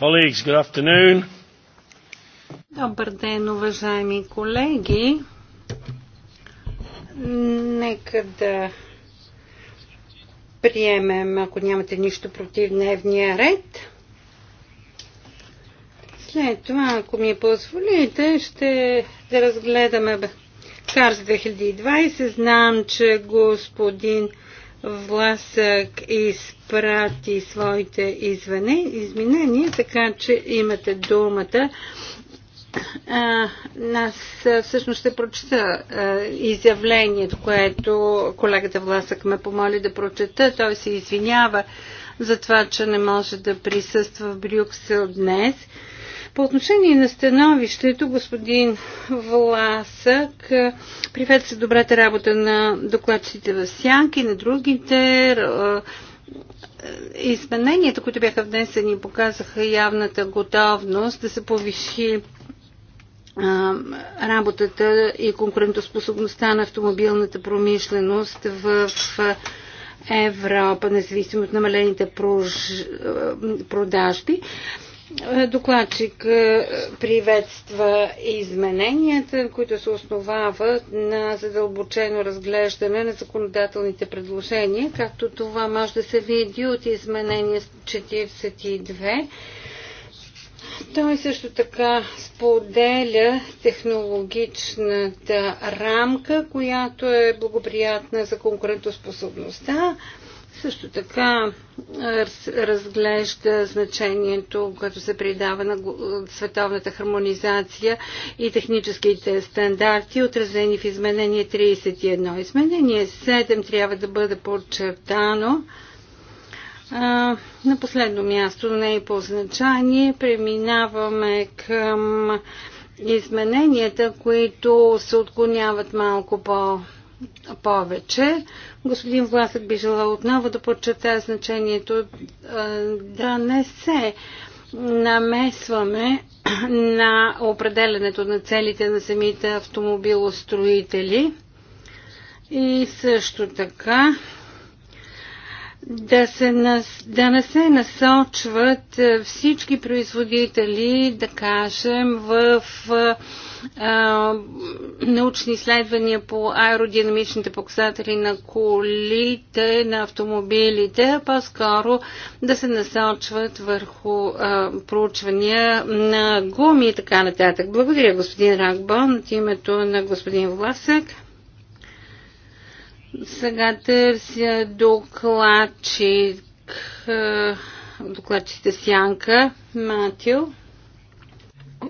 Colleagues, good afternoon. Добър ден, уважаеми колеги. Нека да приемем, ако нямате нищо против дневния ред. След това, ако ми позволите, ще да разгледаме Карс 2020. Знам, че господин Власък изпрати своите извене, изменения, така че имате думата. А, аз всъщност ще прочета а, изявлението, което колегата Власък ме помоли да прочета. Той се извинява за това, че не може да присъства в Брюксел днес. А, по отношение на становището, господин Власък, е, привет се добрата работа на докладчите в Сянки, на другите. Е, е, измененията, които бяха внесени, показаха явната готовност да се повиши работата и конкурентоспособността на автомобилната промишленост в Европа, независимо от намалените продажби. Докладчик е, приветства измененията, които се основават на задълбочено разглеждане на законодателните предложения, както това може да се види от изменение 42. Той също така споделя технологичната рамка, която е благоприятна за конкурентоспособността, също така разглежда значението, което се придава на световната хармонизация и техническите стандарти, отразени в изменение 31. Изменение 7 трябва да бъде подчертано. на последно място, не и по значение, преминаваме към измененията, които се отклоняват малко по- повече. Господин Власък би желал отново да подчертая значението да не се намесваме на определенето на целите на самите автомобилостроители и също така да, се, нас, да не се насочват е, всички производители, да кажем, в е, а, научни изследвания по аеродинамичните показатели на колите, на автомобилите, а по-скоро да се насочват върху а, проучвания на гуми и така нататък. Благодаря, господин Ракбон, от името на господин Власек. Сега търся докладчик, е, докладчите Сянка, Матил.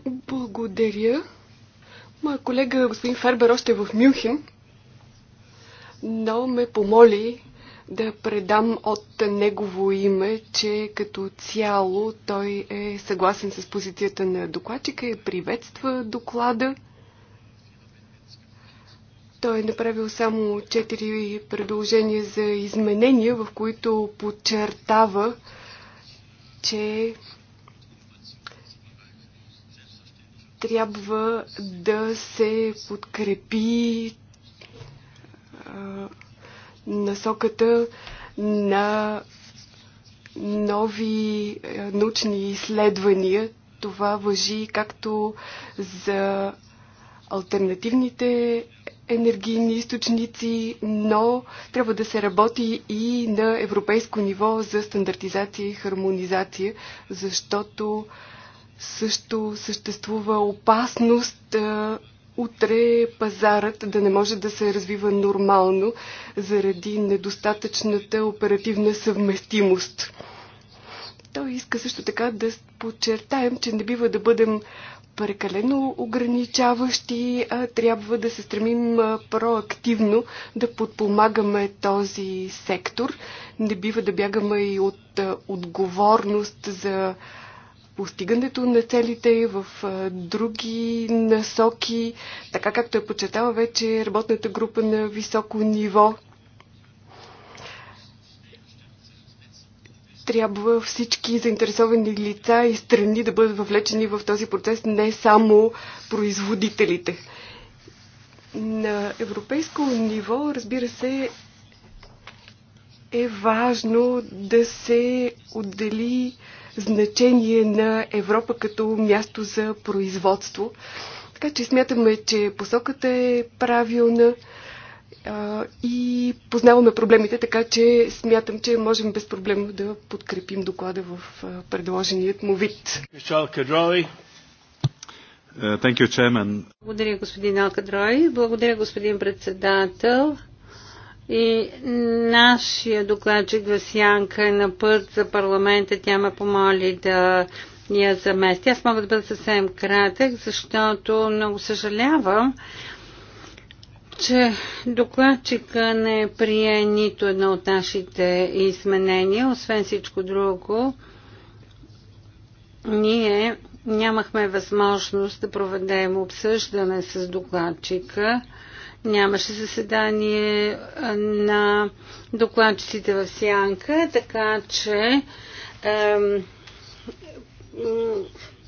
Благодаря. Моя колега господин Фербер още е в Мюнхен, но ме помоли да предам от негово име, че като цяло той е съгласен с позицията на докладчика и приветства доклада. Той е направил само четири предложения за изменения, в които подчертава, че трябва да се подкрепи а, насоката на нови научни изследвания. Това въжи както за альтернативните енергийни източници, но трябва да се работи и на европейско ниво за стандартизация и хармонизация, защото също съществува опасност а, утре пазарът да не може да се развива нормално заради недостатъчната оперативна съвместимост. Той иска също така да подчертаем, че не бива да бъдем прекалено ограничаващи, а трябва да се стремим проактивно да подпомагаме този сектор. Не бива да бягаме и от отговорност за постигането на целите в други насоки, така както е подчертава вече работната група на високо ниво трябва всички заинтересовани лица и страни да бъдат въвлечени в този процес, не само производителите. На европейско ниво, разбира се, е важно да се отдели значение на Европа като място за производство. Така че смятаме, че посоката е правилна и познаваме проблемите, така че смятам, че можем безпроблемно да подкрепим доклада в предложеният му вид. Е, you, Благодаря, господин Алкадрой. Благодаря, господин председател. И нашия докладчик Васянка е на път за парламента. Тя ме помоли да я замести. Аз мога да бъда съвсем кратък, защото много съжалявам, че докладчика не прие нито едно от нашите изменения, освен всичко друго, ние нямахме възможност да проведем обсъждане с докладчика. Нямаше заседание на докладчиците в Сянка, така че ем,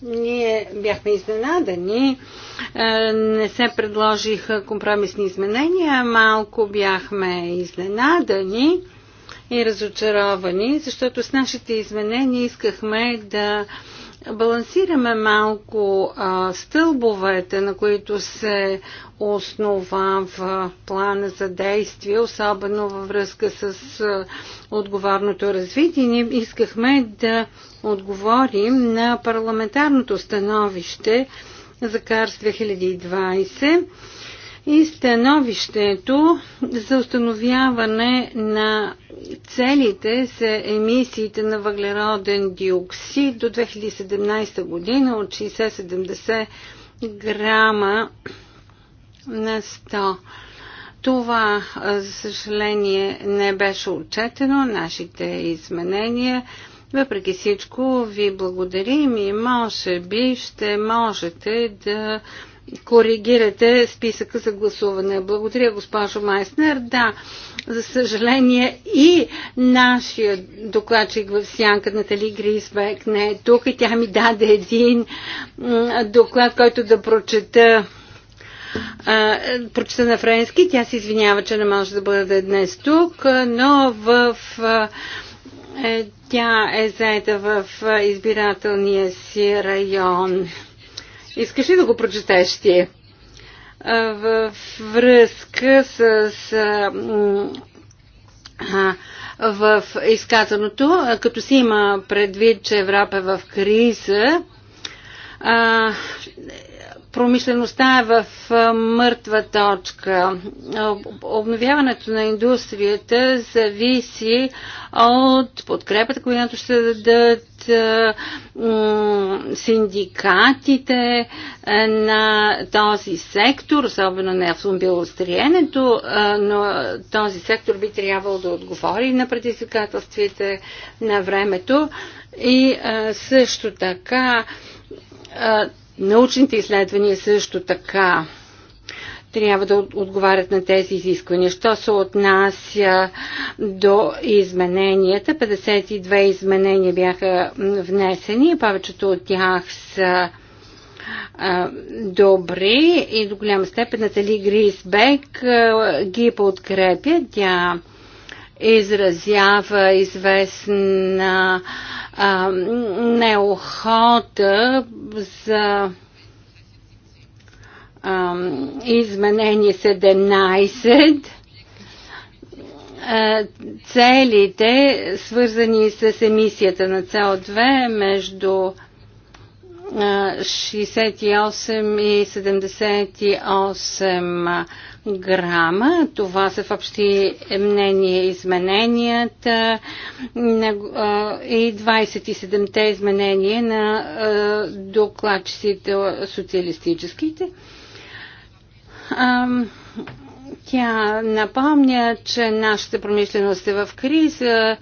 ние бяхме изненадани. Е, не се предложиха компромисни изменения, малко бяхме изненадани и разочаровани, защото с нашите изменения искахме да балансираме малко а, стълбовете, на които се основава плана за действие, особено във връзка с а, отговорното развитие. Ние искахме да отговорим на парламентарното становище за КАРС 2020 и становището за установяване на целите за емисиите на въглероден диоксид до 2017 година от 60-70 грама на 100. Това, за съжаление, не беше отчетено. Нашите изменения въпреки всичко, ви благодарим и може би ще можете да коригирате списъка за гласуване. Благодаря, госпожо Майснер. Да, за съжаление и нашия докладчик в сянка Натали Грисбек не е тук и тя ми даде един доклад, който да прочета прочета на френски. Тя се извинява, че не може да бъде днес тук, но в е, тя е заета в избирателния си район. Искаш ли да го прочетеш ти? В връзка с. А, в изказаното, като си има предвид, че Европа е в криза, а, Промишлеността е в мъртва точка. Обновяването на индустрията зависи от подкрепата, която ще дадат синдикатите на този сектор, особено на автомобилостриенето, но този сектор би трябвало да отговори на предизвикателствите на времето и също така Научните изследвания също така трябва да отговарят на тези изисквания. Що се отнася до измененията, 52 изменения бяха внесени, повечето от тях са добри и до голяма степен Натали Грисбек ги подкрепя. Тя изразява известна а, неохота за а, изменение 17 целите, свързани с емисията на CO2 между 68 и 78 грама. Това са в общи мнение измененията и 27-те изменения на докладчиците социалистическите. Тя напомня, че нашата промишленост е в криза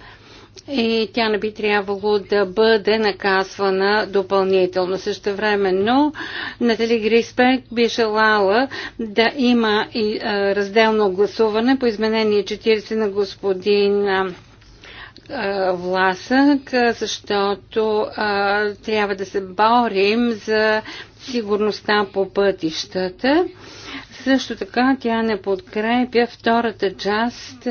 и тя не би трябвало да бъде наказвана допълнително. Също времено Натали Гриспек би желала да има и разделно гласуване по изменение 40 на господин Власък, защото а, трябва да се борим за сигурността по пътищата. Също така тя не подкрепя втората част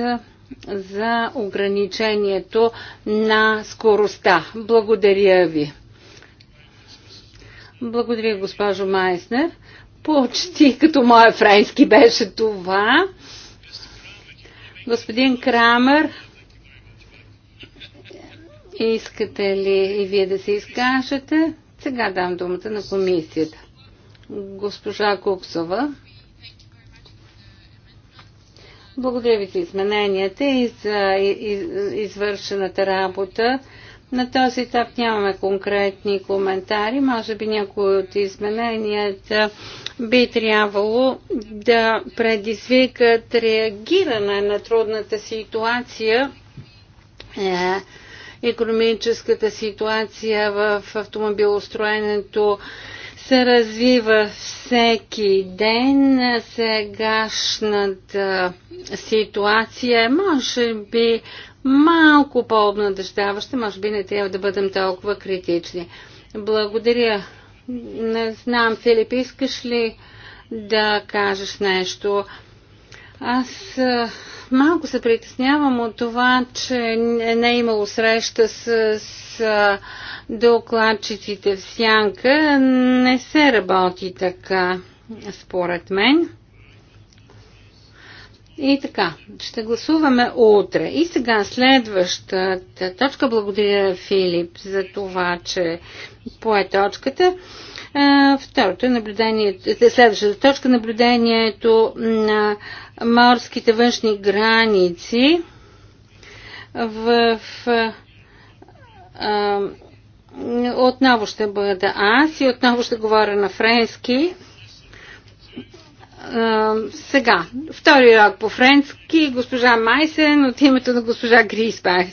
за ограничението на скоростта. Благодаря ви. Благодаря, госпожо Майснер. Почти като моя френски беше това. Господин Крамер, искате ли и вие да се изкажете? Сега дам думата на комисията. Госпожа Куксова. Благодаря ви за измененията и за извършената работа. На този етап нямаме конкретни коментари. Може би някои от измененията би трябвало да предизвикат реагиране на трудната ситуация, е, економическата ситуация в автомобилостроенето се развива всеки ден. Сегашната ситуация е, може би, малко по обнадъждаваща може би не трябва да бъдем толкова критични. Благодаря. Не знам, Филип, искаш ли да кажеш нещо? Аз малко се притеснявам от това, че не е имало среща с, с докладчиците в сянка. Не се работи така, според мен. И така, ще гласуваме утре. И сега следващата точка. Благодаря, Филип, за това, че пое точката. Второто е наблюдението, е, следващата точка наблюдението на морските външни граници в отново ще бъда аз и отново ще говоря на френски. сега, втори урок по френски, госпожа Майсен от името на госпожа Грисбах.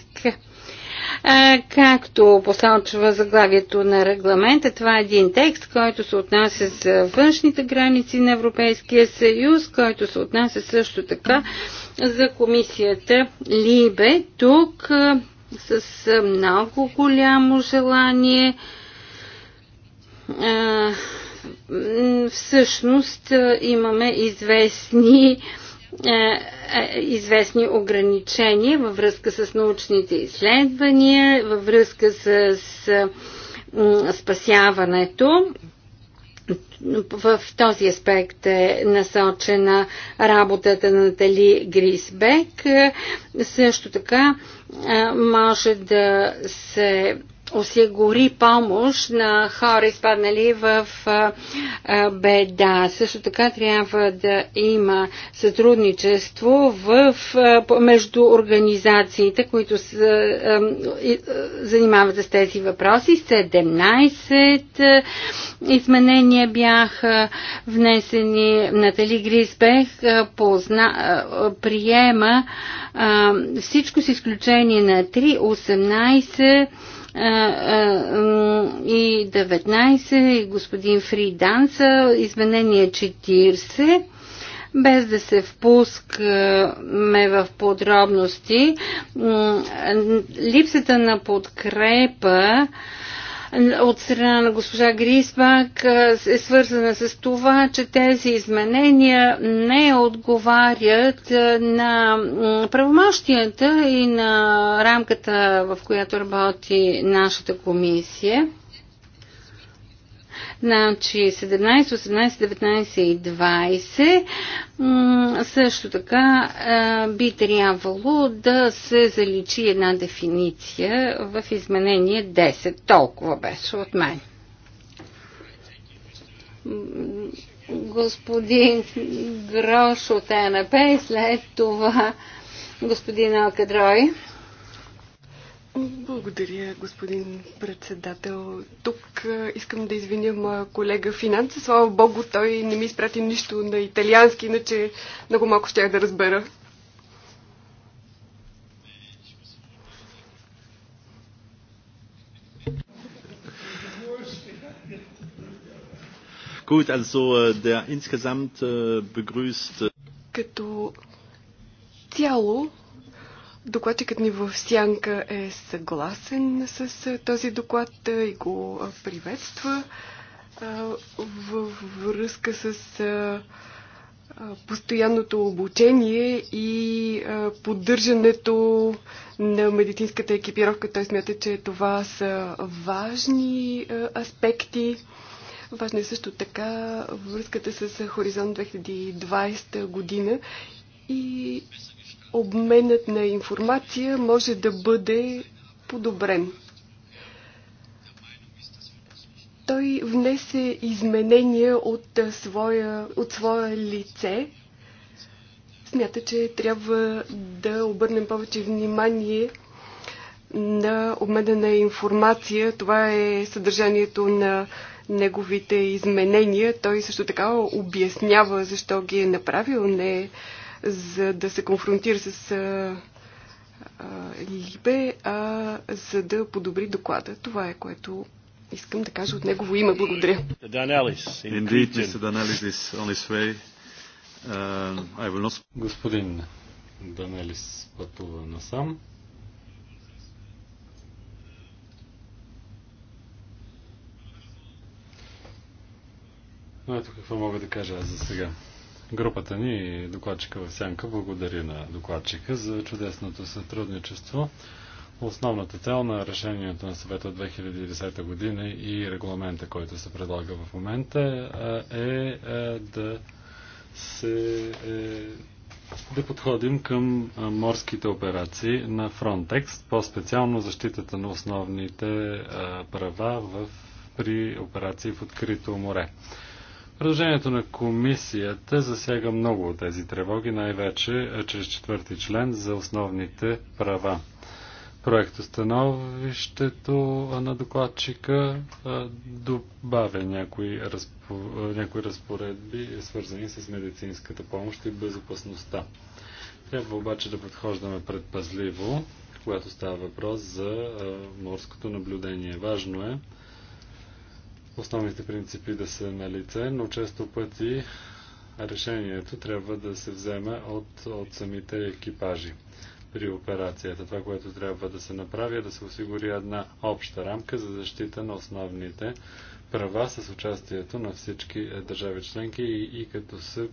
Както посочва заглавието на регламента, това е един текст, който се отнася за външните граници на Европейския съюз, който се отнася също така за комисията Либе. Тук с много голямо желание всъщност имаме известни е, е, известни ограничения във връзка с научните изследвания, във връзка с спасяването. В този аспект е насочена работата на Натали Грисбек. Също така е, може да се осигури помощ на хора, изпаднали в беда. Също така трябва да има сътрудничество в, между организациите, които а, занимават с тези въпроси. 17 изменения бяха внесени. Натали Грисбех позна, приема всичко с изключение на 3, 18 и 19 и господин Данса, изменение 40 без да се впускаме в подробности, липсата на подкрепа от страна на госпожа Грисбак е свързана с това, че тези изменения не отговарят на правомощията и на рамката, в която работи нашата комисия. Значи 17, 18, 19 и 20 също така би трябвало да се заличи една дефиниция в изменение 10. Толкова беше от мен. Господин Грош от е НП, и след това господин Алкадрой. Благодаря, господин председател. Тук искам да извиня моя колега финанса. Слава Богу, той не ми изпрати нищо на италиански, иначе много малко щях да разбера. Gut, also äh, der insgesamt äh, begrüßt. Äh, Като цяло Докладчикът ни в Сянка е съгласен с този доклад и го приветства във връзка с постоянното обучение и поддържането на медицинската екипировка. Той смята, че това са важни аспекти. Важна е също така връзката с Хоризонт 2020 година и обменът на информация може да бъде подобрен. Той внесе изменения от, своя, от своя лице. Смята, че трябва да обърнем повече внимание на обмена на информация. Това е съдържанието на неговите изменения. Той също така обяснява защо ги е направил. Не е за да се конфронтира с Либе, а за да подобри доклада. Това е което искам да кажа от негово име. Благодаря. Um, Господин Данелис пътува насам. Но ето какво мога да кажа аз за сега. Групата ни докладчика в Сянка благодари на докладчика за чудесното сътрудничество. Основната цел на решението на съвета от 2010 година и регламента, който се предлага в момента, е, е да се е, да подходим към морските операции на Frontex, по-специално защитата на основните права в, при операции в открито море. Предложението на комисията засяга много от тези тревоги, най-вече е, чрез четвърти член за основните права. Проектостановището на докладчика добавя някои, разпо... някои разпоредби, свързани с медицинската помощ и безопасността. Трябва обаче да подхождаме предпазливо, когато става въпрос за морското наблюдение. Важно е основните принципи да са на лице, но често пъти решението трябва да се вземе от, от самите екипажи при операцията. Това, което трябва да се направи е да се осигури една обща рамка за защита на основните права с участието на всички е, държави членки и, и като се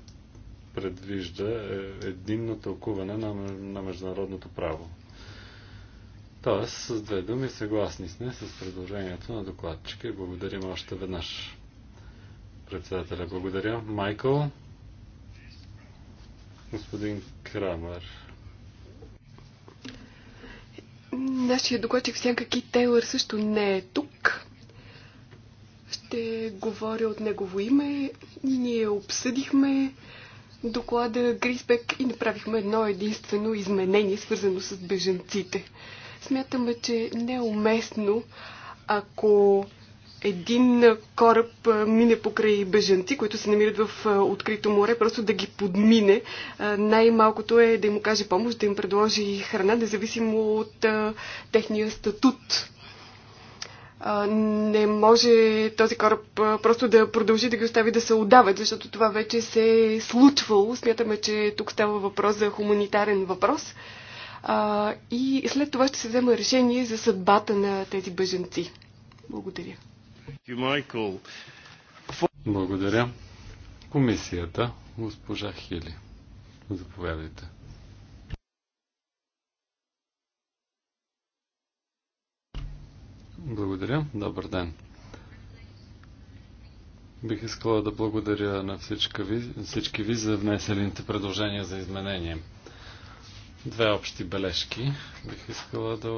предвижда е, единно тълкуване на, на международното право. Тоест, с две думи, съгласни сме с предложението на докладчика и благодарим още веднъж. Председателя, благодаря. Майкъл, господин Крамер. Нашия докладчик Сянка Кит Тейлър също не е тук. Ще говоря от негово име. Ние обсъдихме доклада Грисбек и направихме едно единствено изменение, свързано с беженците. Смятаме, че не е уместно, ако един кораб мине покрай бежанци, които се намират в открито море, просто да ги подмине. Най-малкото е да им окаже помощ, да им предложи храна, независимо от техния статут. Не може този кораб просто да продължи да ги остави да се отдават, защото това вече се е случвало. Смятаме, че тук става въпрос за хуманитарен въпрос а, и след това ще се взема решение за съдбата на тези бъженци. Благодаря. Благодаря. Комисията, госпожа Хили. Заповядайте. Благодаря. Добър ден. Бих искала да благодаря на всички ви, всички ви за внесените предложения за изменение. Две общи бележки бих искала да,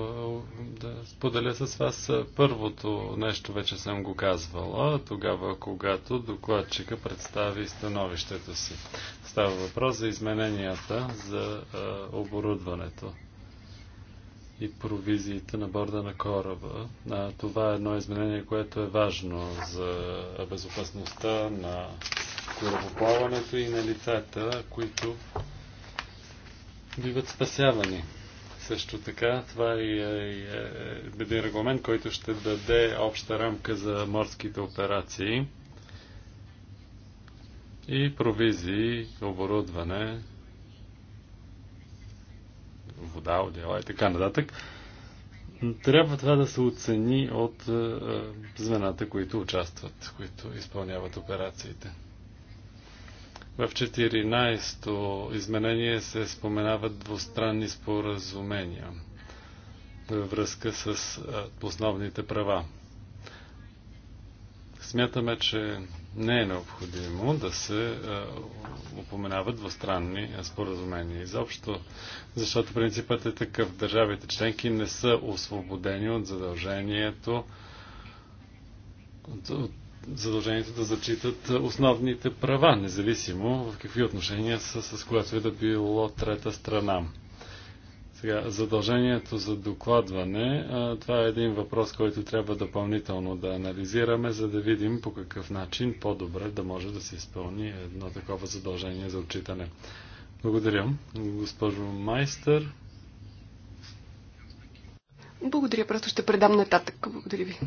да споделя с вас. Първото нещо вече съм го казвала, тогава когато докладчика представи становището си. Става въпрос за измененията за оборудването и провизиите на борда на кораба. А, това е едно изменение, което е важно за безопасността на корабоплаването и на лицата, които биват спасявани. Също така, това е, е, е регламент, който ще даде обща рамка за морските операции и провизии, оборудване, вода, отдела и така нататък. Трябва това да се оцени от е, е звената, които участват, които изпълняват операциите. В 14-то изменение се споменават двустранни споразумения във връзка с основните права. Смятаме, че не е необходимо да се упоменават двустранни споразумения изобщо, защото принципът е такъв. Държавите членки не са освободени от задължението от задължението да зачитат основните права, независимо в какви отношения са с която и е да било трета страна. Сега, задължението за докладване, това е един въпрос, който трябва допълнително да анализираме, за да видим по какъв начин по-добре да може да се изпълни едно такова задължение за отчитане. Благодаря, госпожо Майстър. Благодаря, просто ще предам нататък. Благодаря ви.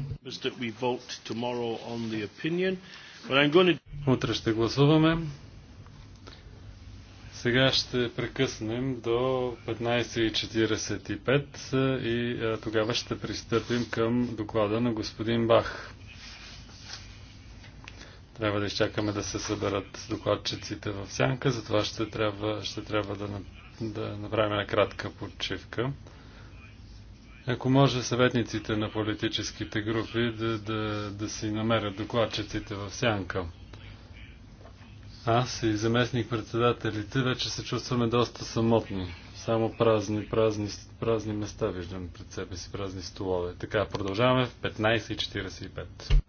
Утре ще гласуваме. Сега ще прекъснем до 15.45 и тогава ще пристъпим към доклада на господин Бах. Трябва да изчакаме да се съберат докладчиците в сянка, затова ще трябва, ще трябва да, да направим една кратка почивка. Ако може съветниците на политическите групи да, да, да си намерят докладчиците в сянка. Аз и заместник-председателите вече се чувстваме доста самотни. Само празни, празни, празни места виждам пред себе си, празни столове. Така, продължаваме в 15.45.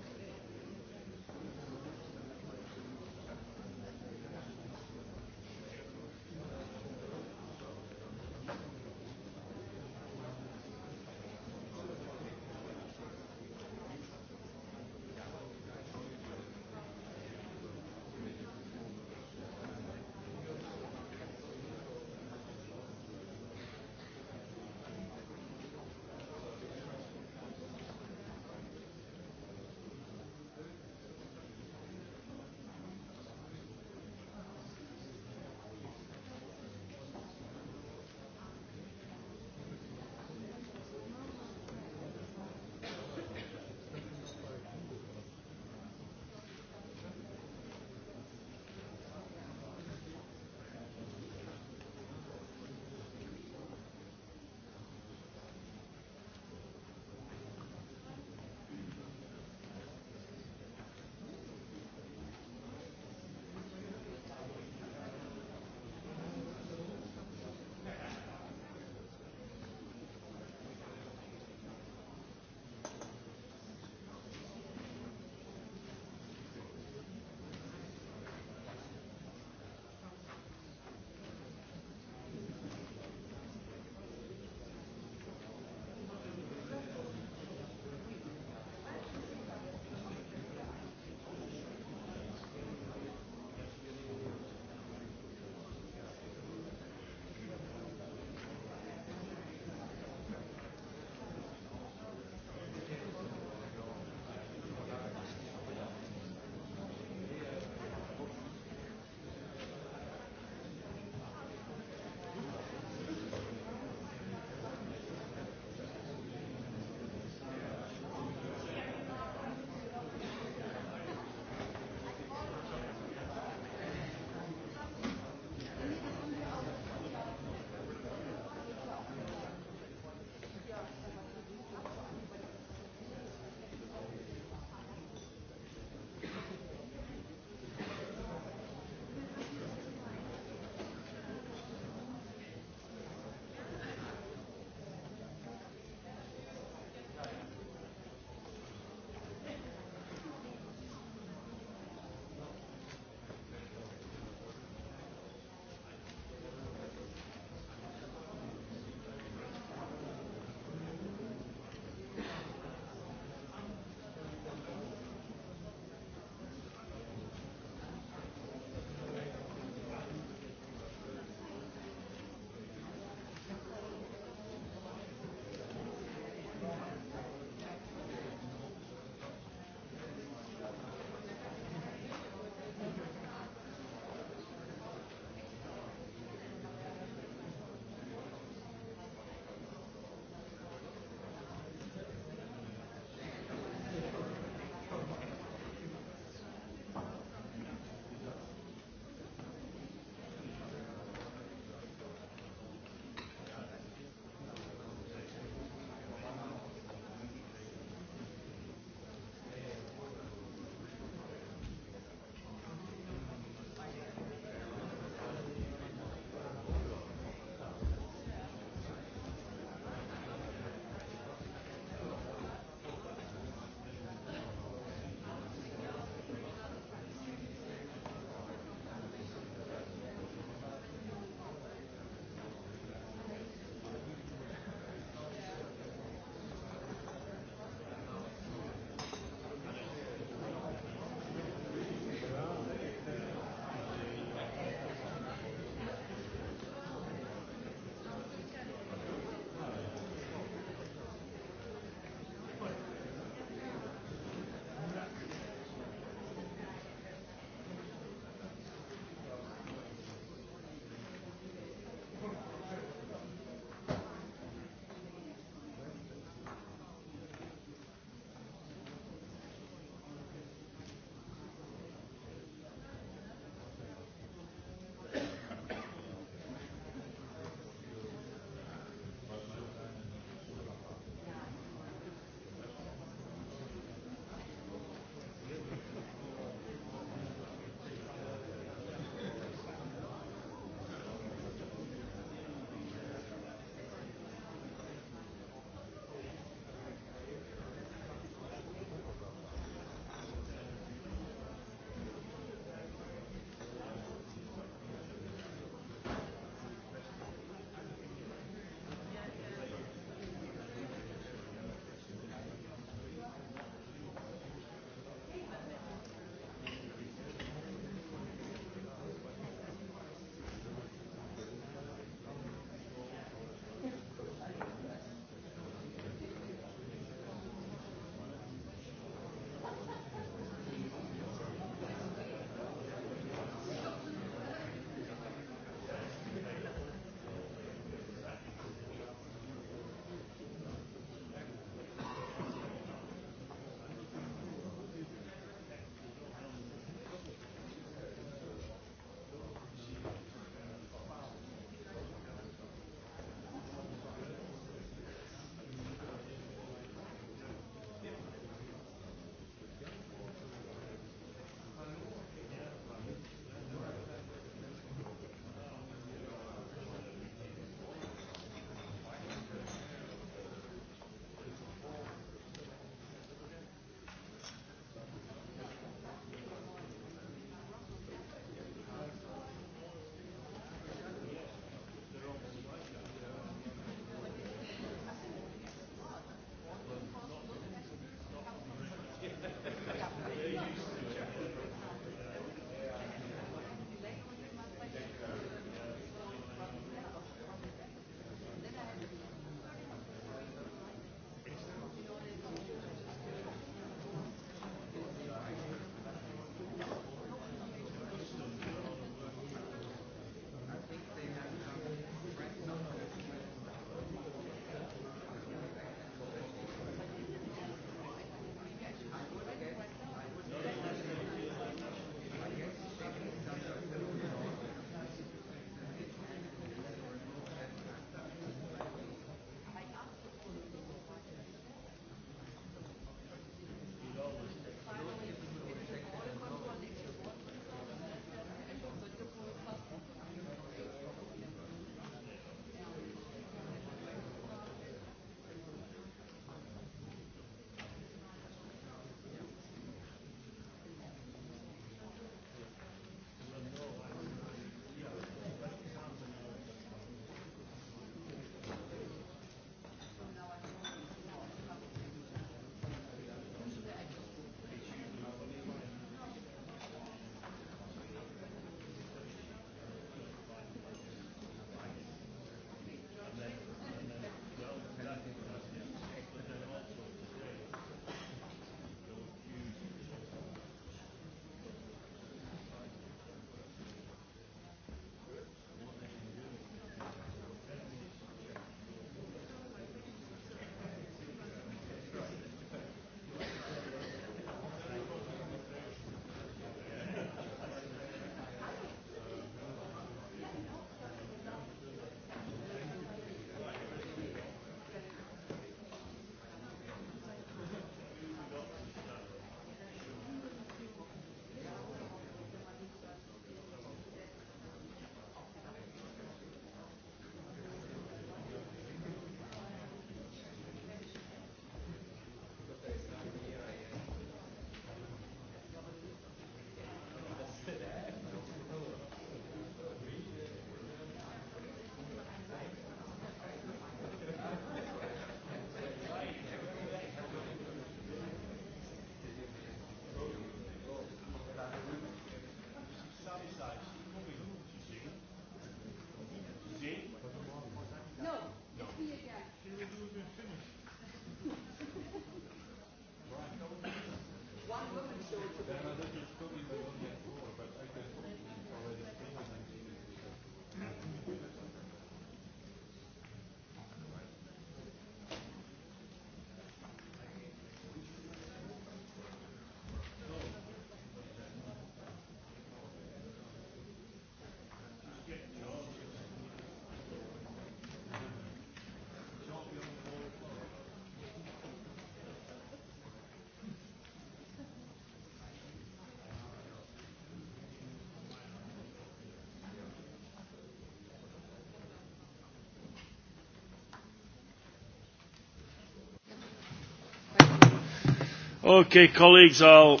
Okay, colleagues, I'll...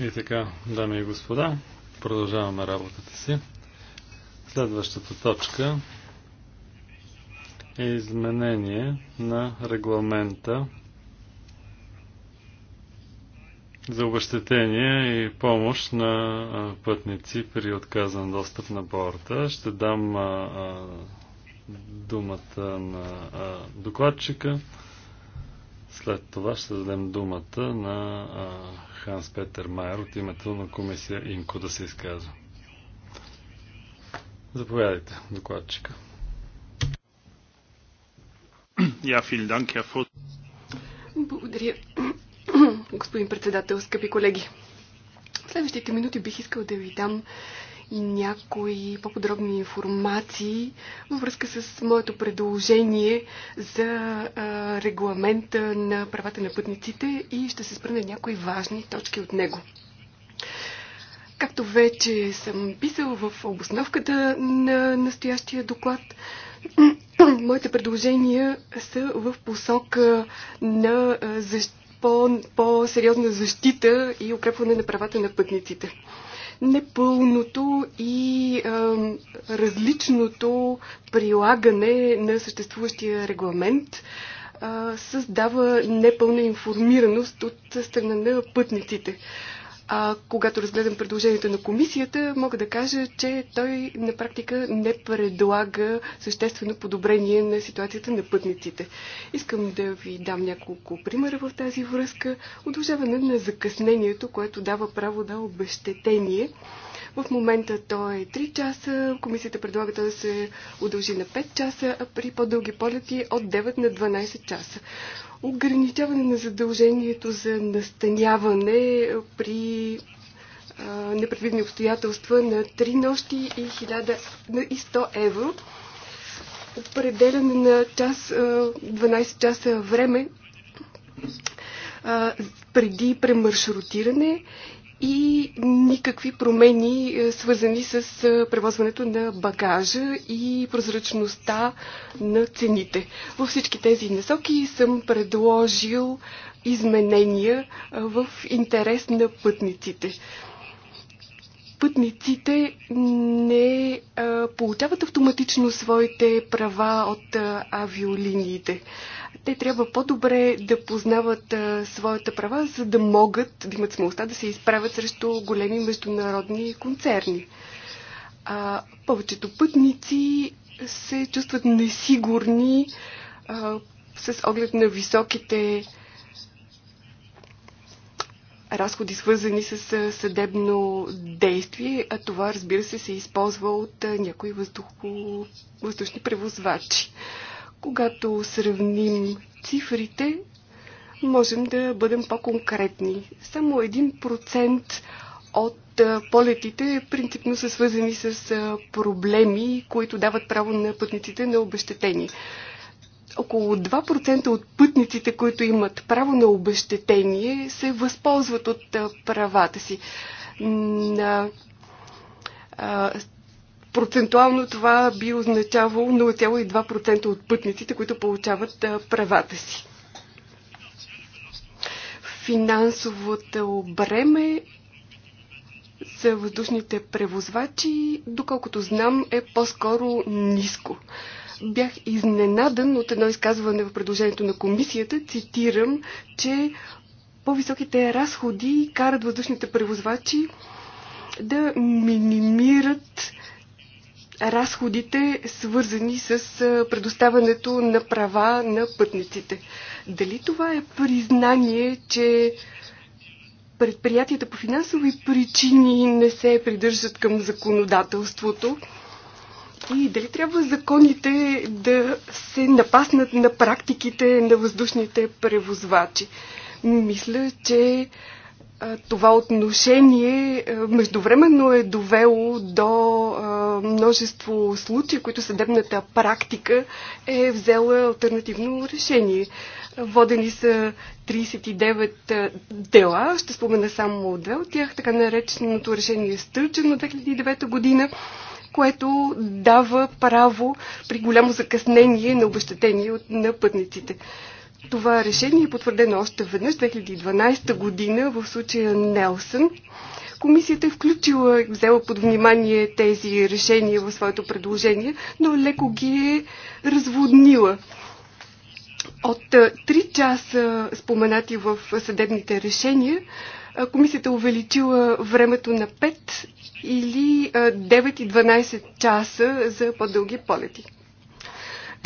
И така, дами и господа, продължаваме работата си. Следващата точка е изменение на регламента за обещетение и помощ на пътници при отказан достъп на борта. Ще дам думата на докладчика след това ще дадем думата на Ханс Петър Майер от името на комисия Инко да се изказва. Заповядайте, докладчика. Благодаря, господин председател, скъпи колеги. В следващите минути бих искал да ви дам и някои по-подробни информации във връзка с моето предложение за регламента на правата на пътниците и ще се спра на някои важни точки от него. Както вече съм писал в обосновката на настоящия доклад, моите предложения са в посока на защ... по-сериозна защита и укрепване на правата на пътниците непълното и а, различното прилагане на съществуващия регламент а, създава непълна информираност от страна на пътниците. А когато разгледам предложението на комисията, мога да кажа, че той на практика не предлага съществено подобрение на ситуацията на пътниците. Искам да ви дам няколко примера в тази връзка. Удължаване на закъснението, което дава право на да обещетение в момента то е 3 часа, комисията предлага да се удължи на 5 часа, а при по-дълги полети от 9 на 12 часа. Ограничаване на задължението за настаняване при а, непредвидни обстоятелства на 3 нощи и, 1000, и 100 евро. Определяне на час, а, 12 часа време а, преди премаршрутиране и никакви промени, е, свързани с е, превозването на багажа и прозрачността на цените. Във всички тези насоки съм предложил изменения е, в интерес на пътниците. Пътниците не получават автоматично своите права от авиолиниите те трябва по-добре да познават а, своята права, за да могат да имат смелостта да се изправят срещу големи международни концерни. А, повечето пътници се чувстват несигурни а, с оглед на високите разходи, свързани с съдебно действие, а това, разбира се, се използва от някои въздух... въздушни превозвачи. Когато сравним цифрите, можем да бъдем по-конкретни. Само 1% от полетите принципно са свързани с проблеми, които дават право на пътниците на обещетение. Около 2% от пътниците, които имат право на обещетение, се възползват от правата си. На Процентуално това би означавало 0,2% от пътниците, които получават правата си. Финансовото бреме за въздушните превозвачи, доколкото знам, е по-скоро ниско. Бях изненадан от едно изказване в предложението на комисията, цитирам, че по-високите разходи карат въздушните превозвачи да минимират разходите, свързани с предоставянето на права на пътниците. Дали това е признание, че предприятията по финансови причини не се придържат към законодателството? И дали трябва законите да се напаснат на практиките на въздушните превозвачи? Мисля, че това отношение междувременно е довело до множество случаи, които съдебната практика е взела альтернативно решение. Водени са 39 дела, ще спомена само две от тях, така нареченото решение Стълчено от 2009 година, което дава право при голямо закъснение на обещетение на пътниците. Това решение е потвърдено още веднъж 2012 година в случая Нелсън. Комисията е включила и взела под внимание тези решения в своето предложение, но леко ги е разводнила. От три часа споменати в съдебните решения, комисията увеличила времето на 5 или 9 и 12 часа за по-дълги полети.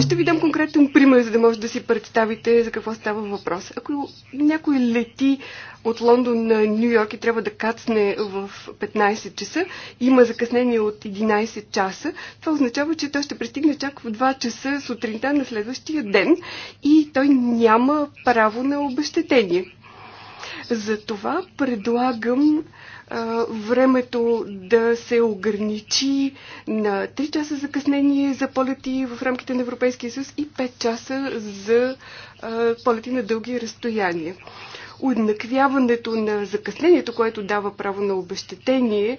Ще ви дам конкретен пример, за да може да си представите за какво става въпрос. Ако някой лети от Лондон на Нью Йорк и трябва да кацне в 15 часа, има закъснение от 11 часа, това означава, че той ще пристигне чак в 2 часа сутринта на следващия ден и той няма право на обещетение. Затова предлагам времето да се ограничи на 3 часа закъснение за полети в рамките на Европейския съюз и 5 часа за полети на дълги разстояния. Уеднаквяването на закъснението, което дава право на обещетение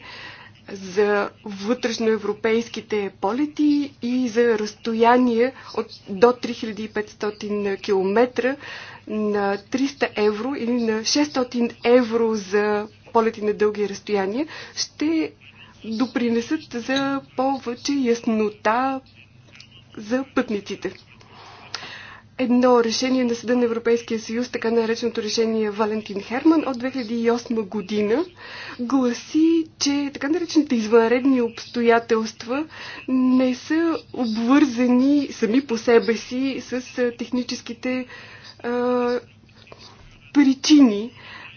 за вътрешноевропейските полети и за разстояние от до 3500 км на 300 евро или на 600 евро за полети на дълги разстояния, ще допринесат за повече яснота за пътниците. Едно решение на Съда на Европейския съюз, така нареченото решение Валентин Херман от 2008 година, гласи, че така наречените извънредни обстоятелства не са обвързани сами по себе си с техническите а, причини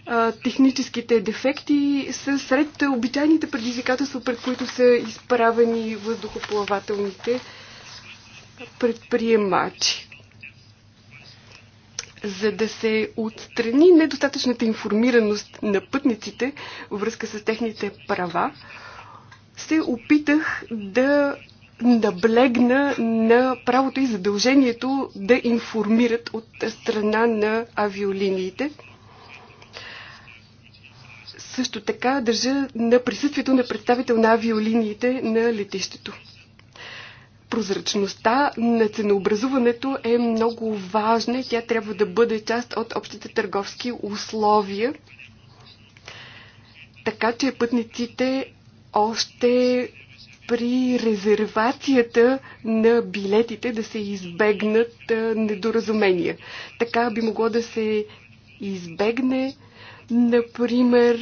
а, техническите дефекти са сред обичайните предизвикателства, пред които са изправени въздухоплавателните предприемачи. За да се отстрани недостатъчната информираност на пътниците във връзка с техните права, се опитах да наблегна на правото и задължението да информират от страна на авиолиниите – също така държа на присъствието на представител на авиолиниите на летището. Прозрачността на ценообразуването е много важна и тя трябва да бъде част от общите търговски условия, така че пътниците още при резервацията на билетите да се избегнат недоразумения. Така би могло да се избегне Например,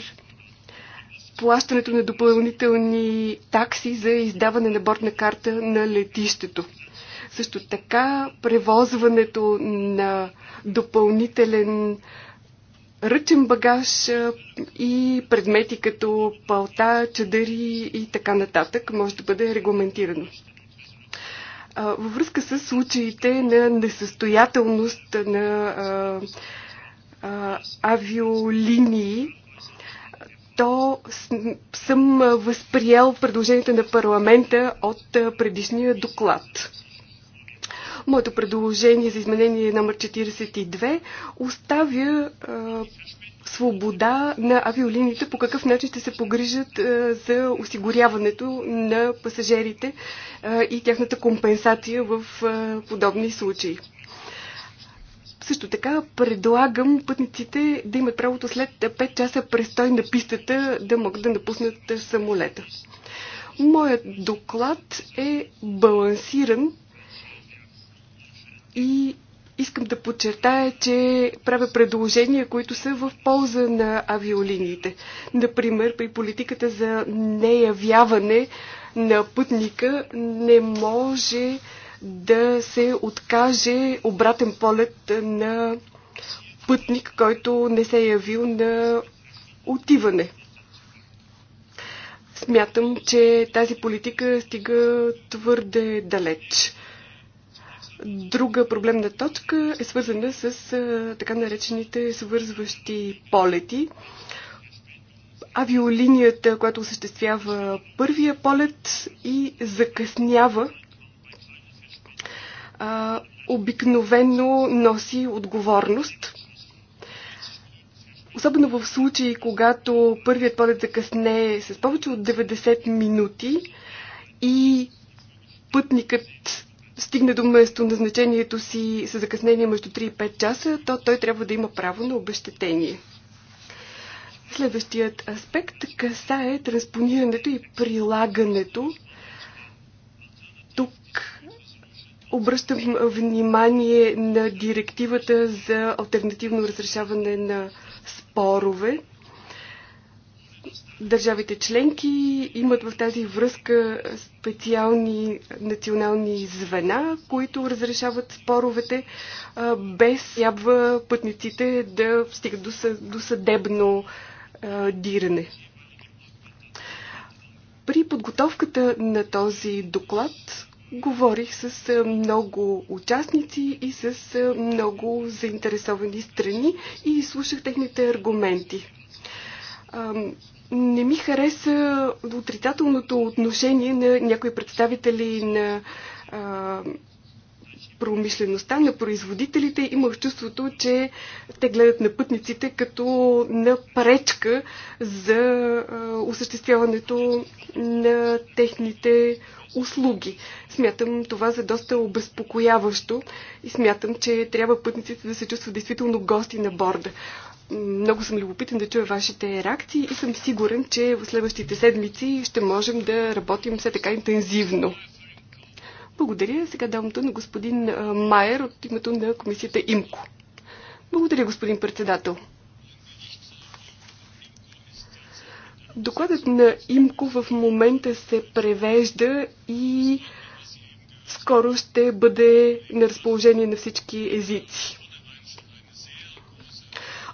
плащането на допълнителни такси за издаване на бортна карта на летището. Също така превозването на допълнителен ръчен багаж и предмети като палта, чадъри и така нататък може да бъде регламентирано. Във връзка с случаите на несъстоятелност на авиолинии, то съм възприел предложението на парламента от предишния доклад. Моето предложение за изменение номер 42 оставя а, свобода на авиолиниите по какъв начин ще се погрижат а, за осигуряването на пасажирите а, и тяхната компенсация в а, подобни случаи. Също така предлагам пътниците да имат правото след 5 часа престой на пистата да могат да напуснат самолета. Моят доклад е балансиран и искам да подчертая, че правя предложения, които са в полза на авиолиниите. Например, при политиката за неявяване на пътника не може да се откаже обратен полет на пътник, който не се е явил на отиване. Смятам, че тази политика стига твърде далеч. Друга проблемна точка е свързана с а, така наречените свързващи полети. Авиолинията, която осъществява първия полет и закъснява а, обикновенно носи отговорност. Особено в случаи, когато първият полет закъсне с повече от 90 минути и пътникът стигне до местоназначението си с закъснение между 3 и 5 часа, то той трябва да има право на обещетение. Следващият аспект касае транспонирането и прилагането Обръщам внимание на директивата за альтернативно разрешаване на спорове. Държавите членки имат в тази връзка специални национални звена, които разрешават споровете, без трябва пътниците да стигат до съдебно диране. При подготовката на този доклад Говорих с много участници и с много заинтересовани страни и слушах техните аргументи. Не ми хареса отрицателното отношение на някои представители на промишлеността, на производителите, имах чувството, че те гледат на пътниците като на пречка за осъществяването на техните услуги. Смятам това за доста обезпокояващо и смятам, че трябва пътниците да се чувстват действително гости на борда. Много съм любопитен да чуя вашите реакции и съм сигурен, че в следващите седмици ще можем да работим все така интензивно. Благодаря. Сега давам на господин Майер от името на комисията ИМКО. Благодаря, господин председател. Докладът на ИМКО в момента се превежда и скоро ще бъде на разположение на всички езици.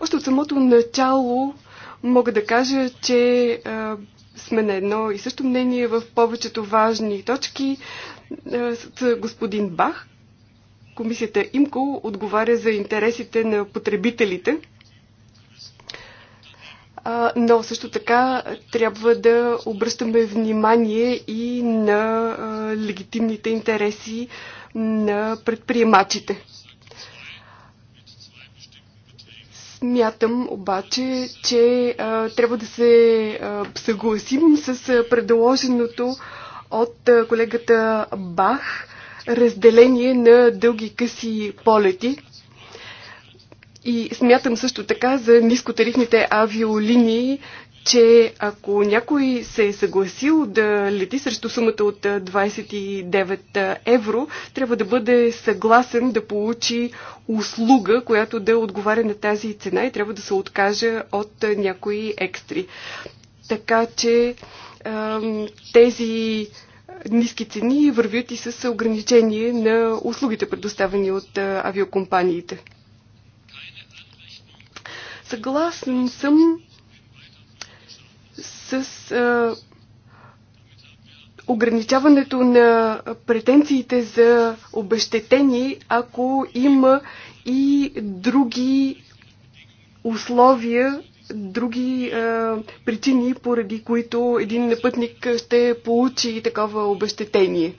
Още от самото начало мога да кажа, че сме на едно и също мнение в повечето важни точки с господин Бах. Комисията ИМКО отговаря за интересите на потребителите, но също така трябва да обръщаме внимание и на легитимните интереси на предприемачите. Смятам обаче, че а, трябва да се а, съгласим с а, предложеното от е, колегата Бах разделение на дълги къси полети. И смятам също така за нискотарифните авиолинии, че ако някой се е съгласил да лети срещу сумата от 29 е, е, евро, трябва да бъде съгласен да получи услуга, която да отговаря на тази цена и трябва да се откаже от някои екстри. Така че тези ниски цени вървят и с ограничение на услугите, предоставени от авиокомпаниите. Съгласен съм с а, ограничаването на претенциите за обещетени, ако има и други условия, други а, е, причини, поради които един пътник ще получи такова обещетение.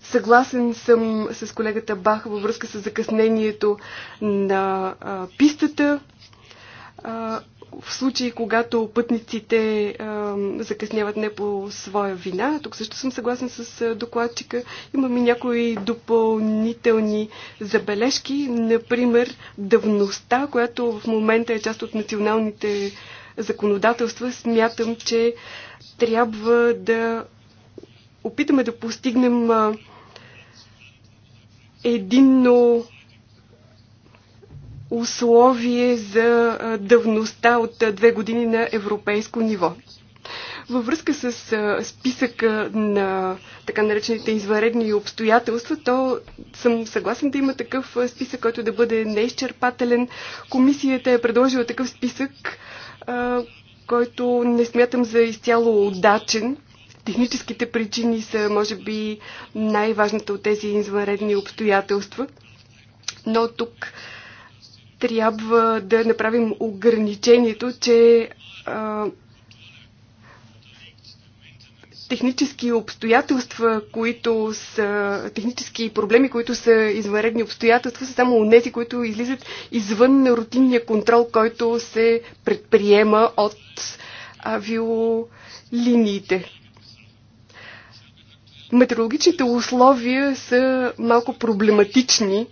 Съгласен съм с колегата Бах във връзка с закъснението на а, пистата. А, в случаи, когато пътниците а, закъсняват не по своя вина. Тук също съм съгласна с докладчика. Имаме някои допълнителни забележки, например давността, която в момента е част от националните законодателства. Смятам, че трябва да опитаме да постигнем единно условие за давността от две години на европейско ниво. Във връзка с списъка на така наречените извънредни обстоятелства, то съм съгласен да има такъв списък, който да бъде неизчерпателен. Комисията е предложила такъв списък, който не смятам за изцяло удачен. Техническите причини са, може би, най-важната от тези извънредни обстоятелства. Но тук трябва да направим ограничението, че а, технически обстоятелства, които са технически проблеми, които са извънредни обстоятелства, са само тези, които излизат извън рутинния контрол, който се предприема от авиолиниите. Метеорологичните условия са малко проблематични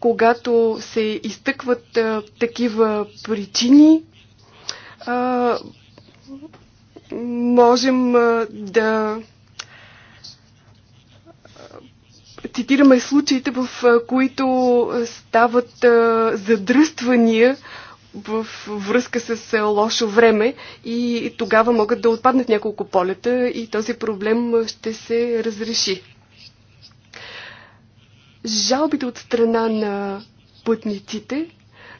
когато се изтъкват а, такива причини, а, можем а, да цитираме случаите, в а, които стават а, задръствания в връзка с а, лошо време и тогава могат да отпаднат няколко полета и този проблем ще се разреши жалбите от страна на пътниците.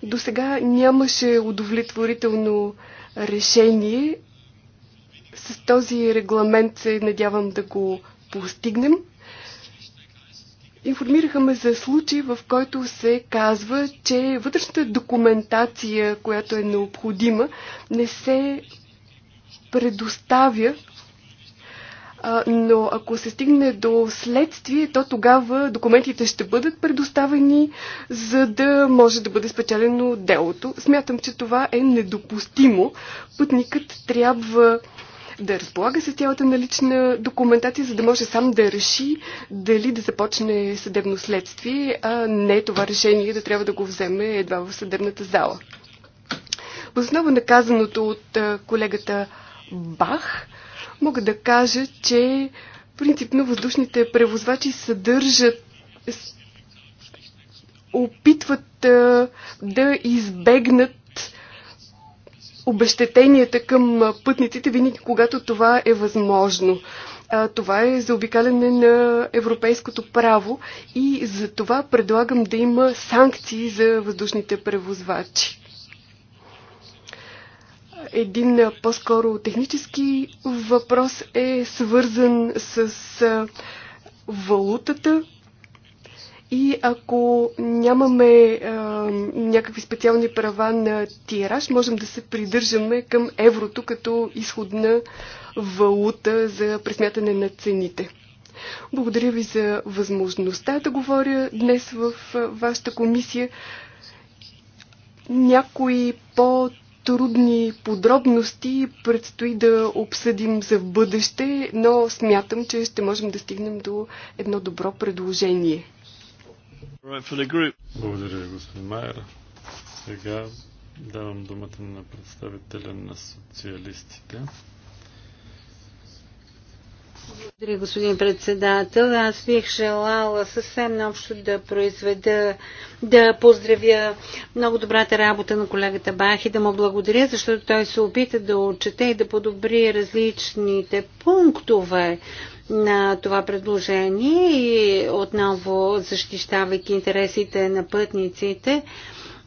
До сега нямаше удовлетворително решение. С този регламент се надявам да го постигнем. Информираха ме за случай, в който се казва, че вътрешната документация, която е необходима, не се предоставя но ако се стигне до следствие, то тогава документите ще бъдат предоставени, за да може да бъде спечелено делото. Смятам, че това е недопустимо. Пътникът трябва да разполага с цялата налична документация, за да може сам да реши дали да започне съдебно следствие, а не това решение да трябва да го вземе едва в съдебната зала. Основа на казаното от колегата Бах, мога да кажа, че принципно въздушните превозвачи съдържат опитват а, да избегнат обещетенията към пътниците винаги, когато това е възможно. А, това е заобикаляне на европейското право и за това предлагам да има санкции за въздушните превозвачи. Един по-скоро технически въпрос е свързан с валутата, и ако нямаме а, някакви специални права на тираж, можем да се придържаме към еврото като изходна валута за пресмятане на цените. Благодаря ви за възможността да говоря днес в вашата комисия. Някои по трудни подробности предстои да обсъдим за в бъдеще, но смятам, че ще можем да стигнем до едно добро предложение. Благодаря, господин Майер. Сега давам думата на представителя на социалистите. Благодаря, господин председател. Аз бих желала съвсем наобщо да произведа, да поздравя много добрата работа на колегата Бах и да му благодаря, защото той се опита да отчете и да подобри различните пунктове на това предложение и отново защищавайки интересите на пътниците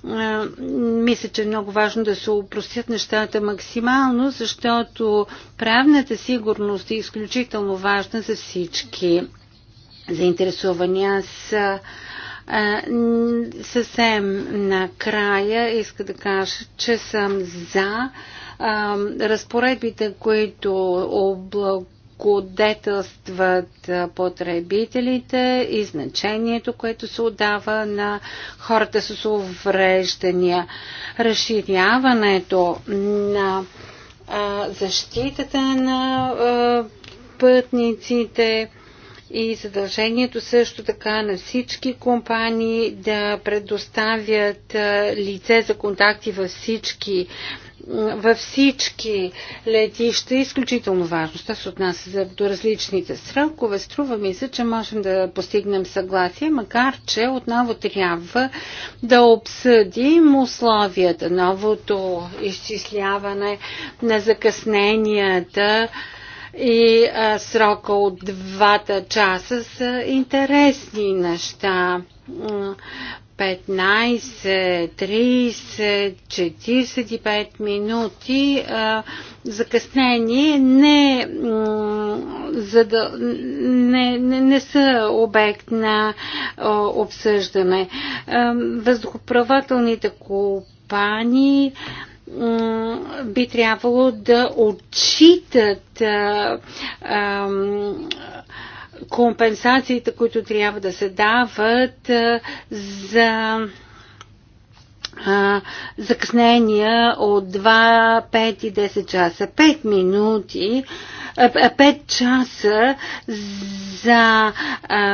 мисля, че е много важно да се упростят нещата максимално, защото правната сигурност е изключително важна за всички заинтересовани. Аз съвсем накрая иска да кажа, че съм за разпоредбите, които облак облагодетелстват потребителите и значението, което се отдава на хората с увреждания. Разширяването на защитата на пътниците и задължението също така на всички компании да предоставят лице за контакти във всички във всички летища е изключително важно. Що се отнася за, до различните срокове, струва ми се, че можем да постигнем съгласие, макар че отново трябва да обсъдим условията, новото изчисляване на закъсненията и а, срока от двата часа са интересни неща 15, 30, 45 минути а, закъснение не, за да, не, не, не са обект на а, обсъждане. А, въздухоправателните компании би трябвало да отчитат а, а, компенсациите, които трябва да се дават за закъснения от 2, 5 и 10 часа. 5 минути, 5 часа за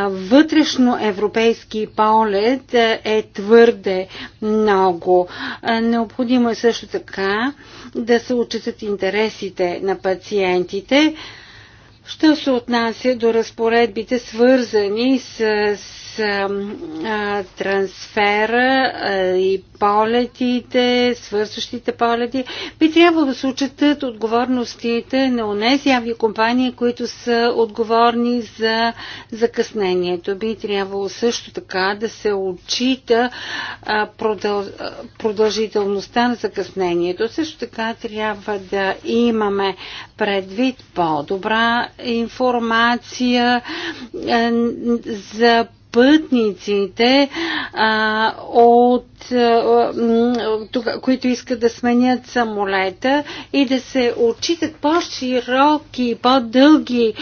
вътрешно европейски полет е твърде много. Необходимо е също така да се учитат интересите на пациентите. Що се отнася до разпоредбите, свързани с а, трансфера а, и полетите, свързващите полети, би трябвало да се учетат отговорностите на унези авиокомпании, които са отговорни за закъснението. Би трябвало също така да се отчита а, продъл... продължителността на закъснението. Също така трябва да имаме предвид по-добра информация за пътниците, а, от, а, тук, които искат да сменят самолета и да се отчитат по-широки, по-дълги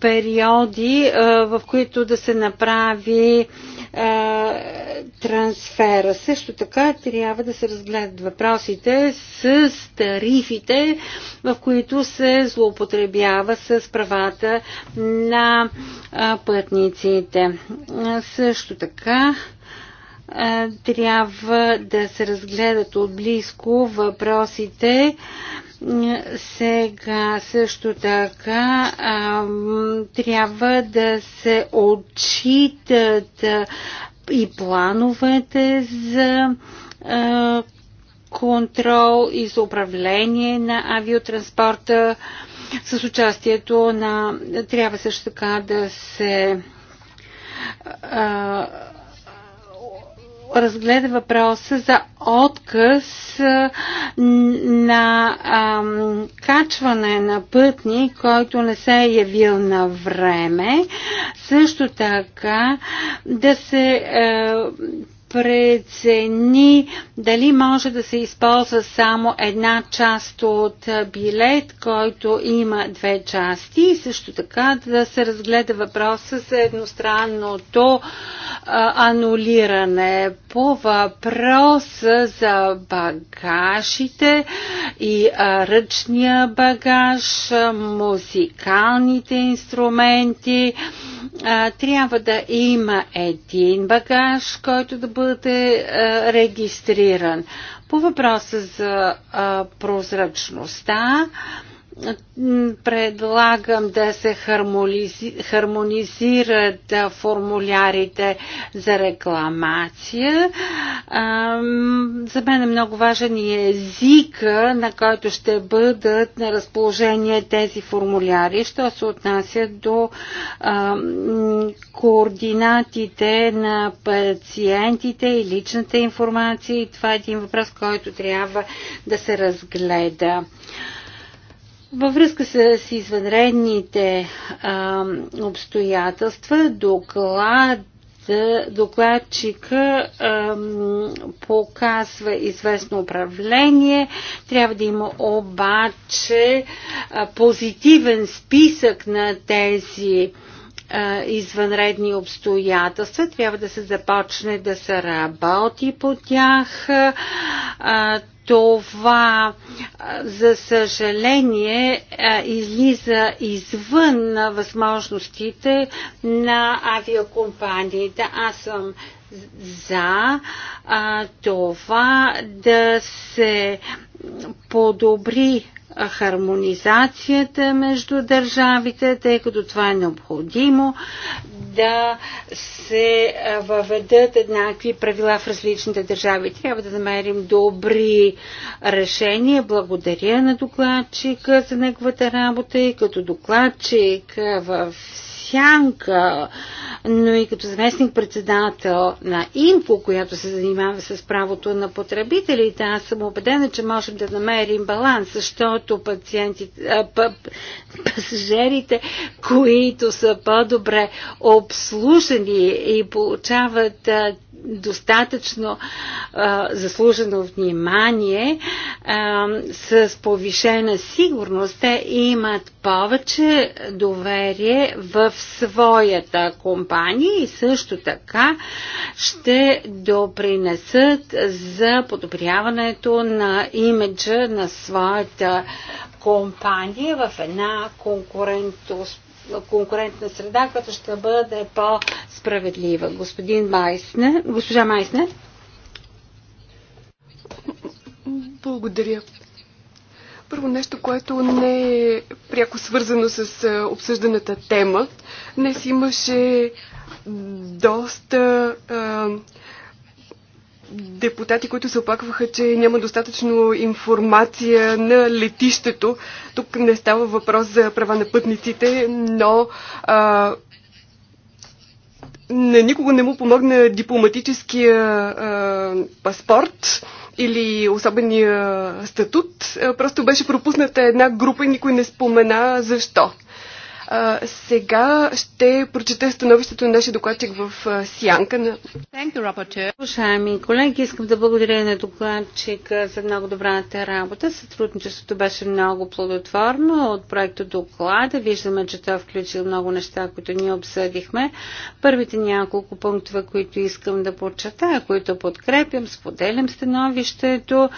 периоди, а, в които да се направи а, а, трансфера. Също така трябва да се разгледат въпросите с тарифите, в които се злоупотребява с правата на а, пътниците. А, също така трябва да се разгледат отблизко въпросите сега също така а, трябва да се отчитат и плановете за а, контрол и за управление на авиотранспорта с участието на. Трябва също така да се а, разгледа въпроса за отказ на ам, качване на пътни, който не се е явил на време. Също така да се е, прецени дали може да се използва само една част от билет, който има две части и също така да се разгледа въпроса за едностранното а, анулиране по въпроса за багажите и а, ръчния багаж, музикалните инструменти. А, трябва да има един багаж, който да бъде регистриран. По въпроса за прозрачността, предлагам да се хармонизират формулярите за рекламация. За мен е много важен и езика, на който ще бъдат на разположение тези формуляри, що се отнася до координатите на пациентите и личната информация. И това е един въпрос, който трябва да се разгледа. Във връзка с, извънредните а, обстоятелства, доклад докладчика а, показва известно управление. Трябва да има обаче а, позитивен списък на тези а, извънредни обстоятелства. Трябва да се започне да се работи по тях. А, това, за съжаление, излиза извън възможностите на авиакомпаниите. Аз съм за а, това да се подобри хармонизацията между държавите, тъй като това е необходимо да се въведат еднакви правила в различните държави. Трябва да намерим добри решения. Благодаря на докладчика за неговата работа и като докладчик в сянка, но и като заместник-председател на Инфо, която се занимава с правото на потребителите, аз съм убедена, че можем да намерим баланс, защото пациентите, пасажерите, които са по-добре обслужени и получават достатъчно а, заслужено внимание а, с повишена сигурност, те имат повече доверие в своята компания и също така ще допринесат за подобряването на имиджа на своята компания в една конкурентоспособна конкурентна среда, която ще бъде по-справедлива. Господин Майсне, госпожа Майсне. Благодаря. Първо нещо, което не е пряко свързано с обсъжданата тема. Днес имаше доста а, депутати, които се оплакваха, че няма достатъчно информация на летището. Тук не става въпрос за права на пътниците, но а, на никого не му помогна дипломатическия а, паспорт или особения статут. Просто беше пропусната една група и никой не спомена защо. А, сега ще прочета становището на нашия докладчик в сянка на... Уважаеми колеги, искам да благодаря на докладчика за много добрата работа. Сътрудничеството беше много плодотворно от проекта доклада. Виждаме, че той е включил много неща, които ние обсъдихме. Първите няколко пунктове, които искам да подчертая, които подкрепям, споделям становището,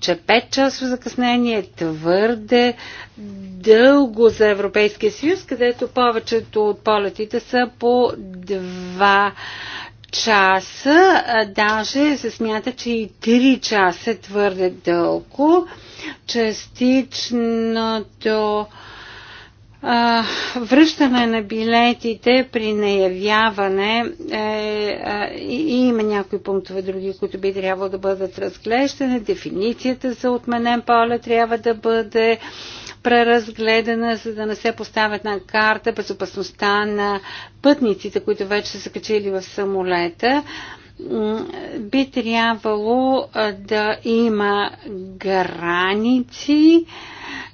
че 5 часа закъснение е твърде дълго за Европейския съюз, където повечето от полетите са по 2 часа, даже се смята, че и 3 часа е твърде дълго. Частичното а, връщане на билетите при неявяване е, а, и, и има някои пунктове други, които би трябвало да бъдат разглеждани. Дефиницията за отменен поле трябва да бъде а, преразгледана, за да не се поставят на карта безопасността на пътниците, които вече са закачили в самолета би трябвало да има граници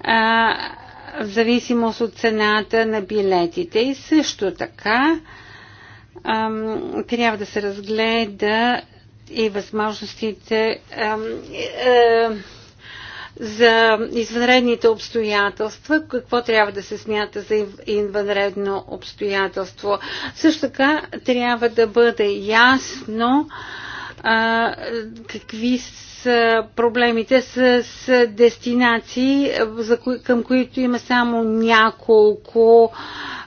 в зависимост от цената на билетите и също така трябва да се разгледа и възможностите е, за извънредните обстоятелства, какво трябва да се смята за извънредно обстоятелство. Също така трябва да бъде ясно а, какви проблемите с, с дестинации, за, към които има само няколко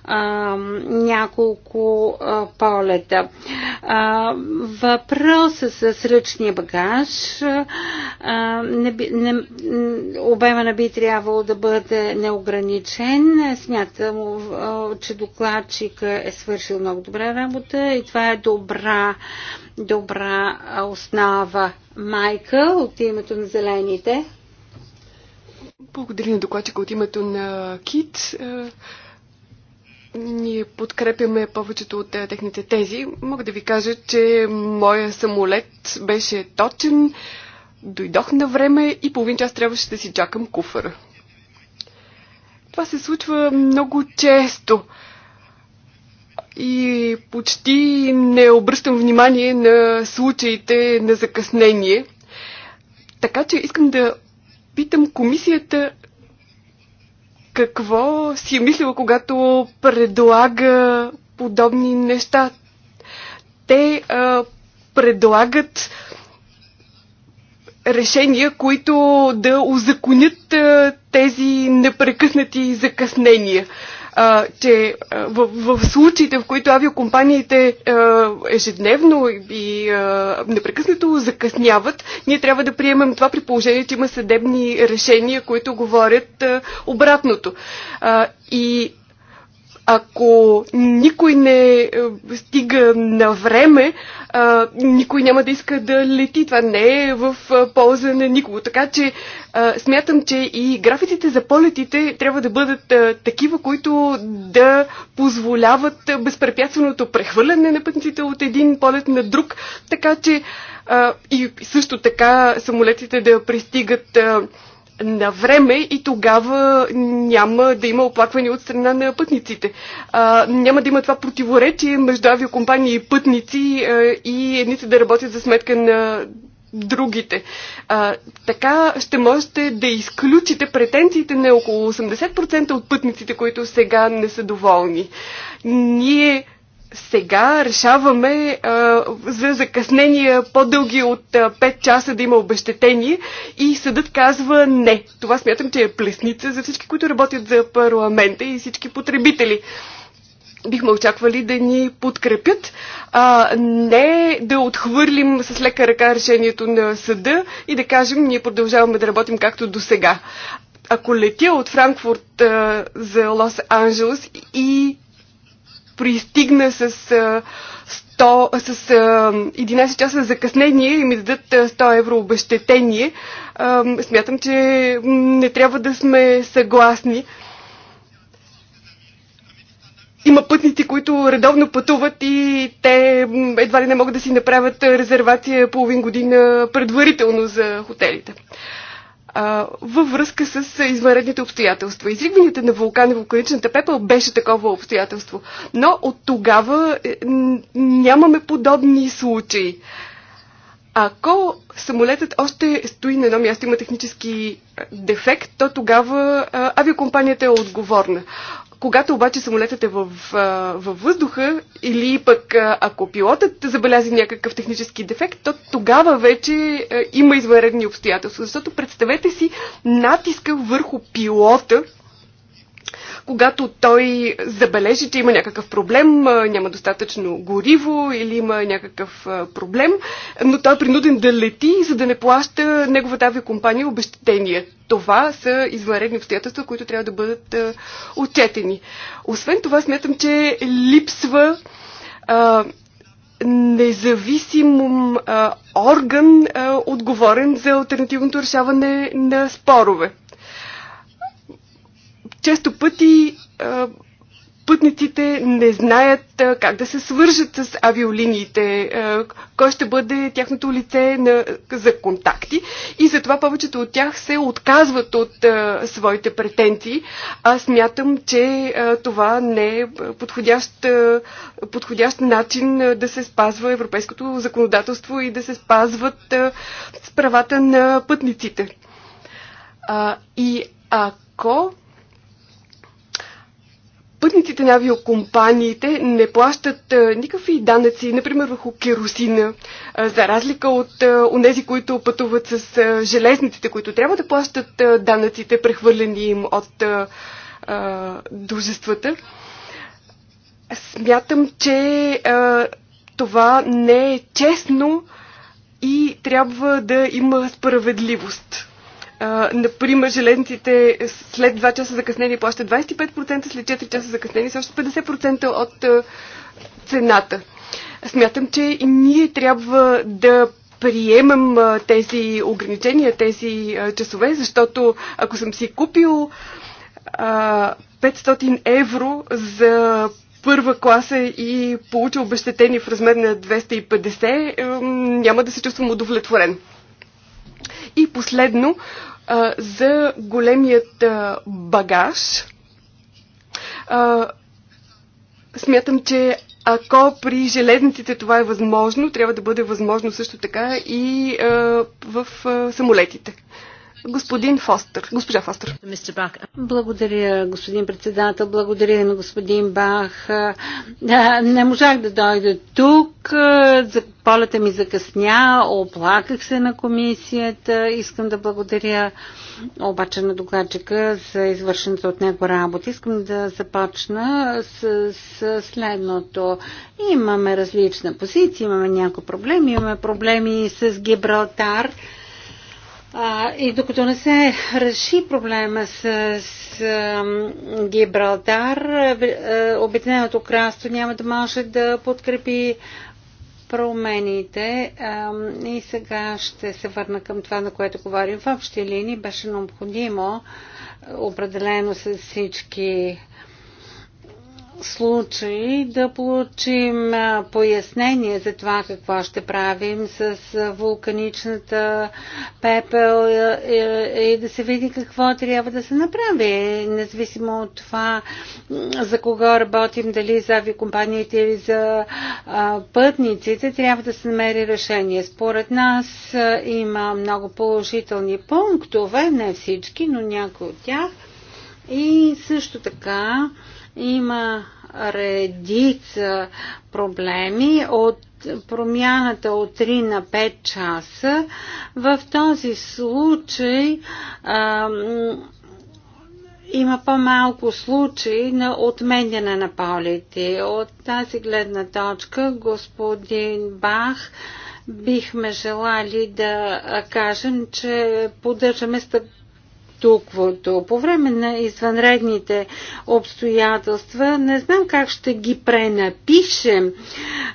а, няколко а, полета. А, въпроса с ръчния багаж, а, не, обема не би трябвало да бъде неограничен. Смятам, а, че докладчика е свършил много добра работа и това е добра, добра основа. Майка от името на Зелените. Благодаря на докладчика от името на КИТ. Е, ние подкрепяме повечето от е, техните тези. Мога да ви кажа, че моя самолет беше точен, дойдох на време и половин час трябваше да си чакам куфъра. Това се случва много често и почти не обръщам внимание на случаите на закъснение. Така че искам да питам комисията какво си е мислила, когато предлага подобни неща. Те а, предлагат решения, които да узаконят а, тези непрекъснати закъснения а, че в, в случаите, в които авиокомпаниите а, ежедневно и а, непрекъснато закъсняват, ние трябва да приемем това при положение, че има съдебни решения, които говорят а, обратното. А, и ако никой не е, стига на време, никой няма да иска да лети. Това не е в полза на никого. Така че смятам, че и графиците за полетите трябва да бъдат такива, които да позволяват безпрепятственото прехвърляне на пътниците от един полет на друг. Така че и също така самолетите да пристигат на време и тогава няма да има оплакване от страна на пътниците. А, няма да има това противоречие между авиокомпании и пътници а, и едните да работят за сметка на другите. А, така ще можете да изключите претенциите на около 80% от пътниците, които сега не са доволни. Ние сега решаваме а, за закъснения по-дълги от а, 5 часа да има обещетение и съдът казва не. Това смятам, че е плесница за всички, които работят за парламента и всички потребители. Бихме очаквали да ни подкрепят, а не да отхвърлим с лека ръка решението на съда и да кажем, ние продължаваме да работим както до сега. Ако летя от Франкфурт а, за Лос-Анджелес и пристигна с, 100, с 11 часа закъснение и ми дадат 100 евро обещетение. Смятам, че не трябва да сме съгласни. Има пътници, които редовно пътуват и те едва ли не могат да си направят резервация половин година предварително за хотелите а, във връзка с извънредните обстоятелства. Изригването на вулкана и вулканичната пепел беше такова обстоятелство. Но от тогава е, нямаме подобни случаи. Ако самолетът още стои на едно място, има технически дефект, то тогава авиакомпанията е отговорна. Когато обаче самолетът е във, във въздуха или пък ако пилотът забелязи някакъв технически дефект, то тогава вече има извънредни обстоятелства. Защото представете си натиска върху пилота, когато той забележи, че има някакъв проблем, няма достатъчно гориво или има някакъв проблем, но той е принуден да лети, за да не плаща неговата авиакомпания обещетения. Това са извънредни обстоятелства, които трябва да бъдат отчетени. Освен това, смятам, че липсва а, независим а, орган, а, отговорен за альтернативното решаване на спорове. Често пъти пътниците не знаят как да се свържат с авиолиниите, кой ще бъде тяхното лице на, за контакти и затова повечето от тях се отказват от а, своите претенции. Аз смятам, че а, това не е подходящ, а, подходящ начин а, да се спазва европейското законодателство и да се спазват а, правата на пътниците. А, и ако пътниците на авиокомпаниите не плащат никакви данъци, например върху керосина, за разлика от онези, които пътуват с железниците, които трябва да плащат данъците, прехвърлени им от дружествата. Смятам, че това не е честно и трябва да има справедливост например, железниците след 2 часа закъснение плащат 25%, след 4 часа закъснение също 50% от цената. Смятам, че и ние трябва да приемам тези ограничения, тези часове, защото ако съм си купил 500 евро за първа класа и получа обещетение в размер на 250, няма да се чувствам удовлетворен. И последно, а, за големият а, багаж. А, смятам, че ако при железниците това е възможно, трябва да бъде възможно също така и а, в а, самолетите господин Фостер. Госпожа Фостер. Благодаря, господин председател. Благодаря на господин Бах. Не можах да дойда тук. Полета ми закъсня. Оплаках се на комисията. Искам да благодаря обаче на докладчика за извършената от него работа. Искам да започна с, с следното. Имаме различна позиция, имаме някои проблеми. Имаме проблеми с Гибралтар. А, и докато не се реши проблема с, с а, Гибралтар, Обединеното кралство няма да може да подкрепи промените. А, и сега ще се върна към това, на което говорим. В общи линии беше необходимо, определено с всички а, случай да получим пояснение за това какво ще правим с вулканичната пепел и да се види какво трябва да се направи, независимо от това за кого работим, дали за авиокомпаниите или за пътниците, трябва да се намери решение. Според нас има много положителни пунктове, не всички, но някои от тях. И също така, има редица проблеми от промяната от 3 на 5 часа. В този случай а, има по-малко случаи на отменяне на полите. От тази гледна точка господин Бах бихме желали да кажем, че поддържаме стъп статуквото. По време на извънредните обстоятелства не знам как ще ги пренапишем.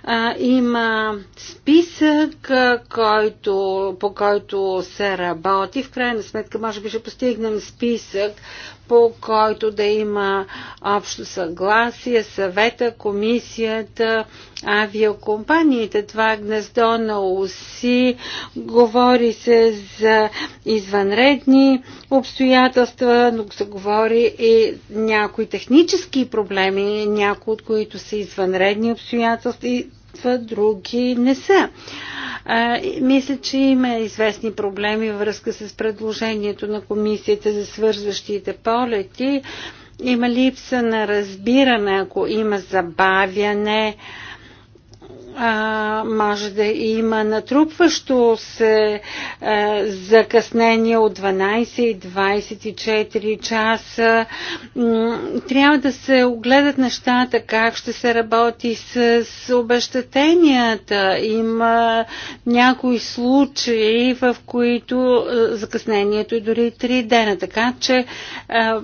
А, има списък, който, по който се работи. В крайна сметка, може би ще постигнем списък, по който да има общо съгласие, съвета, комисията, авиакомпаниите, Това е гнездо на уси. Говори се за извънредни обстоятелства, но се говори и някои технически проблеми, някои от които са извънредни обстоятелства и участва, други не са. А, мисля, че има известни проблеми във връзка с предложението на комисията за свързващите полети. Има липса на разбиране, ако има забавяне, а, а, може да има натрупващо се а, закъснение от 12 и 24 часа. Трябва да се огледат нещата, как ще се работи с, с обещетенията. Има някои случаи, в които а, закъснението е дори 3 дена. Така че а,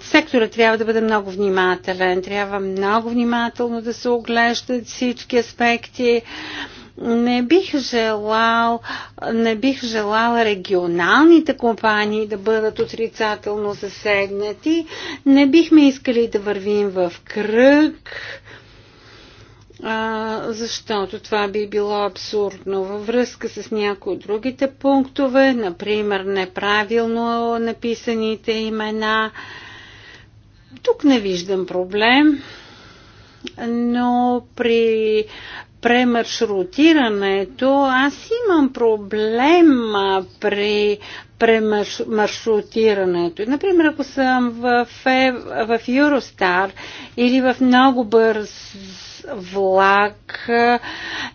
сектора трябва да бъде много внимателен. Трябва много внимателно да се оглеждат всички аспекти. Не бих желал, не бих желал регионалните компании да бъдат отрицателно засегнати. Не бихме искали да вървим в кръг а, защото това би било абсурдно. Във връзка с някои от другите пунктове, например неправилно написаните имена, тук не виждам проблем, но при премаршрутирането аз имам проблем при премаршрутирането. Например, ако съм в, в Юростар или в много бърз влак,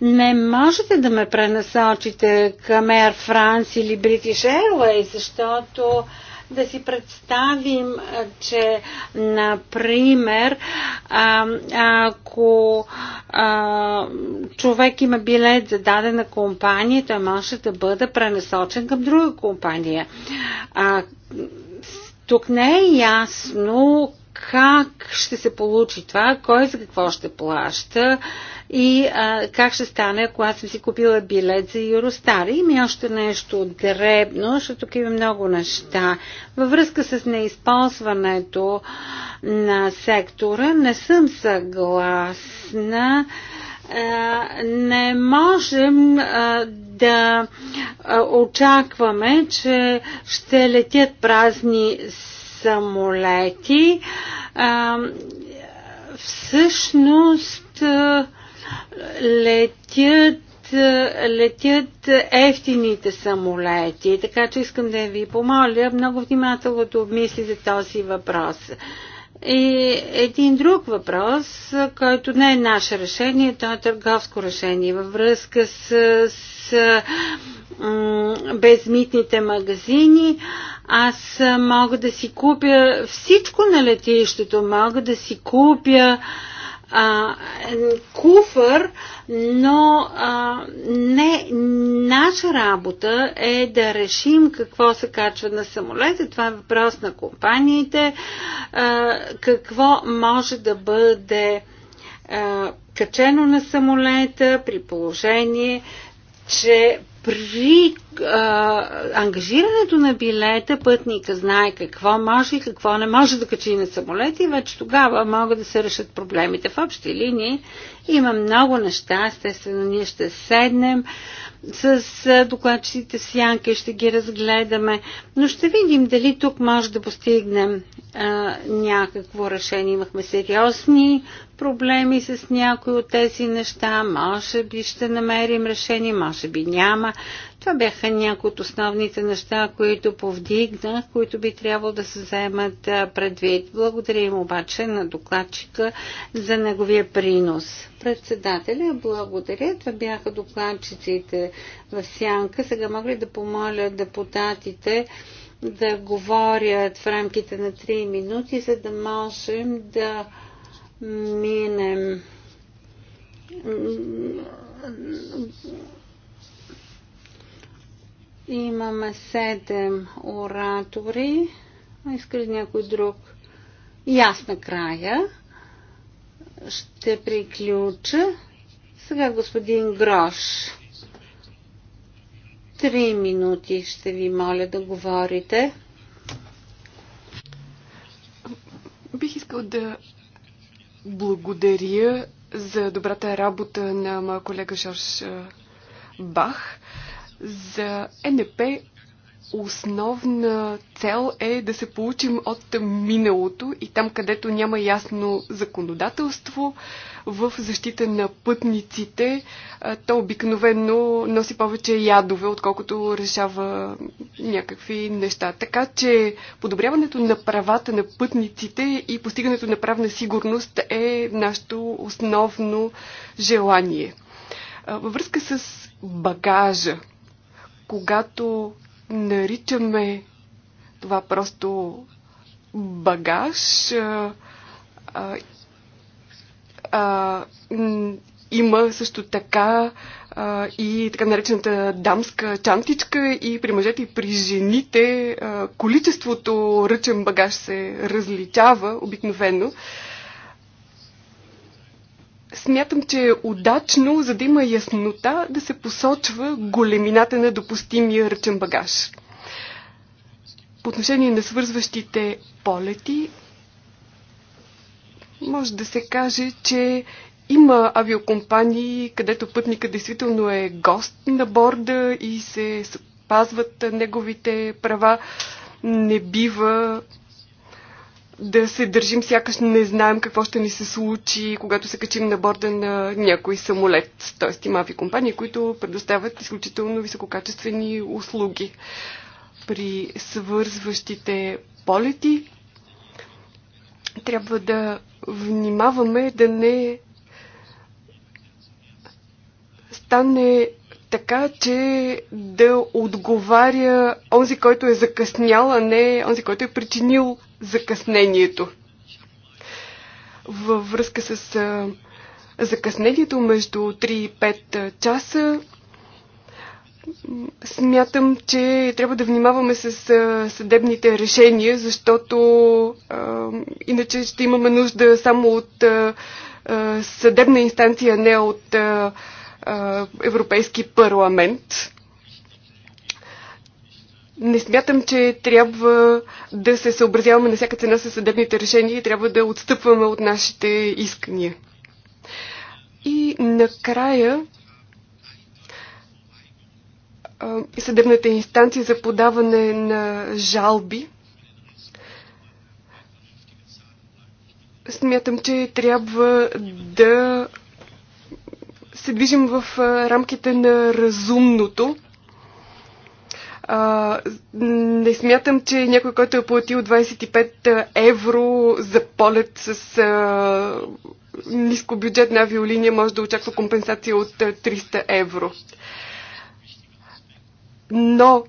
не можете да ме пренасочите към Air France или British Airways, защото да си представим, че, например, ако човек има билет за дадена компания, той може да бъде пренасочен към друга компания. Тук не е ясно как ще се получи това, кой за какво ще плаща и а, как ще стане, ако аз съм си купила билет за Юростар. Има ми е още нещо дребно, защото тук има много неща. Във връзка с неизползването на сектора не съм съгласна не можем да очакваме, че ще летят празни самолети, а, всъщност летят летят ефтините самолети, така че искам да ви помоля много внимателно да обмислите този въпрос. И един друг въпрос, който не е наше решение, то е търговско решение във връзка с, с безмитните магазини. Аз мога да си купя всичко на летището, мога да си купя а, а, куфър, но а, не наша работа е да решим какво се качва на самолета. Това е въпрос на компаниите, а, какво може да бъде а, качено на самолета при положение, че при а, ангажирането на билета пътника знае какво може и какво не може да качи на самолет и вече тогава могат да се решат проблемите. В общи линии има много неща. Естествено, ние ще седнем с докладчиците сянки, и ще ги разгледаме, но ще видим дали тук може да постигнем а, някакво решение. Имахме сериозни проблеми с някои от тези неща. Може би ще намерим решение, може би няма. Това бяха някои от основните неща, които повдигнах, които би трябвало да се вземат предвид. Благодаря им обаче на докладчика за неговия принос. Председателя, благодаря. Това бяха докладчиците в сянка. Сега мога ли да помоля депутатите да говорят в рамките на 3 минути, за да можем да минем Имаме седем оратори. Иска ли някой друг? И аз накрая ще приключа. Сега господин Грош. Три минути ще ви моля да говорите. Бих искал да благодаря за добрата работа на моя колега Жорж Бах. За НП основна цел е да се получим от миналото и там, където няма ясно законодателство в защита на пътниците, то обикновено носи повече ядове, отколкото решава някакви неща. Така че подобряването на правата на пътниците и постигането на правна сигурност е нашето основно желание. Във връзка с багажа, когато наричаме това просто багаж. А, а, а, има също така а, и така наречената дамска чантичка и при мъжете и при жените а, количеството ръчен багаж се различава обикновено. А, Смятам, че е удачно, за да има яснота, да се посочва големината на допустимия ръчен багаж. По отношение на свързващите полети, може да се каже, че има авиокомпании, където пътника действително е гост на борда и се спазват неговите права. Не бива да се държим сякаш не знаем какво ще ни се случи, когато се качим на борда на някой самолет. Т.е. има компании, които предоставят изключително висококачествени услуги. При свързващите полети трябва да внимаваме да не стане така, че да отговаря онзи, който е закъснял, а не онзи, който е причинил закъснението. Във връзка с закъснението между 3 и 5 часа, смятам, че трябва да внимаваме с съдебните решения, защото а, иначе ще имаме нужда само от а, съдебна инстанция, не от а, Европейски парламент. Не смятам, че трябва да се съобразяваме на всяка цена с съдебните решения и трябва да отстъпваме от нашите искания. И накрая съдебната инстанция за подаване на жалби. Смятам, че трябва да се движим в рамките на разумното а, не смятам, че някой, който е платил 25 евро за полет с а, на авиолиния, може да очаква компенсация от 300 евро. Но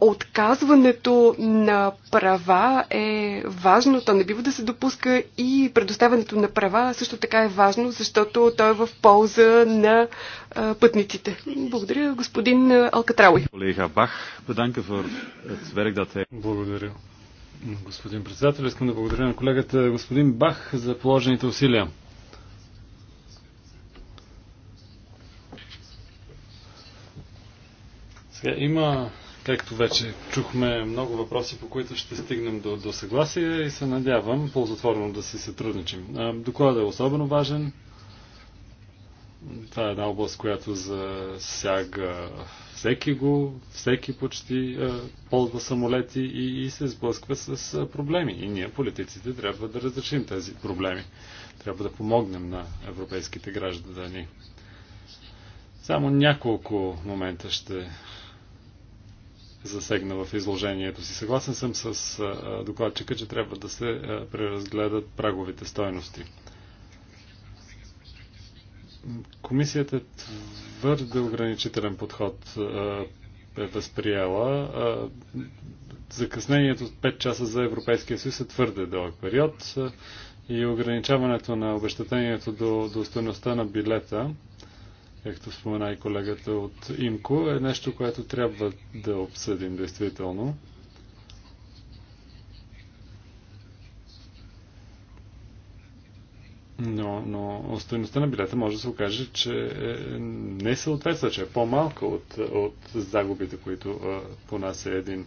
отказването на права е важно, то не бива да се допуска и предоставянето на права също така е важно, защото то е в полза на а, пътниците. Благодаря, господин Алкатрауи. Колега Бах, Благодаря. Господин председател, искам да благодаря на колегата господин Бах за положените усилия. Сега има Както вече чухме много въпроси, по които ще стигнем до, до съгласие и се надявам ползотворно да си сътрудничим. Докладът е особено важен. Това е една област, която засяга всеки го, всеки почти ползва самолети и, и се сблъсква с проблеми. И ние, политиците, трябва да разрешим тези проблеми. Трябва да помогнем на европейските граждани. Само няколко момента ще засегна в изложението си. Съгласен съм с докладчика, че трябва да се преразгледат праговите стойности. Комисията твърде ограничителен подход е възприела. Закъснението от 5 часа за Европейския съюз е твърде дълъг период и ограничаването на обещатението до, до стоеността на билета както спомена и колегата от ИМКО, е нещо, което трябва да обсъдим действително. Но, но стоеността на билета може да се окаже, че е, не съответства, че е по-малка от, от загубите, които понася е един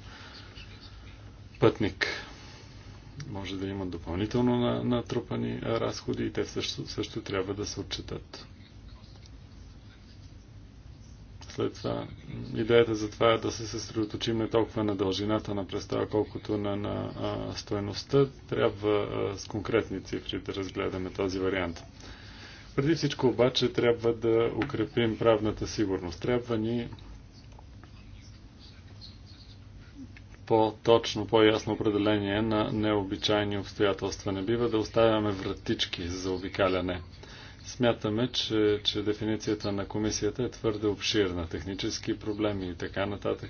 пътник. Може да имат допълнително натрупани разходи и те също, също трябва да се отчитат. След това идеята за това е да се съсредоточим не толкова на дължината на представа, колкото на, на а, стоеността. Трябва а, с конкретни цифри да разгледаме този вариант. Преди всичко обаче трябва да укрепим правната сигурност. Трябва ни по-точно, по-ясно определение на необичайни обстоятелства. Не бива да оставяме вратички за обикаляне Смятаме, че, че дефиницията на комисията е твърде обширна. Технически проблеми и така нататък.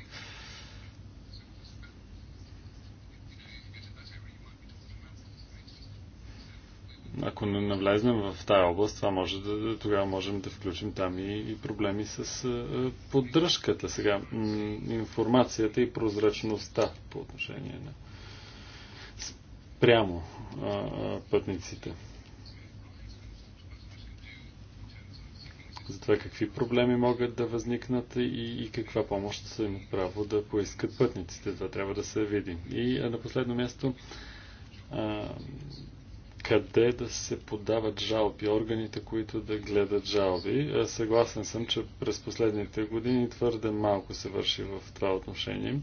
ако не навлезнем в тази област, това може да, тогава можем да включим там и, и проблеми с а, поддръжката. Сега, информацията и прозрачността по отношение на прямо а, пътниците. за това какви проблеми могат да възникнат и, и каква помощ са имат право да поискат пътниците. Това трябва да се види. И на последно място, а, къде да се подават жалби, органите, които да гледат жалби. Съгласен съм, че през последните години твърде малко се върши в това отношение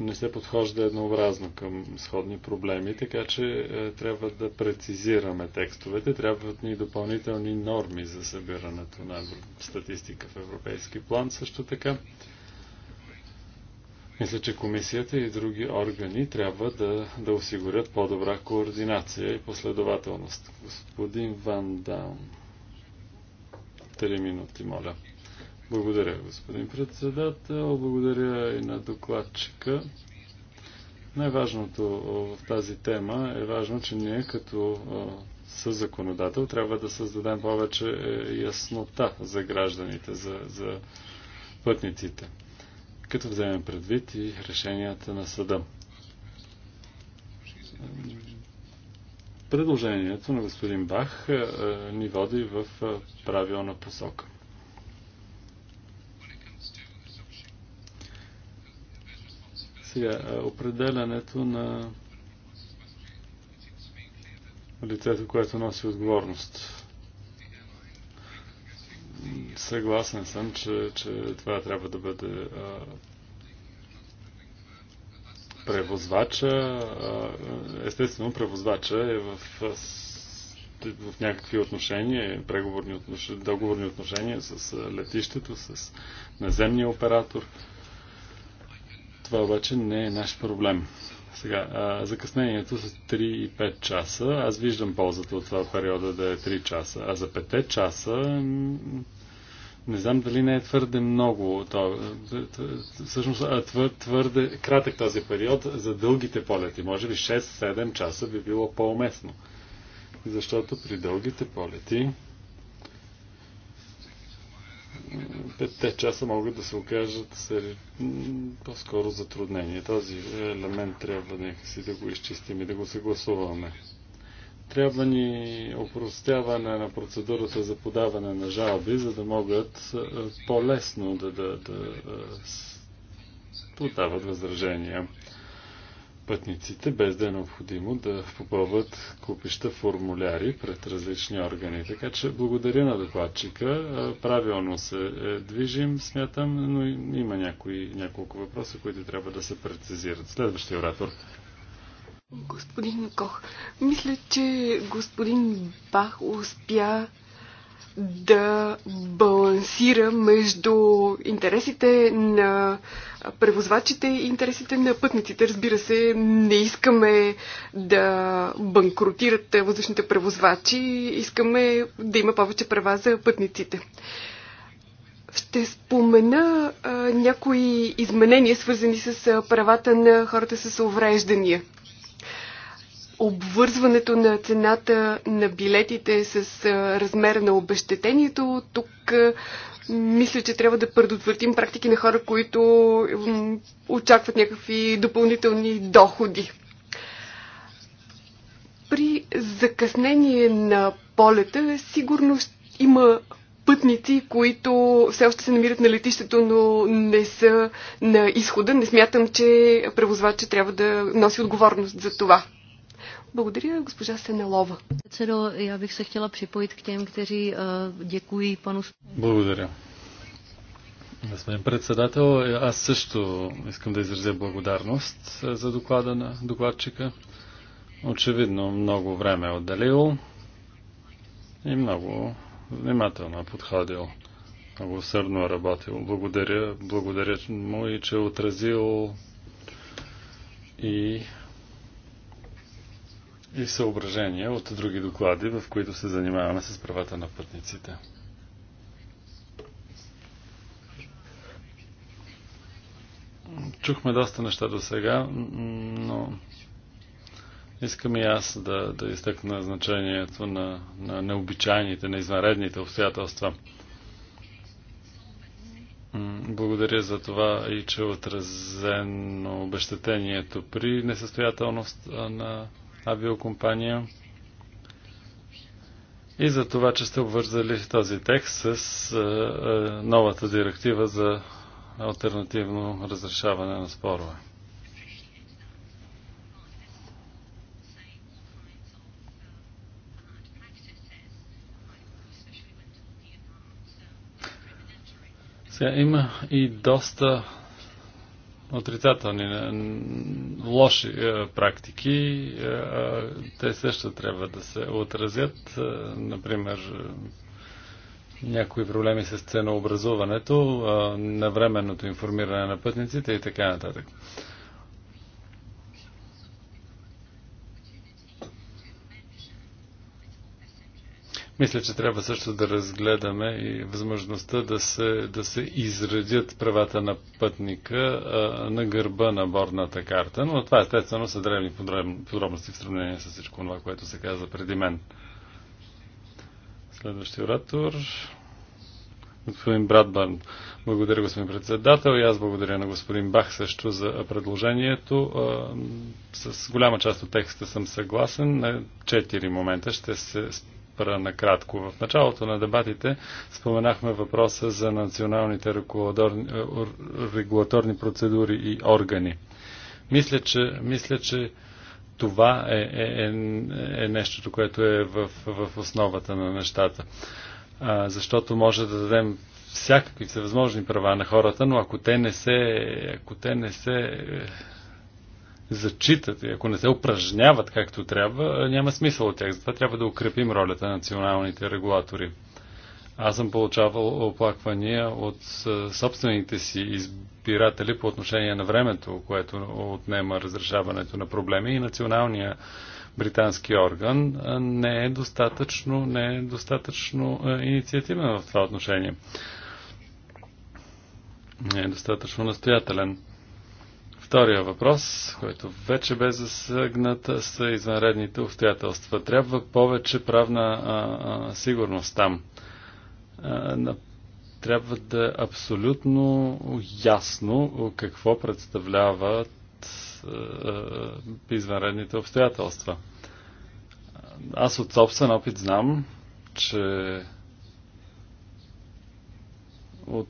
не се подхожда еднообразно към сходни проблеми, така че е, трябва да прецизираме текстовете. Трябват ни допълнителни норми за събирането на статистика в европейски план също така. Мисля, че комисията и други органи трябва да, да осигурят по-добра координация и последователност. Господин Ван Даун. Три минути, моля. Благодаря, господин председател. Благодаря и на докладчика. Най-важното в тази тема е важно, че ние като със законодател трябва да създадем повече е, яснота за гражданите, за, за пътниците, като вземем предвид и решенията на съда. Предложението на господин Бах ни води в правилна посока. Сега, определянето на лицето, което носи отговорност. Съгласен съм, че, че това трябва да бъде а, превозвача. А, естествено, превозвача е в, в някакви отношения, преговорни отношения, договорни отношения с летището, с наземния оператор. А, това обаче не е наш проблем. Сега, а, закъснението са 3 и 5 часа. Аз виждам ползата от това периода да е 3 часа. А за 5 часа не знам дали не е твърде много. То, всъщност твър, твърде кратък този период за дългите полети. Може би 6-7 часа би било по-уместно. Защото при дългите полети те часа могат да се окажат по-скоро затруднения. Този елемент трябва някакси да го изчистим и да го съгласуваме. Трябва ни опростяване на процедурата за подаване на жалби, за да могат е, по-лесно да, да, да е, подават възражения пътниците, без да е необходимо да попълват купища формуляри пред различни органи. Така че благодаря на докладчика. Правилно се е, движим, смятам, но има някои, няколко въпроса, които трябва да се прецизират. Следващия оратор. Господин Кох, мисля, че господин Бах успя да балансира между интересите на превозвачите и интересите на пътниците. Разбира се, не искаме да банкротират въздушните превозвачи, искаме да има повече права за пътниците. Ще спомена а, някои изменения, свързани с а, правата на хората с увреждания обвързването на цената на билетите с размера на обещетението. Тук мисля, че трябва да предотвратим практики на хора, които очакват някакви допълнителни доходи. При закъснение на полета сигурно има пътници, които все още се намират на летището, но не са на изхода. Не смятам, че превозвача трябва да носи отговорност за това. Благодаря, госпожа Сенелова. Цедо, я бих се хотела припоит к тем, кteří дякуи пану... Благодаря. Господин председател, аз също искам да изразя благодарност за доклада на докладчика. Очевидно много време е отделил и много внимателно е подходил. Много усърдно е работил. Благодаря, благодаря му и че е отразил и и съображения от други доклади, в които се занимаваме с правата на пътниците. Чухме доста неща до сега, но искам и аз да, да изтъкна значението на, на необичайните, на извънредните обстоятелства. Благодаря за това и че е отразено обещетението при несъстоятелност на авиокомпания и за това, че сте обвързали този текст с е, е, новата директива за альтернативно разрешаване на спорове. Сега има и доста отрицателни, е, лоши е, практики, е, те също трябва да се отразят. Например, някои проблеми с ценообразуването, навременното информиране на пътниците и така нататък. Мисля, че трябва също да разгледаме и възможността да се, да се изредят правата на пътника а, на гърба на бордната карта, но това естествено са древни подробности в сравнение с всичко това, което се каза преди мен. Следващия оратор. Господин Братбърн. Благодаря, господин председател. И аз благодаря на господин Бах също за предложението. С голяма част от текста съм съгласен. На четири момента ще се спра накратко. В началото на дебатите споменахме въпроса за националните регулаторни процедури и органи. Мисля, че, мисля, че това е, е, е, е нещото, което е в, в основата на нещата. А, защото може да дадем всякакви всевъзможни права на хората, но ако те не се, ако те не се зачитат и ако не се упражняват както трябва, няма смисъл от тях. Затова трябва да укрепим ролята на националните регулатори. Аз съм получавал оплаквания от собствените си избиратели по отношение на времето, което отнема разрешаването на проблеми и националния британски орган не е достатъчно, не е достатъчно инициативен в това отношение. Не е достатъчно настоятелен. Втория въпрос, който вече бе засъгнат, са извънредните обстоятелства. Трябва повече правна а, а, сигурност там. А, на трябва да е абсолютно ясно какво представляват а, извънредните обстоятелства. Аз от собствен опит знам, че от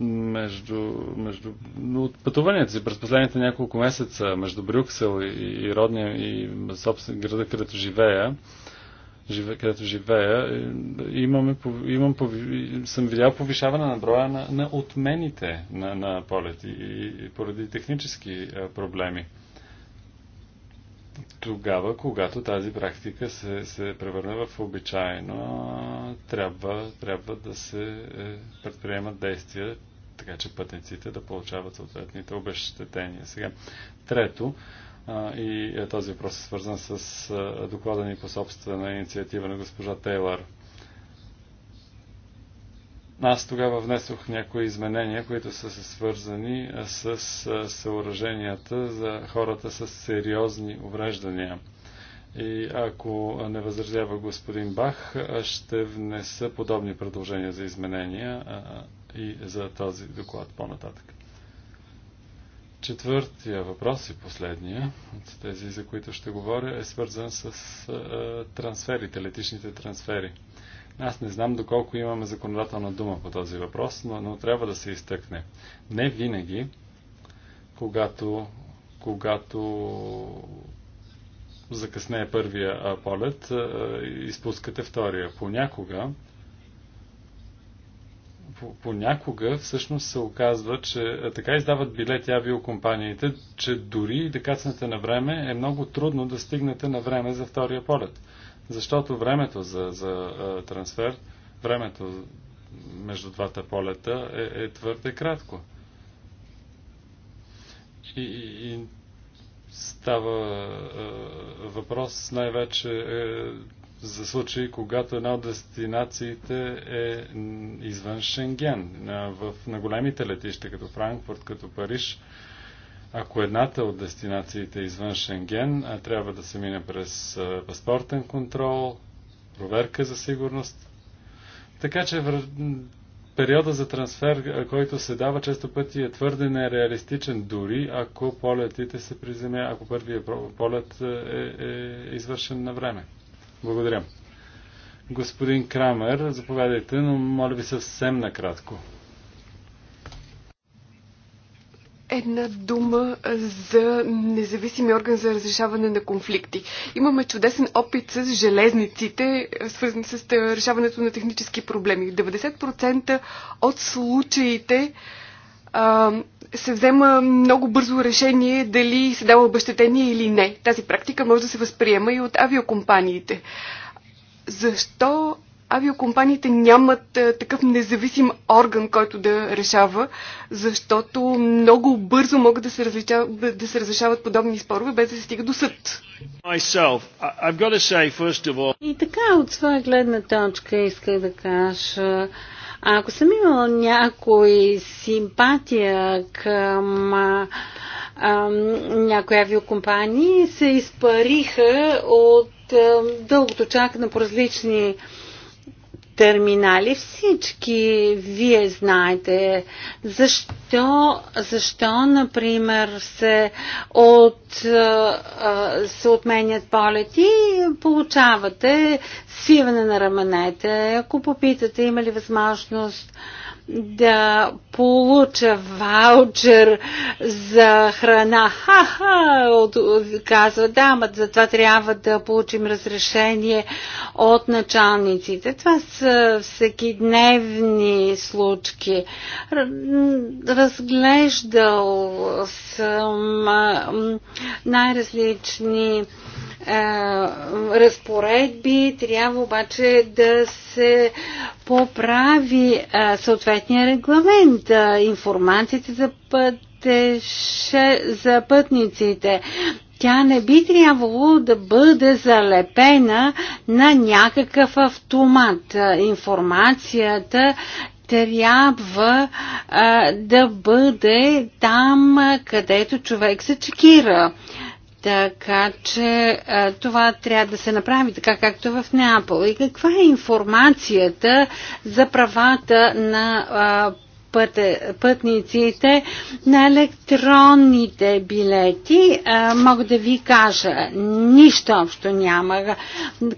между, между от пътуванията си през последните няколко месеца между Брюксел и, и родния и собствен града, където живея, живе, където живея, е, имаме, имам, съм видял повишаване на броя на, на отмените на, на полети и, и поради технически е, проблеми тогава, когато тази практика се, се превърне в обичайно, трябва, трябва да се е, предприемат действия, така че пътниците да получават съответните обещетения. Сега, трето, и е, този въпрос е свързан с доклада ни по собствена инициатива на госпожа Тейлър – аз тогава внесох някои изменения, които са се свързани с съоръженията за хората с сериозни увреждания. И ако не възразява господин Бах, ще внеса подобни предложения за изменения и за този доклад по-нататък. Четвъртия въпрос и последния от тези, за които ще говоря, е свързан с трансферите, Летичните трансфери – аз не знам доколко имаме законодателна дума по този въпрос, но, но трябва да се изтъкне. Не винаги, когато, когато закъснее първия полет, изпускате втория. Понякога, понякога всъщност се оказва, че така издават билети авиокомпаниите, че дори да кацнете на време, е много трудно да стигнете на време за втория полет. Защото времето за, за а, трансфер, времето между двата полета е, е твърде кратко. И, и, и става а, въпрос най-вече е, за случаи, когато една от дестинациите е извън Шенген. В, на големите летища, като Франкфурт, като Париж, а, ако едната от дестинациите е извън Шенген, трябва да се мине през паспортен контрол, проверка за сигурност. Така че периода за трансфер, който се дава, често пъти е твърде нереалистичен, дори ако полетите се приземя, ако първият полет е, е извършен на време. Благодаря. Господин Крамер, заповядайте, но моля ви съвсем накратко. Една дума за независими орган за разрешаване на конфликти. Имаме чудесен опит с железниците, свързан с решаването на технически проблеми. 90% от случаите а, се взема много бързо решение дали се дава обещетение или не. Тази практика може да се възприема и от авиокомпаниите. Защо авиокомпаниите нямат а, е, такъв независим орган, който да решава, защото много бързо могат да се, различа, да се разрешават подобни спорове, без да се стига до съд. И така, от своя гледна точка исках да кажа, ако съм имала някой симпатия към а, а, някои авиокомпании, се изпариха от а, дългото чакане по различни а, терминали. Всички вие знаете защо, защо например, се, от, се отменят полети и получавате свиване на раменете. Ако попитате има ли възможност да получа ваучер за храна. Ха-ха, казва, да, ама за това трябва да получим разрешение от началниците. Това са всеки дневни случки. Разглеждал съм най-различни е, разпоредби, трябва обаче да се поправи е, съответния регламент. Е, информацията за, пътеше, за пътниците тя не би трябвало да бъде залепена на някакъв автомат. Информацията трябва а, да бъде там, където човек се чекира. Така че а, това трябва да се направи така както в Неапол. И каква е информацията за правата на а, път, пътниците на електронните билети? А, мога да ви кажа, нищо общо няма.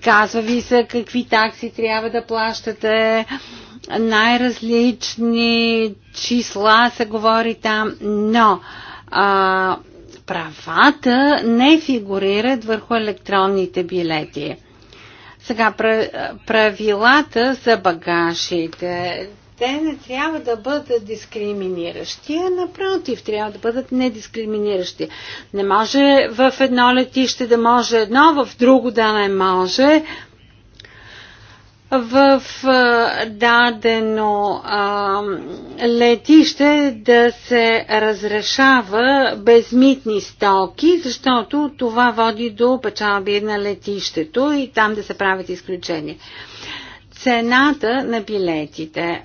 Казва ви се какви такси трябва да плащате най-различни числа се говори там, но а, правата не фигурират върху електронните билети. Сега, правилата за багажите, те не трябва да бъдат дискриминиращи, а напротив, трябва да бъдат недискриминиращи. Не може в едно летище да може едно, в друго да не може, в дадено а, летище да се разрешава безмитни стоки, защото това води до печалби на летището и там да се правят изключения цената на билетите.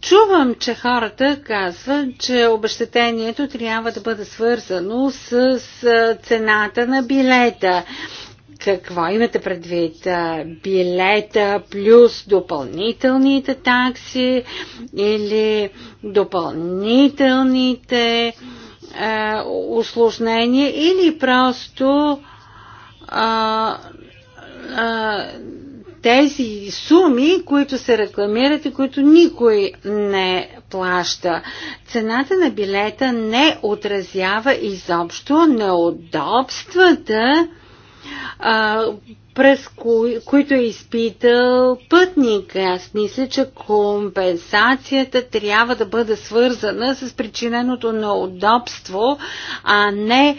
Чувам, че хората казват, че обещетението трябва да бъде свързано с цената на билета. Какво имате предвид? Билета плюс допълнителните такси или допълнителните е, усложнения или просто е, е, тези суми, които се рекламират и които никой не плаща. Цената на билета не отразява изобщо неудобствата а, през кои, които е изпитал пътник. Аз мисля, че компенсацията трябва да бъде свързана с причиненото на удобство, а не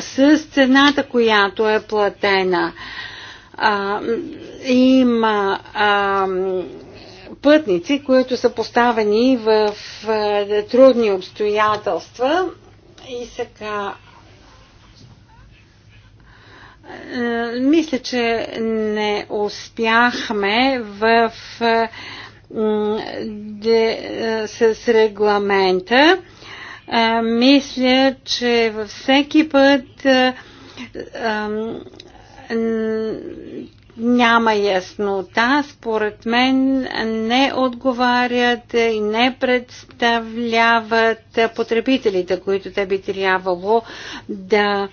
с цената, която е платена. А, има а, пътници, които са поставени в а, трудни обстоятелства и сега е, мисля, че не успяхме в, е, де, е, с регламента. Мисля, че във всеки път няма яснота, според мен не отговарят и не представляват потребителите, които те би трябвало да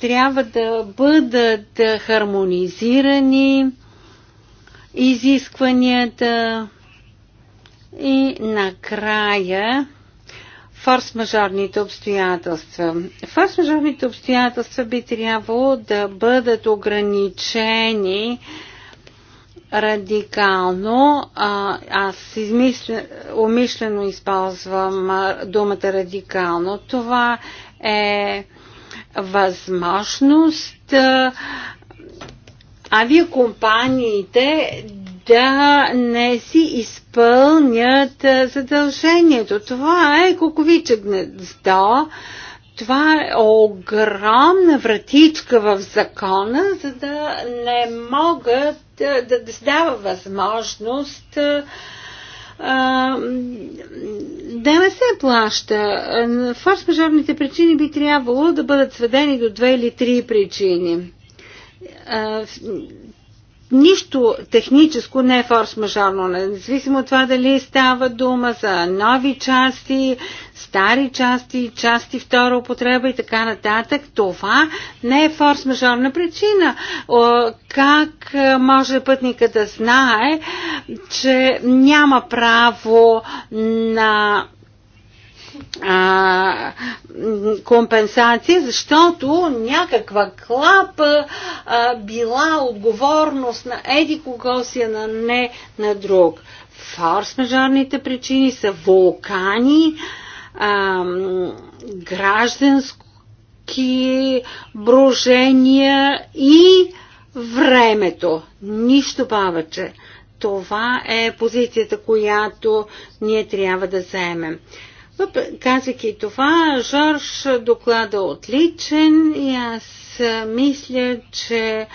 трябва да бъдат хармонизирани изискванията и накрая форс-мажорните обстоятелства. Форс-мажорните обстоятелства би трябвало да бъдат ограничени радикално. Аз измисля, умишлено използвам думата радикално. Това е възможност авиакомпаниите да не си изпълнят задължението. Това е куковиче гнездо. Това е огромна вратичка в закона, за да не могат да, да се дава възможност да не се плаща. Форс-мажорните причини би трябвало да бъдат сведени до две или три причини нищо техническо не е форс-мажорно, независимо от това дали става дума за нови части, стари части, части втора употреба и така нататък. Това не е форс-мажорна причина. Как е, може пътника да знае, че няма право на а, компенсация, защото някаква клапа а, била отговорност на еди кого си, а на не на друг. Форс-мажорните причини са вулкани, а, граждански брожения и времето. Нищо повече. Това е позицията, която ние трябва да заемем. Казвайки това, Жорж доклада отличен и аз мисля, че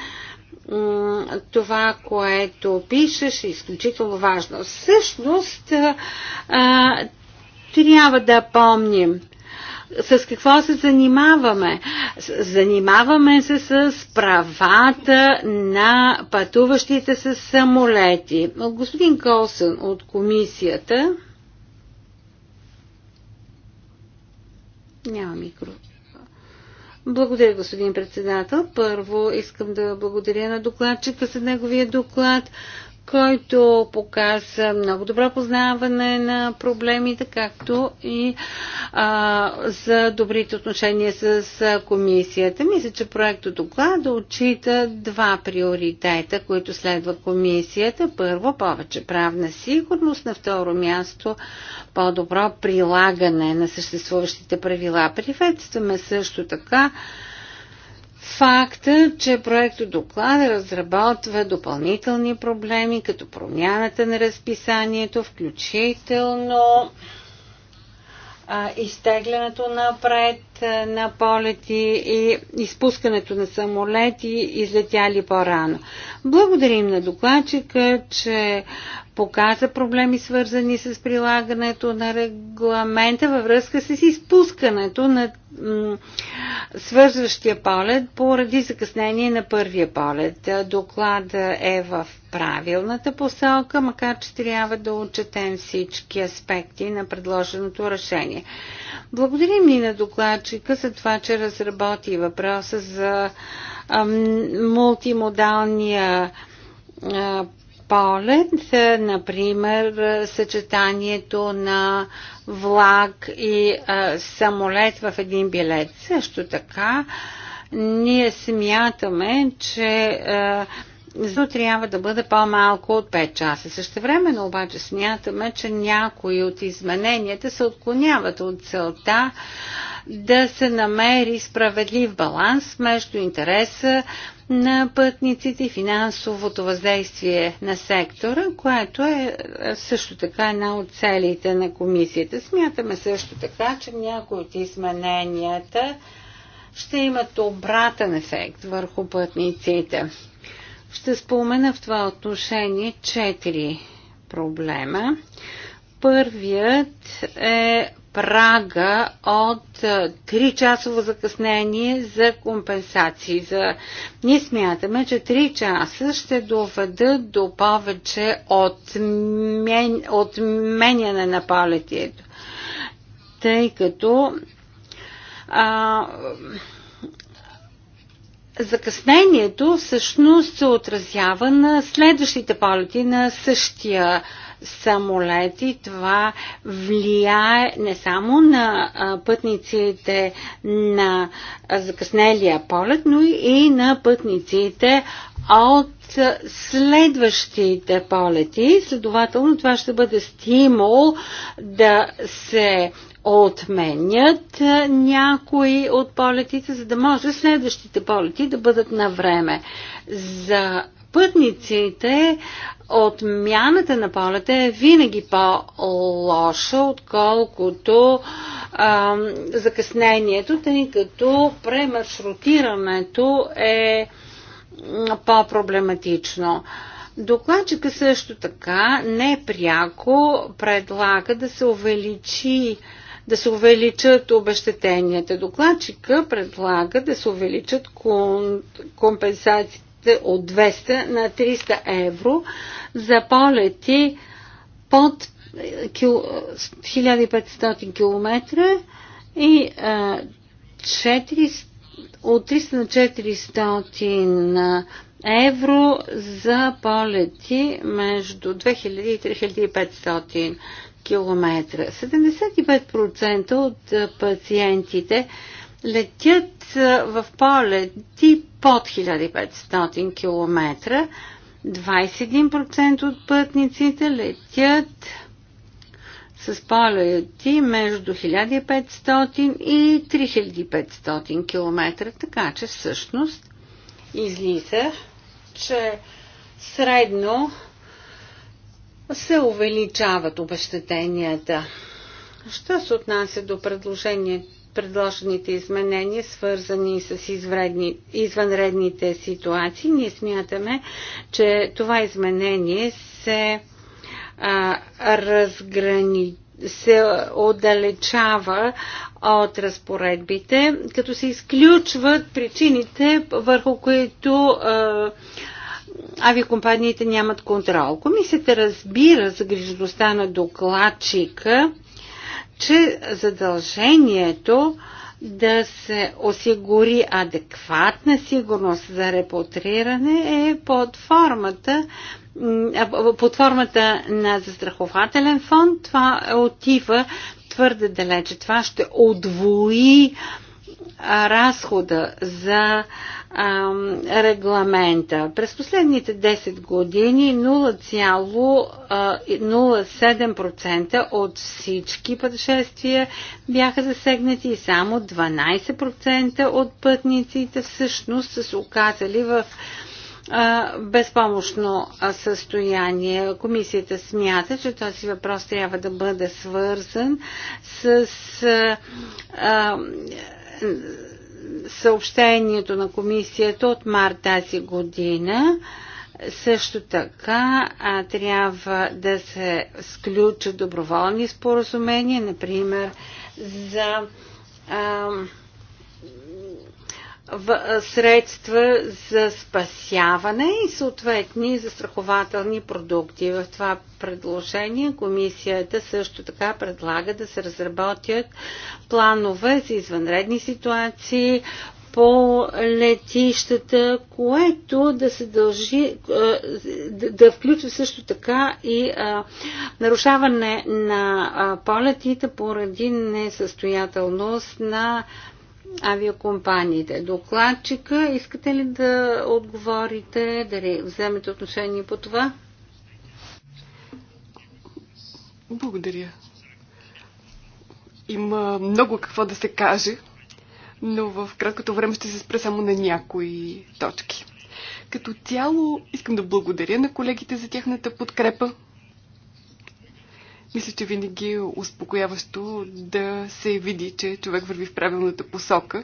това, което пишеш е изключително важно. Всъщност, трябва да помним с какво се занимаваме? Занимаваме се с правата на пътуващите с самолети. Господин Колсън от комисията. Няма микро. Благодаря, господин председател. Първо искам да благодаря на докладчика за неговия доклад който показа много добро познаване на проблемите, както и а, за добрите отношения с комисията. Мисля, че проектът доклада отчита два приоритета, които следва комисията. Първо, повече правна сигурност, на второ място, по-добро прилагане на съществуващите правила. Приветстваме също така факта, че проектът доклада разработва допълнителни проблеми, като промяната на разписанието, включително а, изтеглянето напред е, на полети и изпускането на самолети излетяли по-рано. Благодарим на докладчика, че показа проблеми свързани с прилагането на регламента във връзка с изпускането на свързващия полет поради закъснение на първия полет. Докладът е в правилната посока, макар че трябва да отчетем всички аспекти на предложеното решение. Благодарим ни на докладчика за това, че разработи въпроса за мултимодалния полет, например, съчетанието на влак и а, самолет в един билет. Също така, ние смятаме, че а, но трябва да бъде по-малко от 5 часа. Същевременно обаче смятаме, че някои от измененията се отклоняват от целта да се намери справедлив баланс между интереса на пътниците и финансовото въздействие на сектора, което е, е също така една от целите на комисията. Смятаме също така, че някои от измененията ще имат обратен ефект върху пътниците. Ще спомена в това отношение четири проблема. Първият е прага от 3-часово закъснение за компенсации. За... Ние смятаме, че 3 часа ще доведат до повече отменяне на палетието. тъй като а, закъснението всъщност се отразява на следващите полети на същия самолет и това влияе не само на пътниците на закъснелия полет, но и на пътниците от следващите полети. Следователно това ще бъде стимул да се отменят някои от полетите, за да може следващите полети да бъдат на време. За пътниците отмяната на полета е винаги по-лоша, отколкото закъснението, тъй като премаршрутирането е по-проблематично. Докладчика също така непряко предлага да се увеличи а, да се увеличат обещетенията. Докладчика предлага да се увеличат компенсациите от 200 на 300 евро за полети под 1500 е, км и 400, е, от 300 на 400 е, евро за полети между 2000 и 3500 километра. 75% от пациентите летят в полети под 1500 км. 21% от пътниците летят с полети между 1500 и 3500 км. Така че всъщност излиза, че средно се увеличават обещетенията. Що се отнася до предложените изменения, свързани с извредни, извънредните ситуации, ние смятаме, че това изменение се а, разграни, се отдалечава от разпоредбите, като се изключват причините, върху които а, авиакомпаниите нямат контрол. Комисията разбира загрижеността на докладчика, че задължението да се осигури адекватна сигурност за репатриране е под формата под формата на застрахователен фонд. Това отива твърде далече. Това ще отвои разхода за а, регламента. През последните 10 години 0,07% от всички пътешествия бяха засегнати и само 12% от пътниците всъщност са се оказали в безпомощно състояние. Комисията смята, че този въпрос трябва да бъде свързан с а, съобщението на комисията от март тази година. Също така а, трябва да се сключат доброволни споразумения, например за а, в, средства за спасяване и съответни застрахователни продукти. В това предложение комисията също така предлага да се разработят планове за извънредни ситуации, по летищата, което да се дължи, да включва също така и нарушаване на полетите поради несъстоятелност на авиокомпаниите. Докладчика, искате ли да отговорите, да вземете отношение по това? Благодаря. Има много какво да се каже, но в краткото време ще се спра само на някои точки. Като цяло искам да благодаря на колегите за тяхната подкрепа. Мисля, че винаги е успокояващо да се види, че човек върви в правилната посока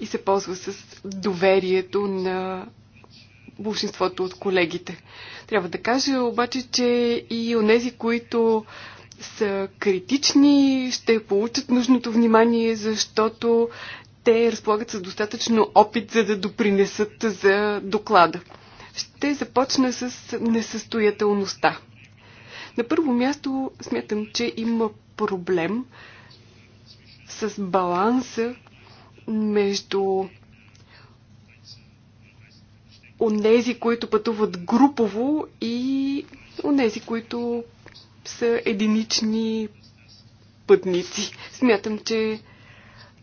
и се ползва с доверието на большинството от колегите. Трябва да кажа обаче, че и онези, които са критични, ще получат нужното внимание, защото те разполагат с достатъчно опит, за да допринесат за доклада. Ще започна с несъстоятелността. На първо място смятам, че има проблем с баланса между онези, които пътуват групово и онези, които са единични пътници. Смятам, че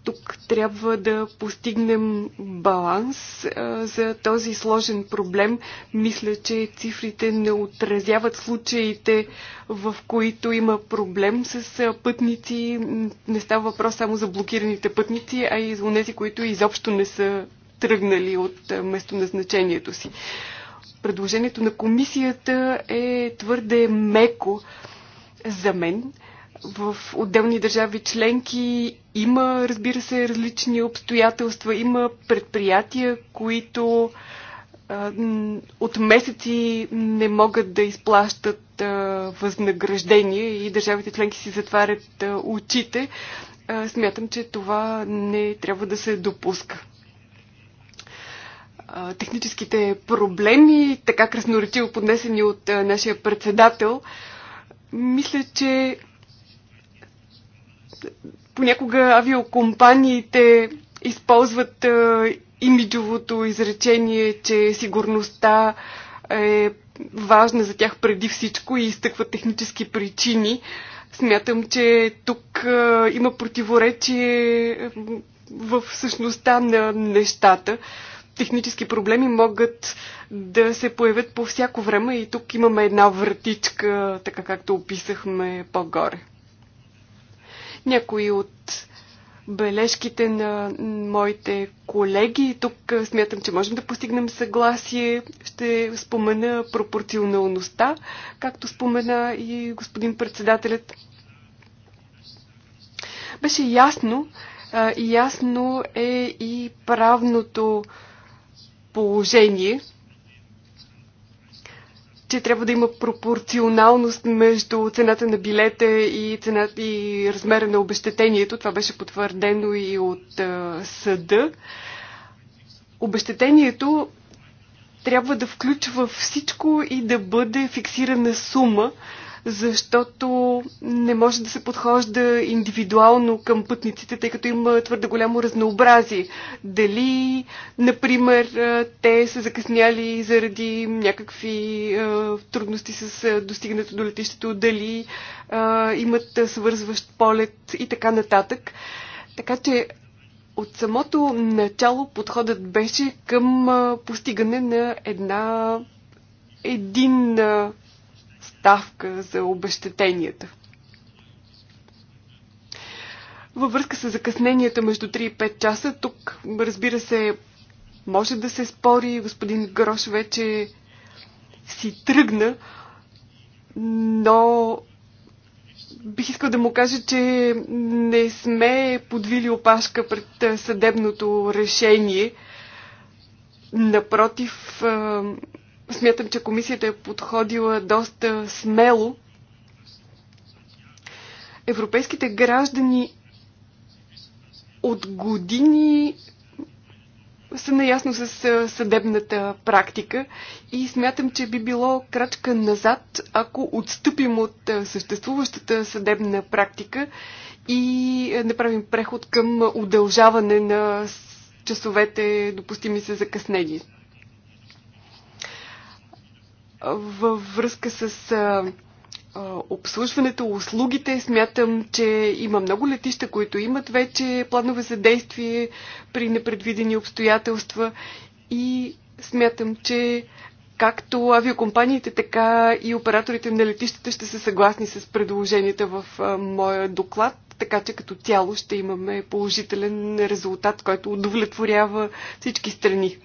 тук трябва да постигнем баланс за този сложен проблем. Мисля, че цифрите не отразяват случаите, в които има проблем с пътници. Не става въпрос само за блокираните пътници, а и за тези, които изобщо не са тръгнали от местоназначението си. Предложението на комисията е твърде меко за мен в отделни държави членки има, разбира се, различни обстоятелства. Има предприятия, които от месеци не могат да изплащат възнаграждения възнаграждение и държавите членки си затварят очите. смятам, че това не трябва да се допуска техническите проблеми, така красноречиво поднесени от нашия председател, мисля, че понякога авиокомпаниите използват а, имиджовото изречение, че сигурността е важна за тях преди всичко и изтъкват технически причини. Смятам, че тук а, има противоречие в същността на нещата. Технически проблеми могат да се появят по всяко време и тук имаме една вратичка, така както описахме по-горе. Някои от бележките на моите колеги. Тук смятам, че можем да постигнем съгласие. Ще спомена пропорционалността, както спомена и господин председателят. Беше ясно, ясно е и правното положение – че трябва да има пропорционалност между цената на билета и, цената, и размера на обещетението. Това беше потвърдено и от а, съда. Обещетението трябва да включва всичко и да бъде фиксирана сума, защото не може да се подхожда индивидуално към пътниците, тъй като има твърде голямо разнообразие. Дали, например, те са закъсняли заради някакви трудности с достигането до летището, дали имат свързващ полет и така нататък. Така че от самото начало подходът беше към постигане на една единна ставка за обещетенията. Във връзка с закъсненията между 3 и 5 часа, тук, разбира се, може да се спори. Господин Грош вече си тръгна, но бих искал да му кажа, че не сме подвили опашка пред съдебното решение. Напротив, Смятам, че комисията е подходила доста смело. Европейските граждани от години са наясно с съдебната практика и смятам, че би било крачка назад, ако отстъпим от съществуващата съдебна практика и направим преход към удължаване на часовете допустими за закъснение. Във връзка с а, обслужването, услугите, смятам, че има много летища, които имат вече планове за действие при непредвидени обстоятелства и смятам, че както авиокомпаниите, така и операторите на летищата ще са съгласни с предложенията в моя доклад, така че като цяло ще имаме положителен резултат, който удовлетворява всички страни.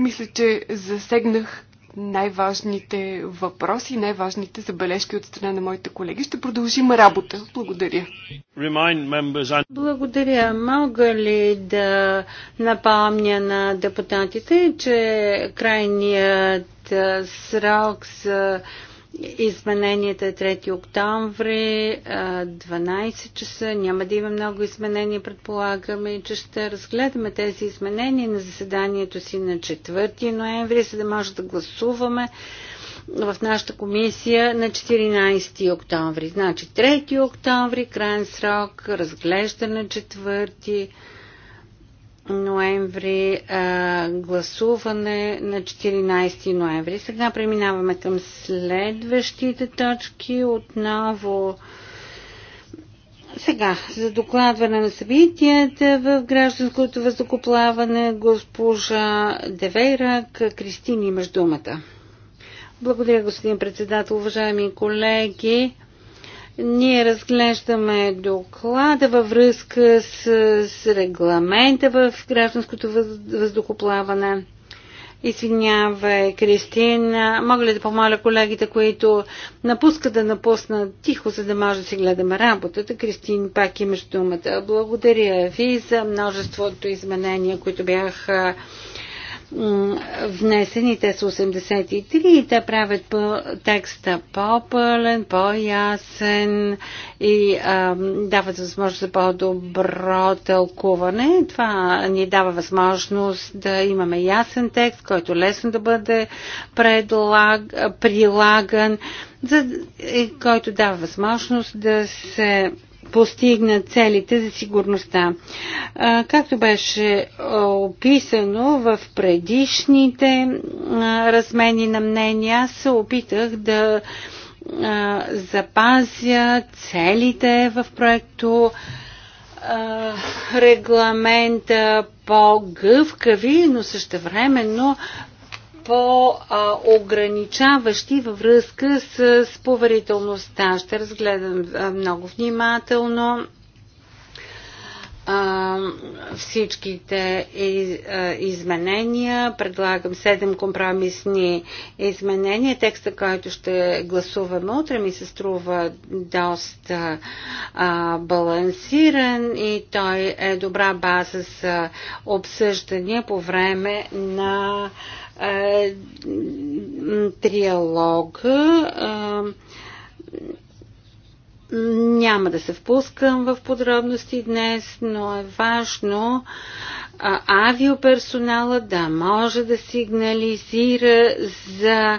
Мисля, че засегнах най-важните въпроси, най-важните забележки от страна на моите колеги. Ще продължим работа. Благодаря. Благодаря. Мога ли да напомня на депутатите, че крайният срок за Измененията е 3 октомври, 12 часа. Няма да има много изменения. Предполагаме, че ще разгледаме тези изменения на заседанието си на 4 ноември, за да може да гласуваме в нашата комисия на 14 октомври. Значи 3 октомври, крайен срок, разглеждане 4 ноември, а, гласуване на 14 ноември. Сега преминаваме към следващите точки. Отново сега, за докладване на събитията в гражданското въздухоплаване, госпожа Девейрак, Кристини имаш думата. Благодаря, господин председател, уважаеми колеги. Ние разглеждаме доклада във връзка с, с регламента в гражданското въз, въздухоплаване. Извинявай, е Кристина. Мога ли да помоля колегите, които напускат да напуснат тихо, за да може да си гледаме работата? Кристин, пак имаш думата. Благодаря ви за множеството изменения, които бяха внесените са 83 и те правят по текста по-пълен, по-ясен и а, дават възможност за по-добро тълкуване. Това ни дава възможност да имаме ясен текст, който лесно да бъде предлаг, прилаган, за, и който дава възможност да се постигна целите за сигурността. Както беше описано в предишните размени на мнения, аз се опитах да запазя целите в проекто регламента по-гъвкави, но същевременно по-ограничаващи във връзка с поверителността. Ще разгледам много внимателно всичките изменения. Предлагам 7 компромисни изменения. Текста, който ще гласуваме утре, ми се струва доста балансиран и той е добра база за обсъждания по време на е, триалога е, няма да се впускам в подробности днес, но е важно авиоперсонала да може да сигнализира за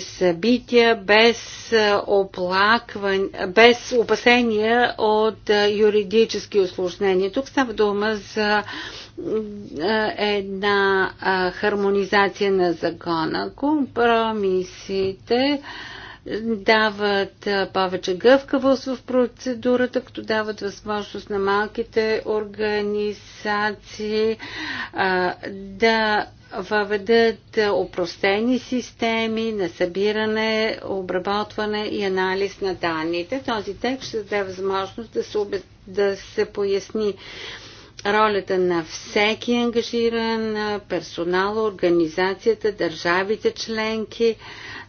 събития без, оплакван, без опасения от юридически осложнения. Тук става дума за една хармонизация на закона. Компромисите дават повече гъвкавост в процедурата, като дават възможност на малките организации а, да въведат упростени системи на събиране, обработване и анализ на данните. Този текст ще даде възможност да се, обе... да се поясни ролята на всеки ангажиран персонал, организацията, държавите членки,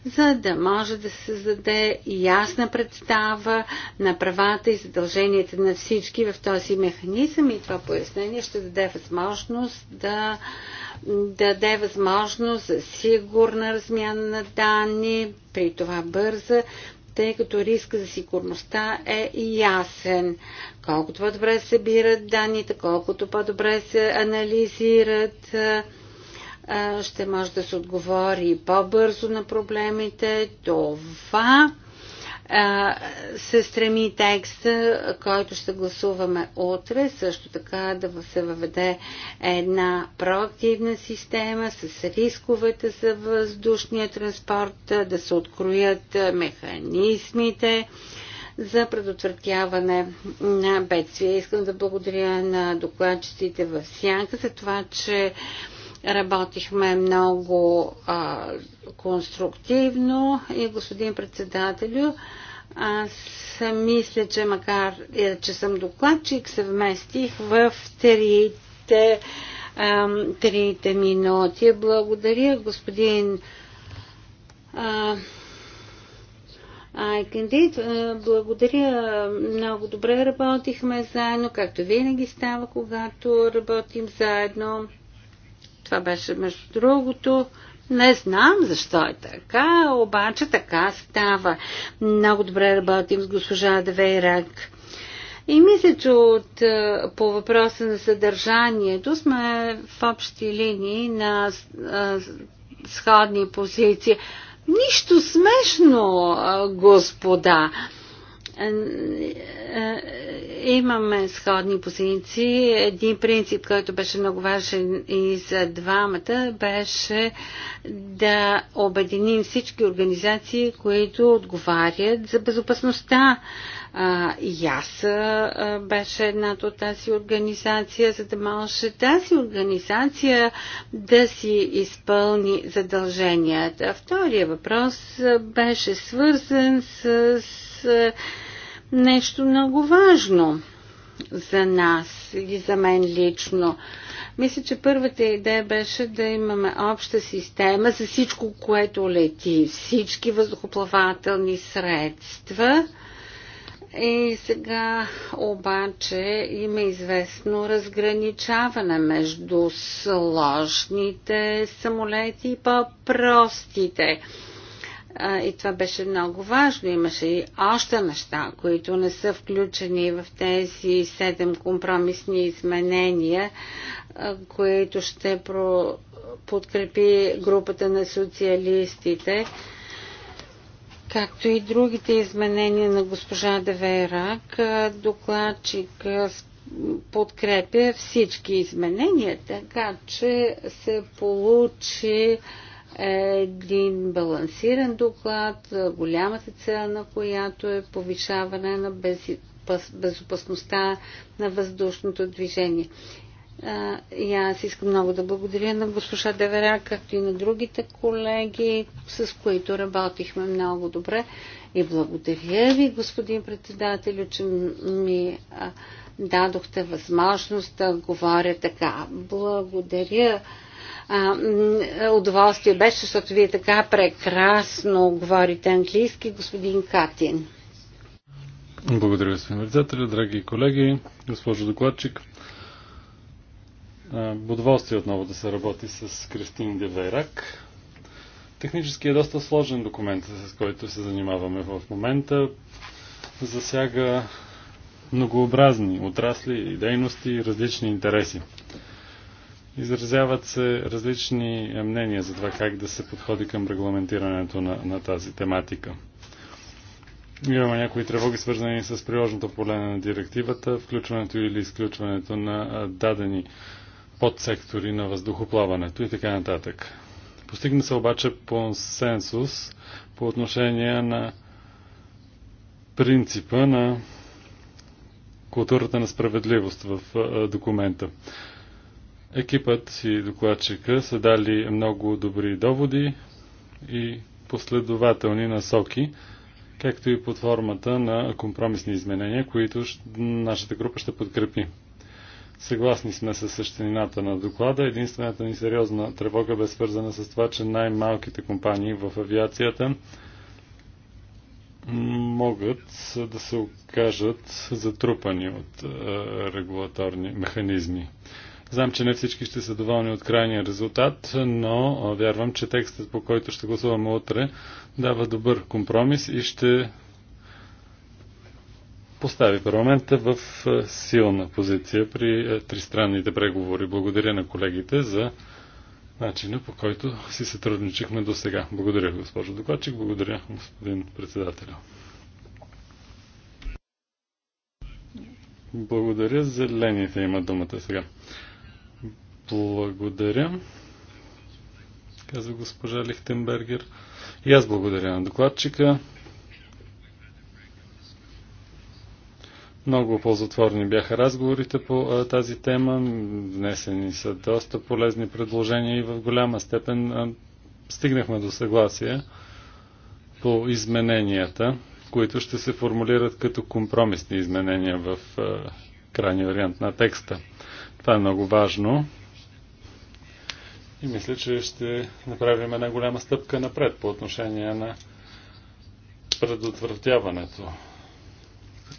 за да може да се създаде ясна представа на правата и задълженията на всички в този механизъм и това пояснение ще даде възможност да, да даде възможност за сигурна размяна на данни, при това бърза, тъй като риска за сигурността е ясен. Колкото по-добре се събират данните, колкото по-добре се анализират, ще може да се отговори по-бързо на проблемите. Това се стреми текста, който ще гласуваме утре, също така да се въведе една проактивна система с рисковете за въздушния транспорт, да се откроят механизмите за предотвратяване на бедствия. Искам да благодаря на докладчиците в Сянка за това, че Работихме много а, конструктивно и господин председателю, аз мисля, че макар е, че съм докладчик, се вместих в трите, а, трите минути. Благодаря, господин а, Айкендит, благодаря. Много добре работихме заедно, както винаги става, когато работим заедно. Това беше между другото. Не знам защо е така, обаче така става. Много добре работим с госпожа Девейрак. И мисля, че от, е, по въпроса на съдържанието сме в общи линии на а, е, сходни позиции. Нищо смешно, е, господа. Е, е, имаме сходни позиции. Един принцип, който беше много важен и за двамата, беше да обединим всички организации, които отговарят за безопасността. Яса беше едната от тази организация, за да може тази организация да си изпълни задълженията. Втория въпрос беше свързан с нещо много важно за нас и за мен лично. Мисля, че първата идея беше да имаме обща система за всичко, което лети, всички въздухоплавателни средства. И сега обаче има известно разграничаване между сложните самолети и по-простите а, и това беше много важно. Имаше и още неща, които не са включени в тези седем компромисни изменения, а, които ще про... подкрепи групата на социалистите, както и другите изменения на госпожа Деверак, докладчик подкрепя всички изменения, така че се получи а, един балансиран доклад, голямата цел на която е повишаване на безопасността на въздушното движение. И аз искам много да благодаря на госпожа Девера, както и на другите колеги, с които работихме много добре. И благодаря ви, господин председател, че ми дадохте възможност да говоря така. Благодаря а, удоволствие беше, защото вие така прекрасно говорите английски, господин Катин. Благодаря, господин председател, драги колеги, госпожо докладчик. Удоволствие отново да се работи с Кристин Девейрак. Технически е доста сложен документ, с който се занимаваме в момента. Засяга многообразни отрасли и дейности и различни интереси. Изразяват се различни мнения за това как да се подходи към регламентирането на, на тази тематика. Имаме някои тревоги, свързани с приложното поле на директивата, включването или изключването на дадени подсектори на въздухоплаването и така нататък. Постигна се обаче консенсус по отношение на принципа на културата на справедливост в документа. Екипът и докладчика са дали много добри доводи и последователни насоки, както и под формата на компромисни изменения, които нашата група ще подкрепи. Съгласни сме с същенината на доклада. Единствената ни сериозна тревога бе свързана с това, че най-малките компании в авиацията могат да се окажат затрупани от е, регулаторни механизми. Знам, че не всички ще са доволни от крайния резултат, но вярвам, че текстът, по който ще гласуваме утре, дава добър компромис и ще постави парламента в силна позиция при тристранните преговори. Благодаря на колегите за начина по който си сътрудничихме до сега. Благодаря, госпожо докладчик, благодаря, господин председател. Благодаря, зелените имат думата сега. Благодаря, казва госпожа Лихтенбергер. И аз благодаря на докладчика. Много ползотворни бяха разговорите по а, тази тема. Внесени са доста полезни предложения и в голяма степен а, стигнахме до съгласие по измененията, които ще се формулират като компромисни изменения в а, крайния вариант на текста. Това е много важно. И мисля, че ще направим една голяма стъпка напред по отношение на предотвратяването,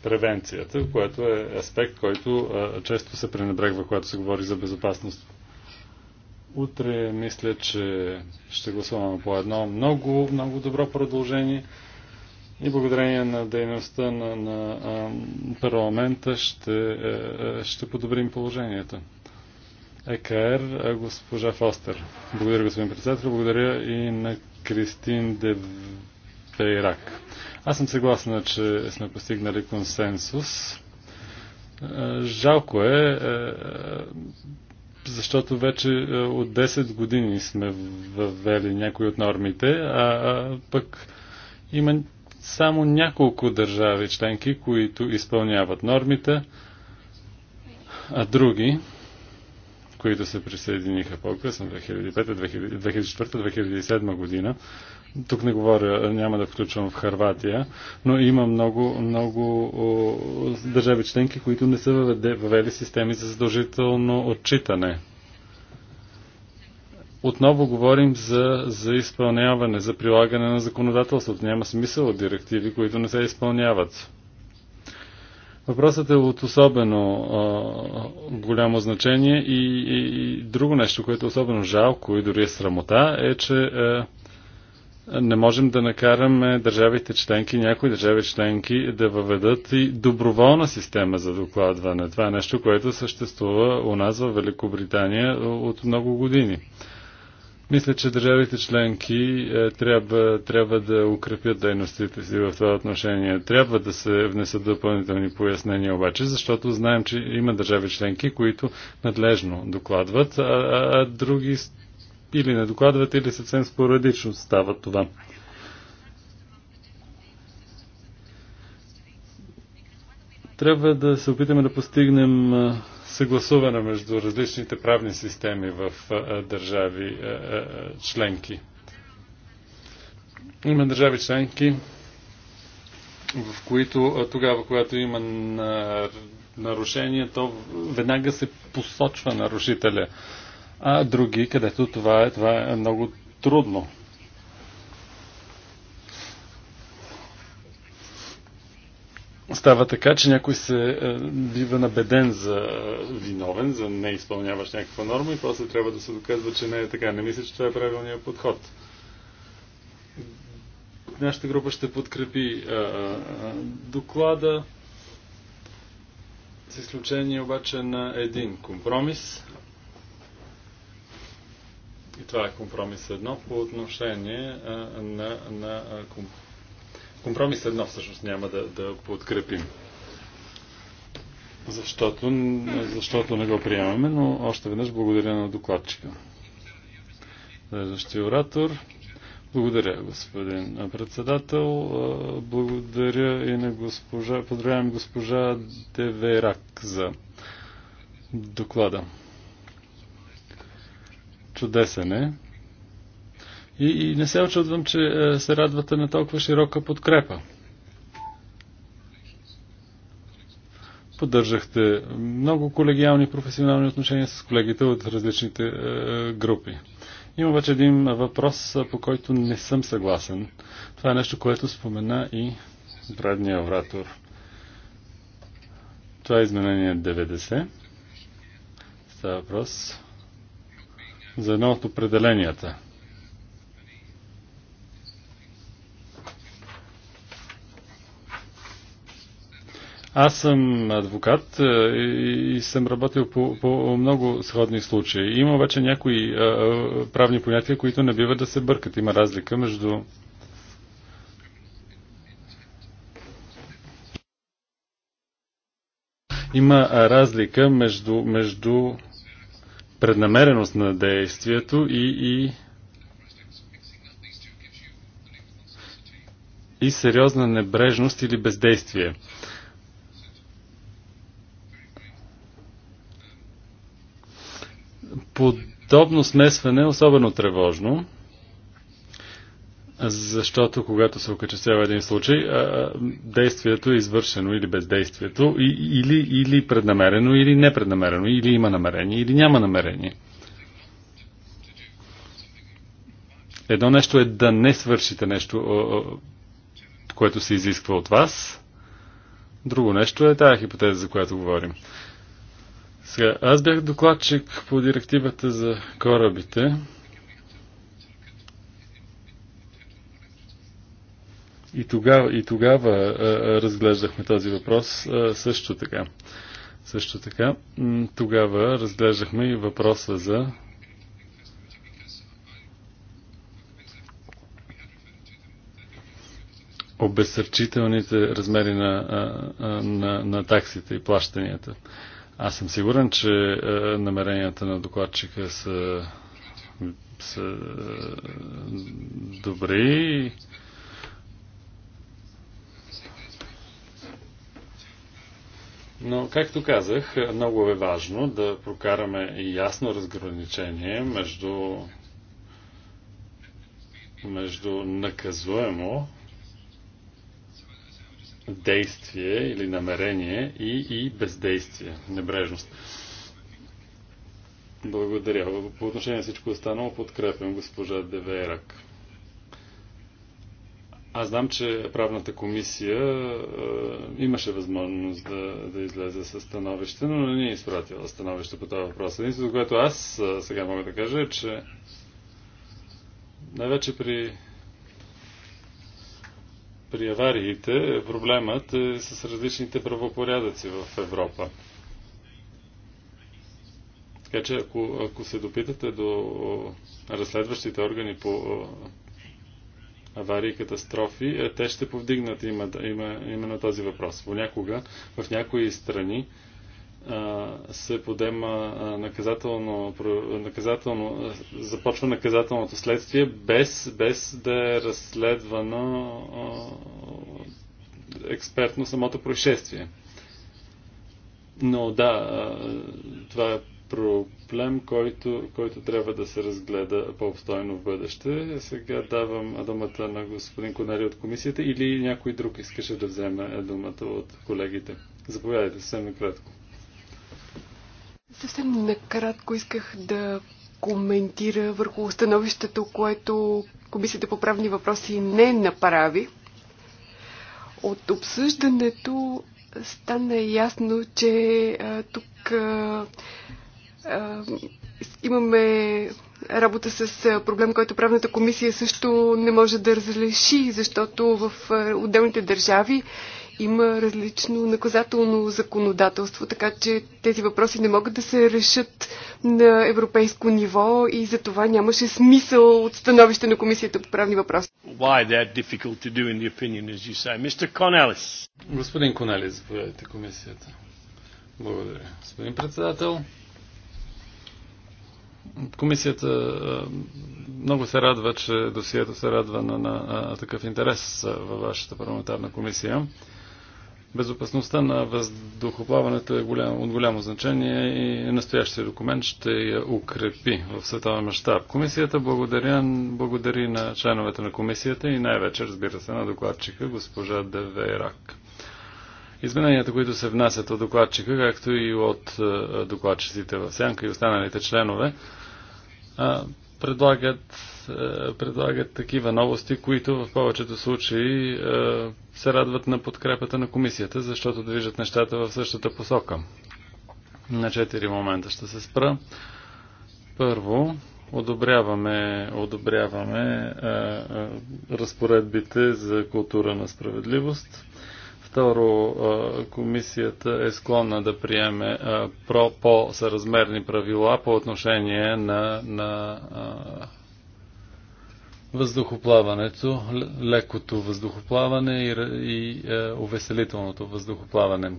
превенцията, което е аспект, който а, често се пренебрегва, когато се говори за безопасност. Утре мисля, че ще гласуваме по едно много, много добро продължение и благодарение на дейността на, на а, парламента ще, а, е, е, ще подобрим положението. ЕКР, госпожа Фостер. Благодаря, господин председател. Благодаря и на Кристин Девейрак. Аз съм съгласна, че сме постигнали консенсус. Жалко е, защото вече от 10 години сме въвели някои от нормите, а пък има само няколко държави членки, които изпълняват нормите, а други които се присъединиха по-късно, 2005, 2004, 2007 година. Тук не говоря, няма да включвам в Харватия, но има много, много държави членки, които не са въвели системи за задължително отчитане отново говорим за, за изпълняване, за прилагане на законодателството. Няма смисъл от директиви, които не се изпълняват. Въпросът е от особено а, голямо значение и, и, и друго нещо, което е особено жалко и дори е срамота, е, че а, не можем да накараме държавите членки, някои държави членки да въведат и доброволна система за докладване. Това е нещо, което съществува у нас в Великобритания от много години. Мисля, че държавите членки е, трябва, трябва да укрепят дейностите си в това отношение. Трябва да се внесат допълнителни пояснения обаче, защото знаем, че има държави членки, които надлежно докладват, а, а, а други или не докладват, или съвсем спорадично става това. Трябва да се опитаме да постигнем съгласувана между различните правни системи в държави членки. Има държави членки, в които тогава, когато има нарушение, то веднага се посочва нарушителя. А други, където това е, това е много трудно. Става така, че някой се е, бива набеден за е, виновен, за не изпълняваш някаква норма и после трябва да се доказва, че не е така. Не мисля, че това е правилният подход нашата група ще подкрепи е, е, доклада, с изключение обаче на един компромис. И това е компромис едно по отношение е, на, на, е, Компромис едно всъщност няма да, да подкрепим. Защото, защото не го приемаме, но още веднъж благодаря на докладчика. Следващия оратор. Благодаря, господин председател. Благодаря и на госпожа, поздравявам госпожа Деверак за доклада. Чудесен е. И, и не се очудвам, че е, се радвате на толкова широка подкрепа. Поддържахте много колегиални и професионални отношения с колегите от различните е, групи. Има обаче един въпрос, е, по който не съм съгласен. Това е нещо, което спомена и предния оратор. Това е изменение 90. Става въпрос за едно от определенията – Аз съм адвокат е, и съм работил по, по много сходни случаи. Има вече някои е, е, правни понятия, които не бива да се бъркат. Има разлика между има разлика между, между преднамереност на действието и, и, и сериозна небрежност или бездействие. Подобно смесване е особено тревожно, защото когато се окачествява един случай, действието е извършено или бездействието, или, или преднамерено, или непреднамерено, или има намерение, или няма намерение. Едно нещо е да не свършите нещо, което се изисква от вас. Друго нещо е тая хипотеза, за която говорим. Сега, аз бях докладчик по директивата за корабите. И тогава, и тогава а, разглеждахме този въпрос а, също така. Също така, тогава разглеждахме и въпроса за обесърчителните размери на, а, на, на таксите и плащанията. А, аз съм сигурен, че е, намеренията на докладчика са, са е, добри. Но, както казах, много е важно да прокараме ясно разграничение между, между наказуемо действие или намерение и, и бездействие, небрежност. Благодаря. По отношение на всичко останало подкрепям госпожа Девейрак. Аз знам, че правната комисия е, имаше възможност да, да излезе със становище, но не ни е изпратила становище по това въпрос. Единството, което аз е, сега мога да кажа е, че най-вече при при авариите проблемът е с различните правопорядъци в Европа. Така че ако, ако се допитате до разследващите органи по аварии и катастрофи, е, те ще повдигнат има, има, именно този въпрос. Понякога в някои страни се подема наказателно, наказателно, започва наказателното следствие без, без да е разследвано експертно самото происшествие. Но да, това е проблем, който, който трябва да се разгледа по-обстойно в бъдеще. Сега давам думата на господин Конери от комисията или някой друг искаше да вземе думата от колегите. Заповядайте, съвсем кратко. Съвсем накратко исках да коментира върху становището, което Комисията по правни въпроси не направи. От обсъждането стана ясно, че а, тук а, а, имаме работа с проблем, който правната комисия също не може да разреши, защото в отделните държави има различно наказателно законодателство, така че тези въпроси не могат да се решат на европейско ниво и за това нямаше смисъл от становище на Комисията по правни въпроси. Opinion, Господин Конелис, заповядайте комисията. Благодаря. Господин председател, Комисията много се радва, че досието се радва на, на, на такъв интерес във вашата парламентарна комисия. Безопасността на въздухоплаването е голям, от голямо значение и настоящия документ ще я укрепи в световен мащаб. Комисията благодаря, благодари на членовете на комисията и най-вече, разбира се, на докладчика госпожа Девейрак. Измененията, които се внасят от докладчика, както и от е, докладчиците в Сянка и останалите членове, е, предлагат е, предлагат такива новости, които в повечето случаи е, се радват на подкрепата на комисията, защото движат нещата в същата посока. На четири момента ще се спра. Първо, одобряваме, одобряваме е, разпоредбите за култура на справедливост. Второ, комисията е склонна да приеме про по-съразмерни правила по отношение на, на въздухоплаването, лекото въздухоплаване и, и е, увеселителното въздухоплаване.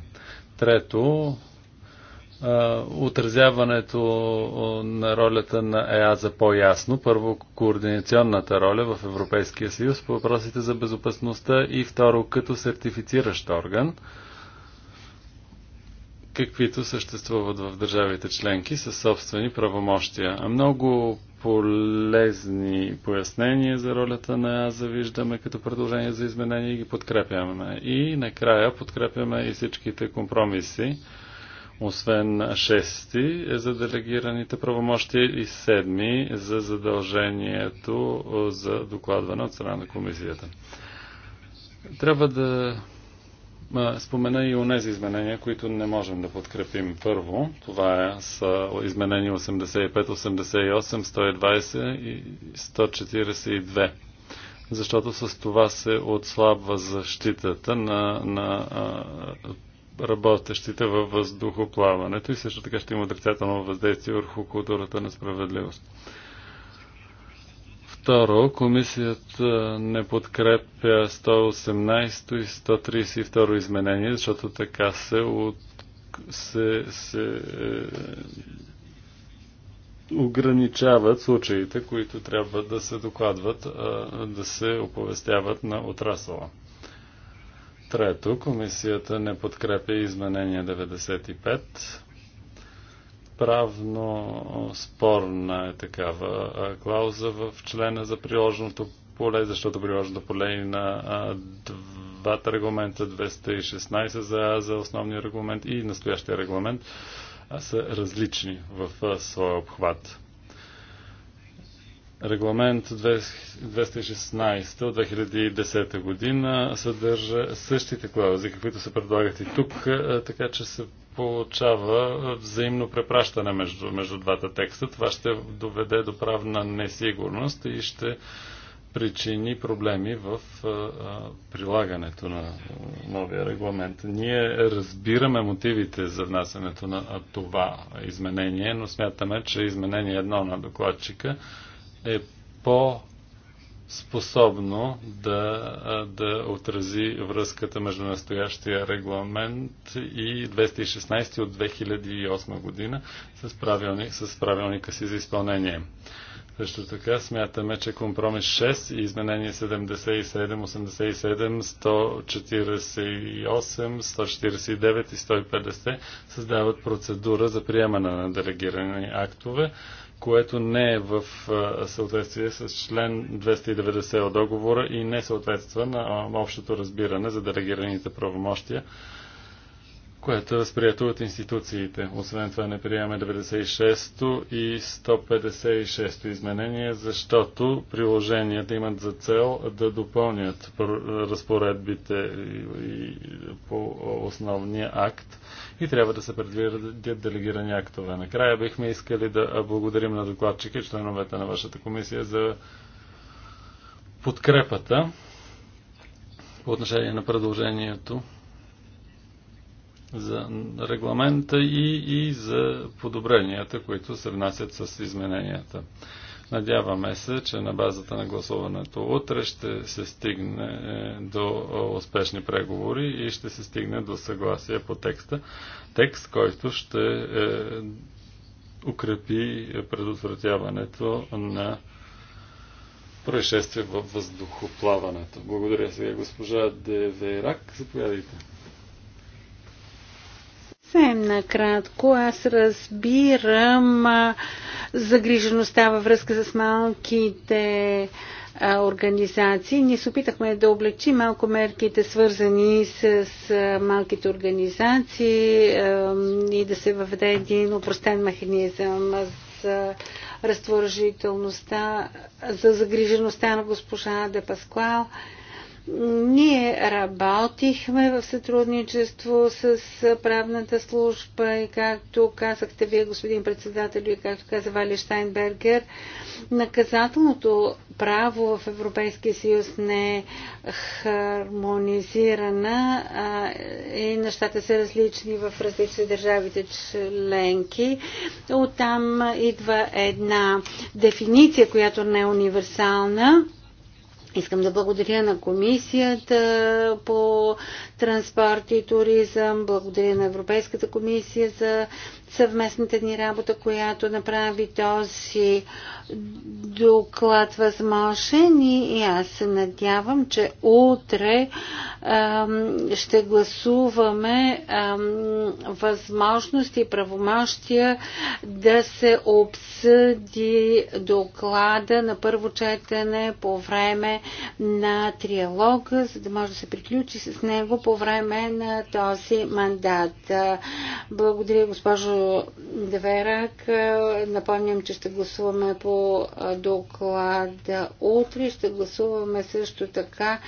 Трето, е, отразяването на ролята на ЕАЗа по-ясно. Първо, координационната роля в Европейския съюз по въпросите за безопасността и второ, като сертифициращ орган каквито съществуват в държавите членки със собствени правомощия. А много полезни пояснения за ролята на АЗА виждаме като предложение за изменение и ги подкрепяме. И накрая подкрепяме и всичките компромиси, освен шести за делегираните правомощия и седми за задължението за докладване от страна на комисията. Трябва да спомена и онези изменения, които не можем да подкрепим първо. Това е, с изменения 85, 88, 120 и 142. Защото с това се отслабва защитата на, на а, работещите във въздухоплаването и също така ще има отрицателно въздействие върху културата на справедливост. Второ, комисията не подкрепя 118 и 132 изменение, защото така се, от, се, се е, ограничават случаите, които трябва да се докладват, е, да се оповестяват на отрасъла. Трето, комисията не подкрепя изменение 95 правно спорна е такава клауза в члена за приложеното поле, защото приложеното поле е на двата регламента, 216 за, за основния регламент и настоящия регламент, са различни в своя обхват. Регламент 216 от 2010 година съдържа същите клаузи, каквито се предлагат и тук, така че се получава взаимно препращане между, между двата текста. Това ще доведе до правна несигурност и ще причини проблеми в а, прилагането на новия регламент. Ние разбираме мотивите за внасянето на това изменение, но смятаме, че изменение едно на докладчика е по способно да, да отрази връзката между настоящия регламент и 216 от 2008 година с, правилник, с правилника си за изпълнение. Също така смятаме, че компромис 6 и изменение 77, 87, 148, 149 и 150 създават процедура за приемане на делегирани актове, което не е в съответствие с член 290 от договора и не съответства на общото разбиране за делегираните правомощия, което е възприето от институциите. Освен това не приемаме 96-то и 156-то изменение, защото приложенията имат за цел да допълнят разпоредбите по основния акт и трябва да се предвидят делегирани актове. Накрая бихме искали да благодарим на докладчика и членовете на вашата комисия за подкрепата по отношение на предложението за регламента и, и за подобренията, които се внасят с измененията. Надяваме се, че на базата на гласуването утре ще се стигне е, до е, успешни преговори и ще се стигне до съгласие по текста. Текст, който ще е, укрепи предотвратяването на происшествие във въздухоплаването. Благодаря сега госпожа Девейрак. Заповядайте. Съвсем накратко, аз разбирам загрижеността във връзка с малките организации. Ние се опитахме да облегчим малко мерките, свързани с малките организации и да се въведе един упростен механизъм за разтворжителността, за загрижеността на госпожа Де Паскуал. Ние работихме в сътрудничество с правната служба и както казахте вие, господин председател, и както каза Вали Штайнбергер, наказателното право в Европейския съюз не е хармонизирана а, е, и нещата са различни в различни държавите членки. Оттам идва една дефиниция, която не е универсална Искам да благодаря на комисията по транспорт и туризъм, благодаря на Европейската комисия за съвместната ни работа, която направи този доклад възможен и, аз се надявам, че утре ам, ще гласуваме ам, възможности и правомощия да се обсъди доклада на първо четене по време на триалога, за да може да се приключи с него по време на този мандат. Благодаря, госпожо две Дверак напомням, че ще гласуваме по доклада утре. Ще гласуваме също така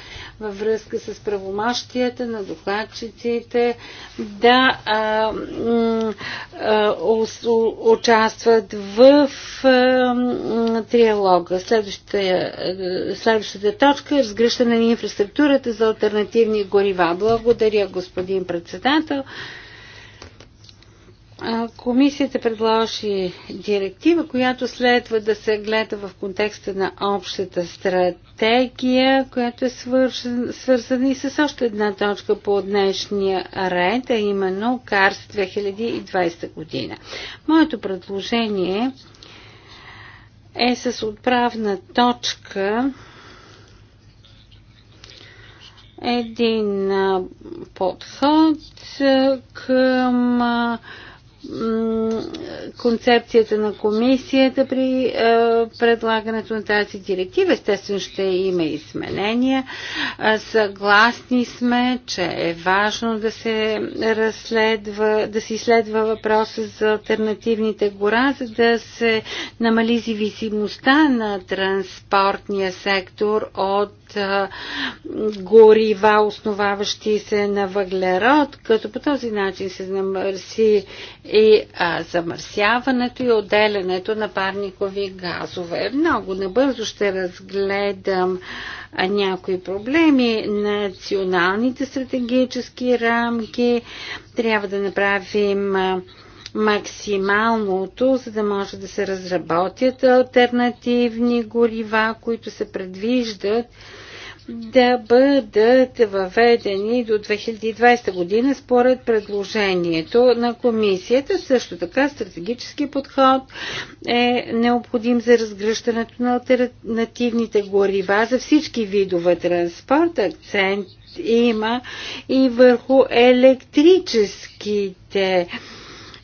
във връзка с правомащията на докладчиците да а, а, участват в а, триалога. Следващата, следващата точка е разгръщане на инфраструктурата за альтернативни горива. Благодаря, господин председател. Комисията предложи директива, която следва да се гледа в контекста на общата стратегия, която е свързана, и с още една точка по днешния ред, а именно КАРС 2020 година. Моето предложение е с отправна точка един подход към концепцията на комисията при е, предлагането на тази директива. Естествено ще има изменения. Съгласни сме, че е важно да се разследва, да се изследва въпроса за альтернативните гора, за да се намали зависимостта на транспортния сектор от горива, основаващи се на въглерод, като по този начин се замърси и а, замърсяването и отделянето на парникови газове. Много набързо ще разгледам а, някои проблеми. Националните стратегически рамки трябва да направим а, максималното, за да може да се разработят альтернативни горива, които се предвиждат да бъдат въведени до 2020 година според предложението на комисията. Също така стратегически подход е необходим за разгръщането на альтернативните горива за всички видове транспорт. Акцент има и върху електрическите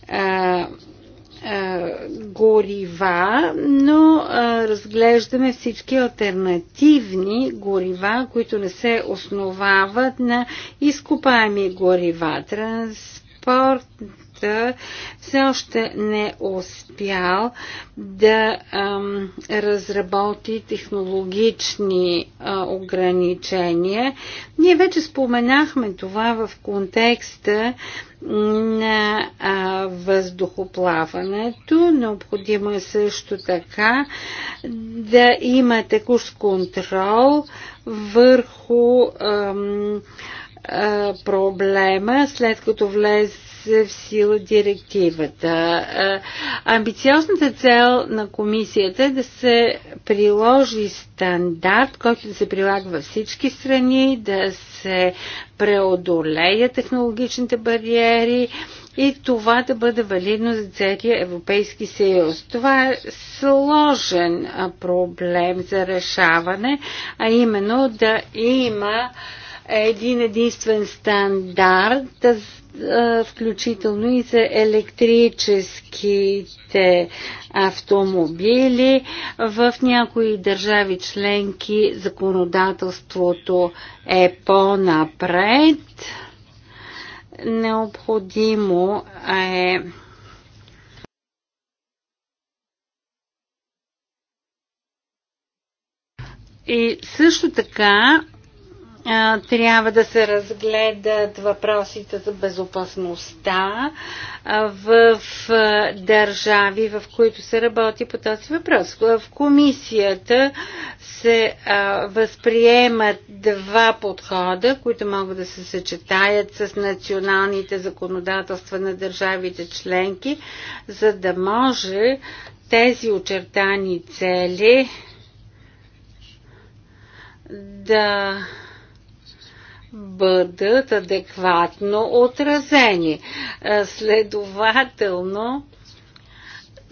а, е, горива, но е, разглеждаме всички альтернативни горива, които не се основават на изкопаеми горива. Транспорт все още не е успял да ам, разработи технологични а, е, ограничения. Ние вече споменахме това в контекста на а, въздухоплаването. Необходимо е също така да има текущ контрол върху а, проблема, след като влезе влезе в сила директивата. Амбициозната цел на комисията е да се приложи стандарт, който да се прилага във всички страни, да се преодолеят технологичните бариери и това да бъде валидно за целия Европейски съюз. Това е сложен проблем за решаване, а именно да има един единствен стандарт включително и за електрическите автомобили. В някои държави членки законодателството е по-напред. Необходимо е И също така трябва да се разгледат въпросите за безопасността в държави, в които се работи по този въпрос. В комисията се възприемат два подхода, които могат да се съчетаят с националните законодателства на държавите членки, за да може тези очертани цели да бъдат адекватно отразени. Следователно,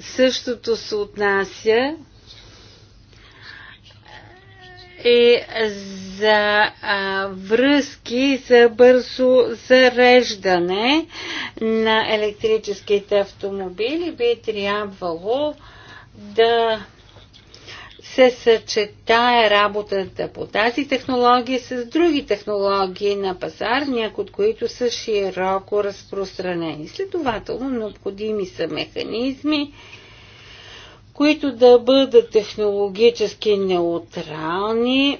същото се отнася и за а, връзки за бързо зареждане на електрическите автомобили би трябвало да се съчетае работата по тази технология с други технологии на пазар, някои от които са широко разпространени. Следователно, необходими са механизми, които да бъдат технологически неутрални,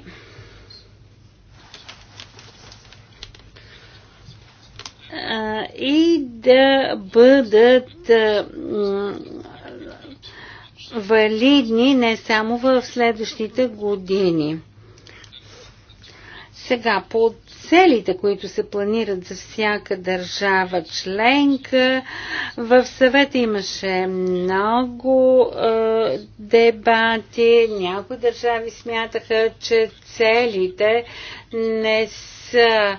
и да бъдат валидни не само в следващите години. Сега, по целите, които се планират за всяка държава членка, в съвета имаше много е, дебати. Някои държави смятаха, че целите не са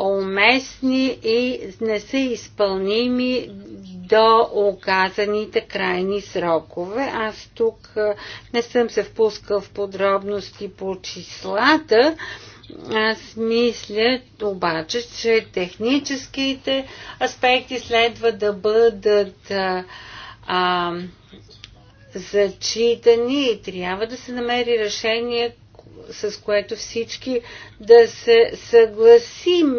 уместни и не са изпълними до оказаните крайни срокове. Аз тук не съм се впускал в подробности по числата. Аз мисля обаче, че техническите аспекти следва да бъдат а, зачитани и трябва да се намери решение, с което всички да се съгласим,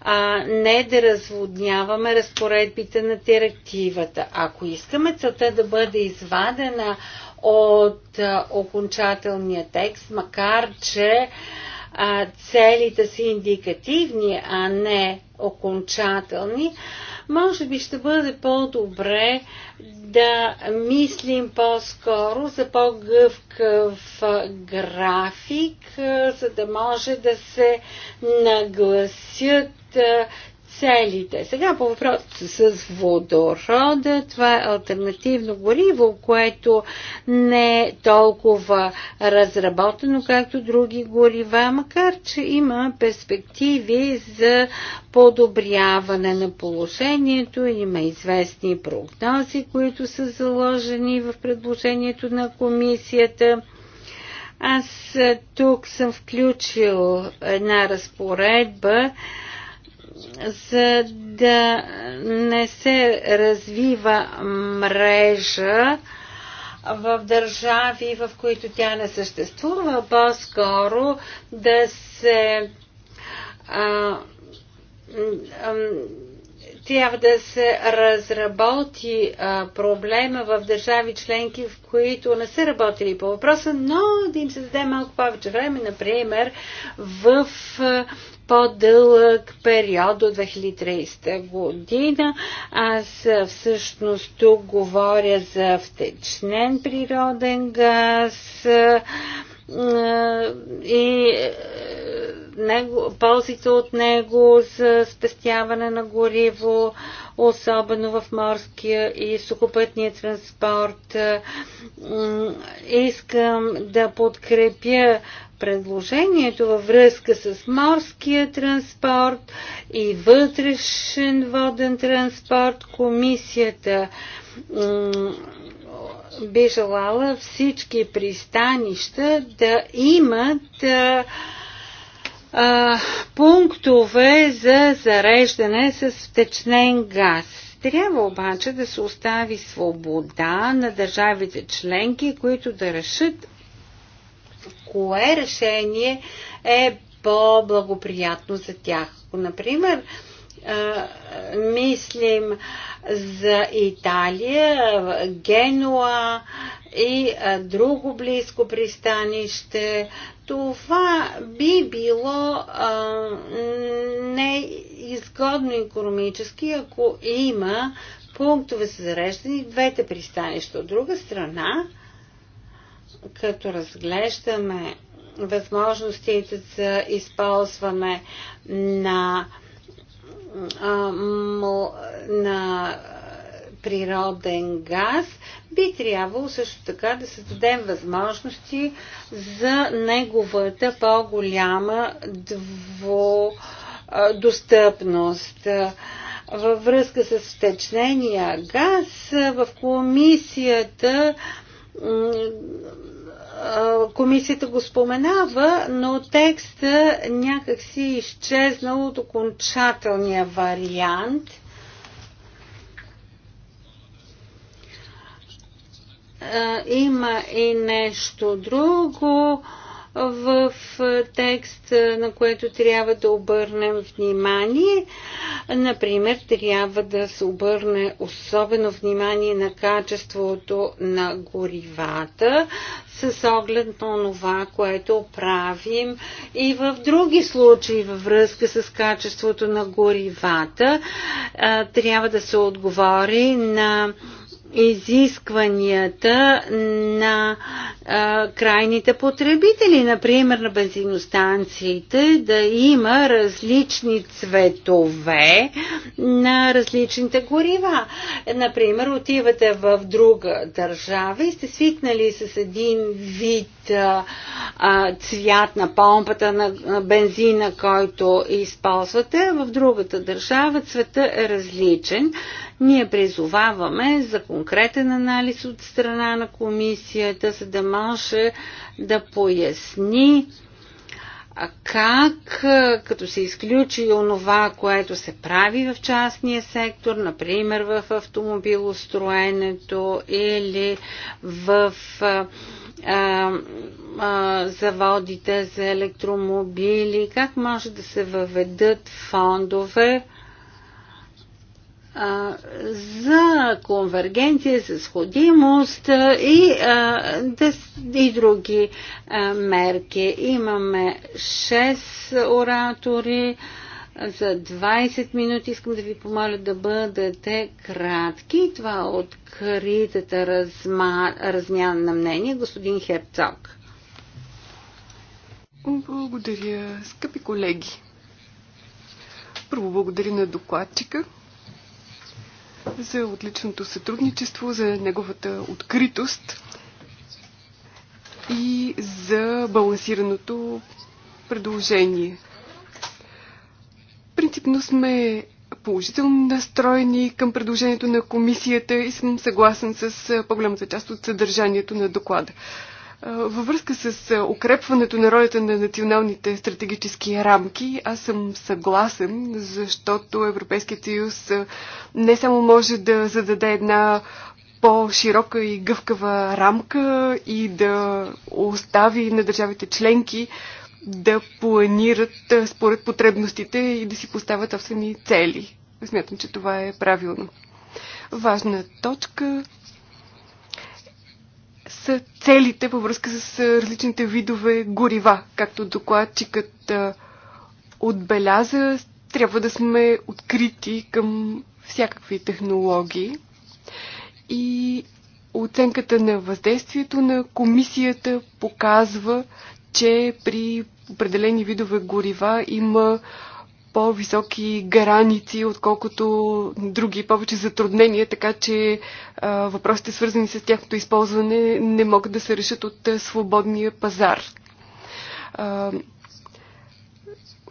а не да разводняваме разпоредбите на директивата. Ако искаме целта да бъде извадена от окончателния текст, макар че целите са индикативни, а не окончателни, може би ще бъде по-добре да мислим по-скоро за по-гъвкав график, за да може да се нагласят целите. Сега по въпросите с водорода, това е альтернативно гориво, което не е толкова разработено, както други горива, макар че има перспективи за подобряване на положението, има известни прогнози, които са заложени в предложението на комисията. Аз тук съм включил една разпоредба, за да не се развива мрежа в държави, в които тя не съществува, по-скоро да се а, трябва да се разработи а, проблема в държави членки, в които не са работили по въпроса, но да им се даде малко повече време, например, в а, по-дълъг период до 2030 година. Аз всъщност тук говоря за втечнен природен газ и него, ползите от него за спестяване на гориво, особено в морския и сухопътния транспорт. Искам да подкрепя предложението във връзка с морския транспорт и вътрешен воден транспорт, комисията би желала всички пристанища да имат а, а, пунктове за зареждане с втечнен газ. Трябва обаче да се остави свобода на държавите членки, които да решат кое решение е по-благоприятно за тях. Ако, например, мислим за Италия, Генуа и друго близко пристанище, това би било неизгодно економически, ако има пунктове за зареждане в двете пристанища. От друга страна, като разглеждаме възможностите за използване на, на природен газ, би трябвало също така да създадем възможности за неговата по-голяма дво, достъпност. Във връзка с втечнения газ в комисията комисията го споменава, но текста някакси изчезнал от окончателния вариант. Е, има и нещо друго в текст, на което трябва да обърнем внимание. Например, трябва да се обърне особено внимание на качеството на горивата с оглед на това, което правим и в други случаи във връзка с качеството на горивата. Трябва да се отговори на изискванията на а, крайните потребители, например на бензиностанциите, да има различни цветове на различните горива. Например, отивате в друга държава и сте свикнали с един вид а, а, цвят на помпата на бензина, който използвате. В другата държава цвета е различен ние призоваваме за конкретен анализ от страна на комисията, за да може да поясни как, като се изключи онова, което се прави в частния сектор, например в автомобилостроенето или в а, а, заводите за електромобили, как може да се въведат фондове, а, за конвергенция, за сходимост и, а, да, и други а, мерки. Имаме 6 оратори за 20 минути. Искам да ви помоля да бъдете кратки. Това е откритата разма, размяна на мнение. Господин Херцог. Благодаря, скъпи колеги. Първо благодаря на докладчика, за отличното сътрудничество, за неговата откритост и за балансираното предложение. Принципно сме положително настроени към предложението на комисията и съм съгласен с по-голямата част от съдържанието на доклада. Във връзка с укрепването на ролята на националните стратегически рамки, аз съм съгласен, защото Европейският съюз не само може да зададе една по-широка и гъвкава рамка и да остави на държавите членки да планират според потребностите и да си поставят собствени цели. Смятам, че това е правилно. Важна точка са целите във връзка с различните видове горива. Както докладчикът отбеляза, трябва да сме открити към всякакви технологии. И оценката на въздействието на комисията показва, че при определени видове горива има по-високи граници, отколкото други, повече затруднения, така че а, въпросите свързани с тяхното използване не могат да се решат от а, свободния пазар. А,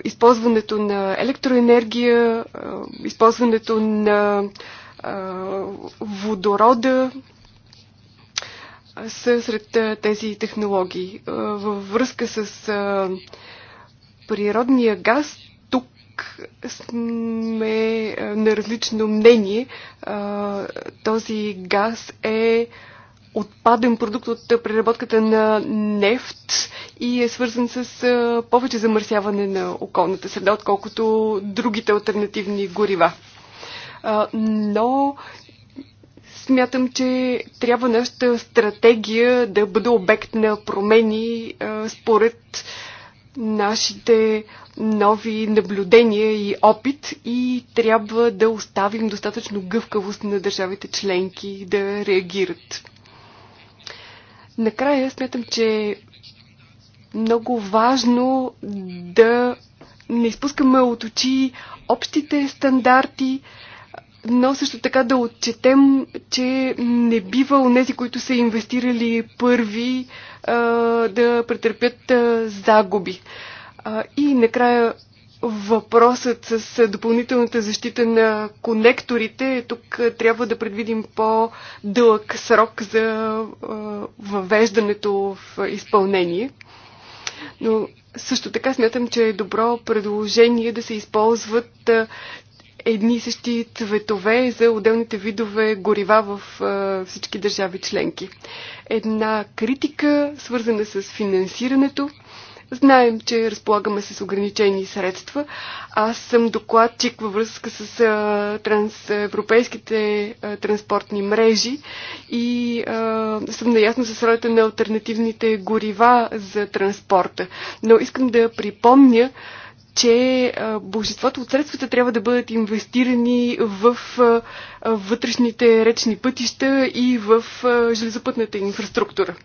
използването на електроенергия, а, използването на а, водорода, са сред тези технологии. Във връзка с природния газ сме е, на различно мнение. Е, този газ е отпаден продукт от преработката на нефт и е свързан с е, повече замърсяване на околната среда, отколкото другите альтернативни горива. Но смятам, че трябва нашата стратегия да бъде обект на промени според нашите нови наблюдения и опит и трябва да оставим достатъчно гъвкавост на държавите членки да реагират. Накрая смятам, че е много важно да не изпускаме от очи общите стандарти, но също така да отчетем, че не бива у нези, които са инвестирали първи, да претърпят загуби. И накрая въпросът с допълнителната защита на конекторите. Тук трябва да предвидим по-дълъг срок за въвеждането в изпълнение. Но също така смятам, че е добро предложение да се използват едни и същи цветове за отделните видове горива в всички държави членки. Една критика, свързана с финансирането. Знаем, че разполагаме с ограничени средства. Аз съм докладчик във връзка с а, транс, европейските а, транспортни мрежи и а, съм наясна с ролята на альтернативните горива за транспорта. Но искам да припомня, че божеството от средствата трябва да бъдат инвестирани в вътрешните речни пътища и в железопътната инфраструктура.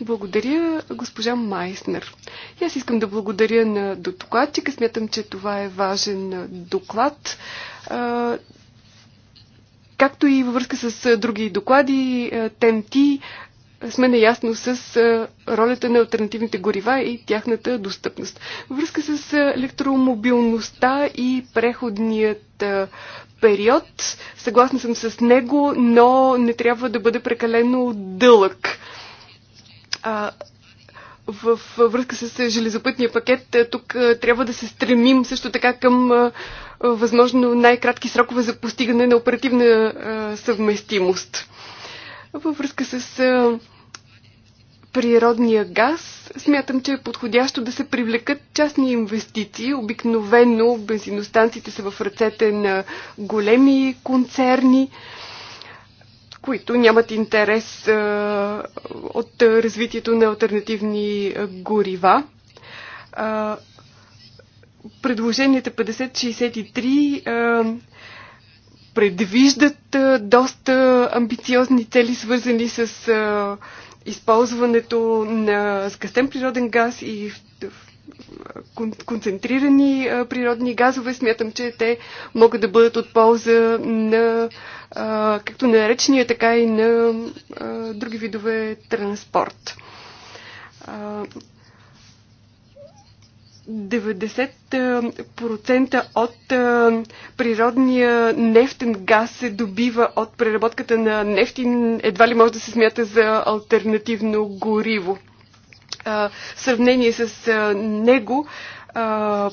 Благодаря, госпожа Майснер. И аз искам да благодаря на докладчика. Смятам, че това е важен доклад. Както и във връзка с други доклади, ТМТ, сме наясно с ролята на альтернативните горива и тяхната достъпност. Във връзка с електромобилността и преходният период, съгласна съм с него, но не трябва да бъде прекалено дълъг. А, в връзка с железопътния пакет, е, тук е, трябва да се стремим също така към е, възможно най-кратки срокове за постигане на оперативна съвместимост. Във връзка с природния газ, смятам, че е подходящо да се привлекат частни инвестиции. Обикновено бензиностанциите са в ръцете на големи концерни които нямат интерес от развитието на альтернативни горива. Предложенията 5063 предвиждат доста амбициозни цели, свързани с използването на скъстен природен газ и концентрирани природни газове. Смятам, че те могат да бъдат от полза на както на речния, така и на други видове транспорт. 90% от природния нефтен газ се добива от преработката на нефти. Едва ли може да се смята за альтернативно гориво а, сравнение с а, него, а,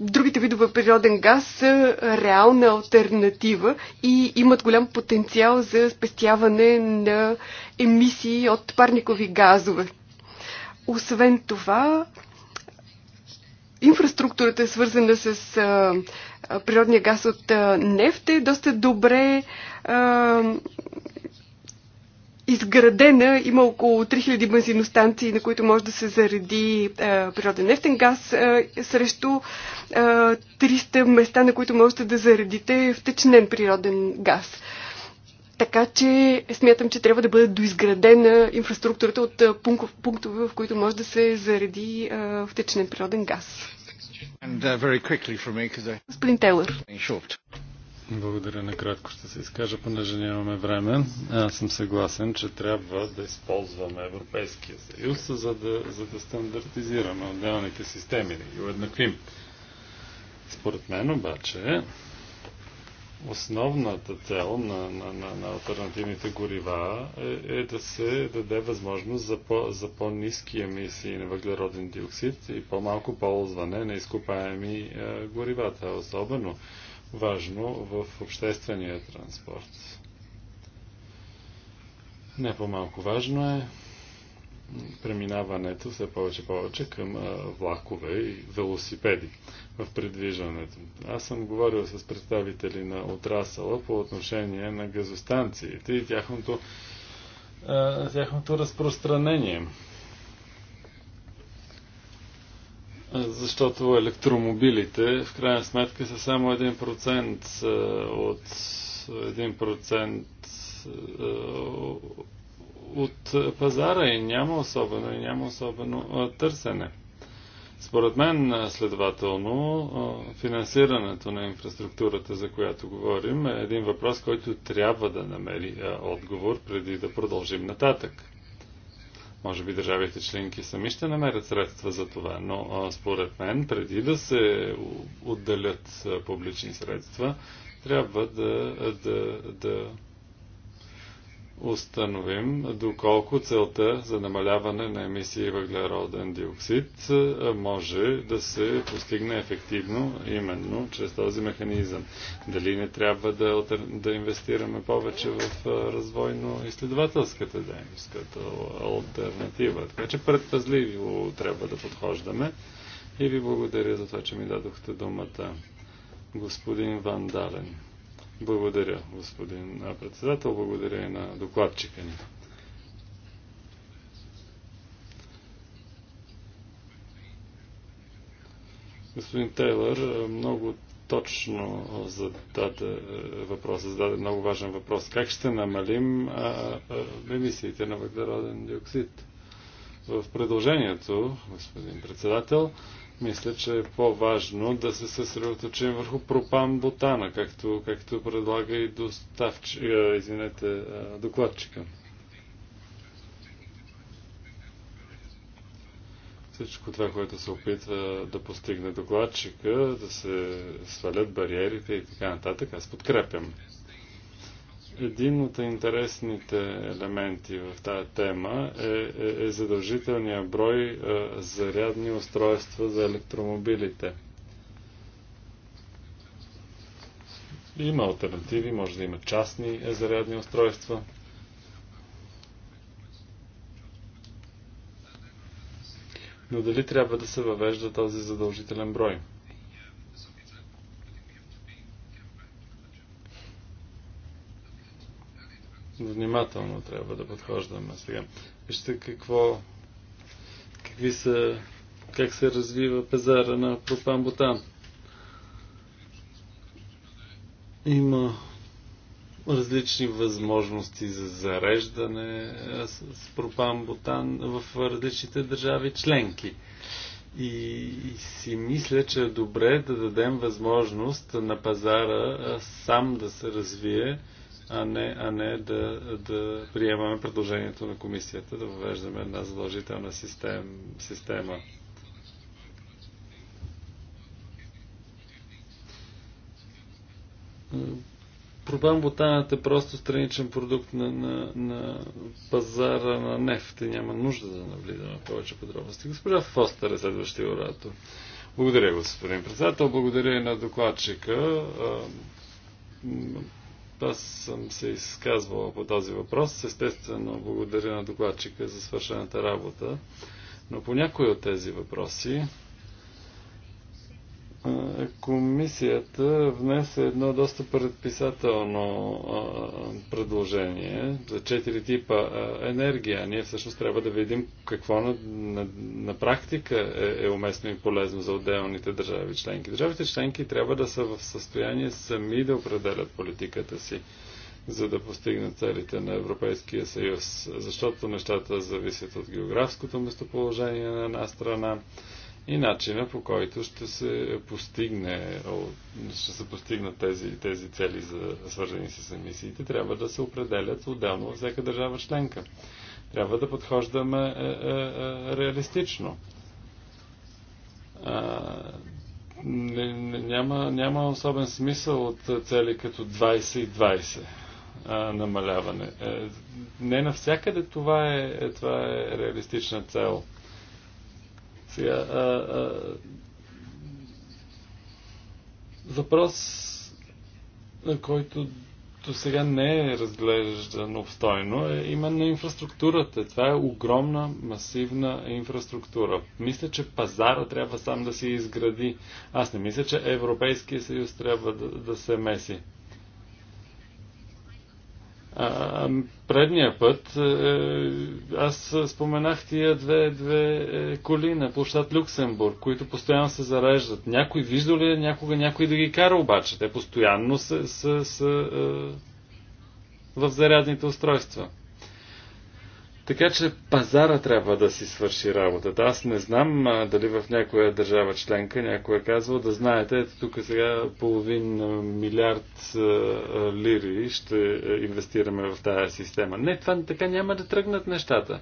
другите видове природен газ са реална альтернатива и имат голям потенциал за спестяване на емисии от парникови газове. Освен това, инфраструктурата е свързана с а, природния газ от а, нефт е доста добре а, изградена. Има около 3000 бензиностанции, на които може да се зареди е, природен нефтен газ е, срещу е, 300 места, на които можете да заредите втечнен природен газ. Така че смятам, че трябва да бъде доизградена инфраструктурата от е, пунктове, в които може да се зареди е, втечнен природен газ. And, uh, me, I... Господин Тейлър. Благодаря. Накратко ще се изкажа, понеже нямаме време. Аз съм съгласен, че трябва да използваме Европейския съюз, за да, за да стандартизираме отделните системи, да ги уеднаквим. Според мен обаче, основната цел на, на, на, на альтернативните горива е, е да се даде възможност за, по, за по-низки емисии на въглероден диоксид и по-малко ползване на изкопаеми е, горивата, особено важно в обществения транспорт. Не по-малко важно е преминаването все повече повече към влакове и велосипеди в предвижването. Аз съм говорил с представители на отрасъла по отношение на газостанциите и тяхното, тяхното разпространение. защото електромобилите в крайна сметка са само 1% от 1% от пазара и няма особено, и няма особено търсене. Според мен, следователно, финансирането на инфраструктурата, за която говорим, е един въпрос, който трябва да намери отговор преди да продължим нататък. Може би държавите членки сами ще намерят средства за това, но според мен, преди да се отделят публични средства, трябва да, да, да установим доколко целта за намаляване на емисии въглероден диоксид може да се постигне ефективно именно чрез този механизъм. Дали не трябва да, да инвестираме повече в развойно-изследователската дейност като альтернатива. Така че предпазливо трябва да подхождаме и ви благодаря за това, че ми дадохте думата господин Ван Дален. Благодаря, господин председател. Благодаря и на докладчика ни. Господин Тейлър много точно зададе е, въпрос, зададе много важен въпрос. Как ще намалим емисиите на въглероден диоксид? В предложението, господин председател, мисля, че е по-важно да се съсредоточим върху пропан-бутана, както, както предлага и доставч... Е, извинете, е, докладчика. всичко това, което се опитва да постигне докладчика, да се свалят бариерите и така нататък, аз подкрепям един от интересните елементи в тази тема е, е, е задължителния брой е, зарядни устройства за електромобилите. Има альтернативи, може да има частни е, зарядни устройства. Но дали трябва да се въвежда този задължителен брой? внимателно трябва да подхождаме сега. Вижте какво, какви са, как се развива пазара на пропан-бутан. Има различни възможности за зареждане с пропан-бутан в различните държави членки. И, и си мисля, че е добре да дадем възможност на пазара сам да се развие а не, а не да, да приемаме предложението на комисията да въвеждаме една задължителна систем, система. Проблем бутанът е просто страничен продукт на, на, на пазара на нефт и няма нужда да навлизаме повече подробности. Госпожа Фостер е следващия оратор. Благодаря, господин председател. Благодаря и на докладчика аз съм се изказвал по този въпрос. Естествено, благодаря на докладчика за свършената работа. Но по някои от тези въпроси комисията внесе едно доста предписателно предложение за четири типа енергия. Ние всъщност трябва да видим какво на, на, на практика е, е уместно и полезно за отделните държави членки. Държавите членки трябва да са в състояние сами да определят политиката си за да постигнат целите на Европейския съюз, защото нещата зависят от географското местоположение на една страна, и начина по който ще се постигне, ще се постигнат тези, тези цели, за, свързани с емисиите, трябва да се определят отделно във всяка държава членка. Трябва да подхождаме е, е, е, реалистично. А, не, не, няма, няма особен смисъл от цели като 20 и 20 а, намаляване. Е, не навсякъде това е, е това е реалистична цел. Сега, а, а, въпрос, на който до сега не е разглеждан обстойно, е именно инфраструктурата. Това е огромна, масивна инфраструктура. Мисля, че пазара трябва сам да се изгради. Аз не мисля, че Европейския съюз трябва да, да се меси. А, предния път е, е, аз споменах тия две, две е, коли на площад Люксембург, които постоянно се зареждат. Някой вижда ли е някога някой да ги кара обаче? Те постоянно са, са, са е, в зарядните устройства. Така че пазара трябва да си свърши работата. Аз не знам а, дали в някоя държава членка някой е казвал да знаете, ето тук сега половин милиард а, а, лири ще инвестираме в тази система. Не, това така няма да тръгнат нещата.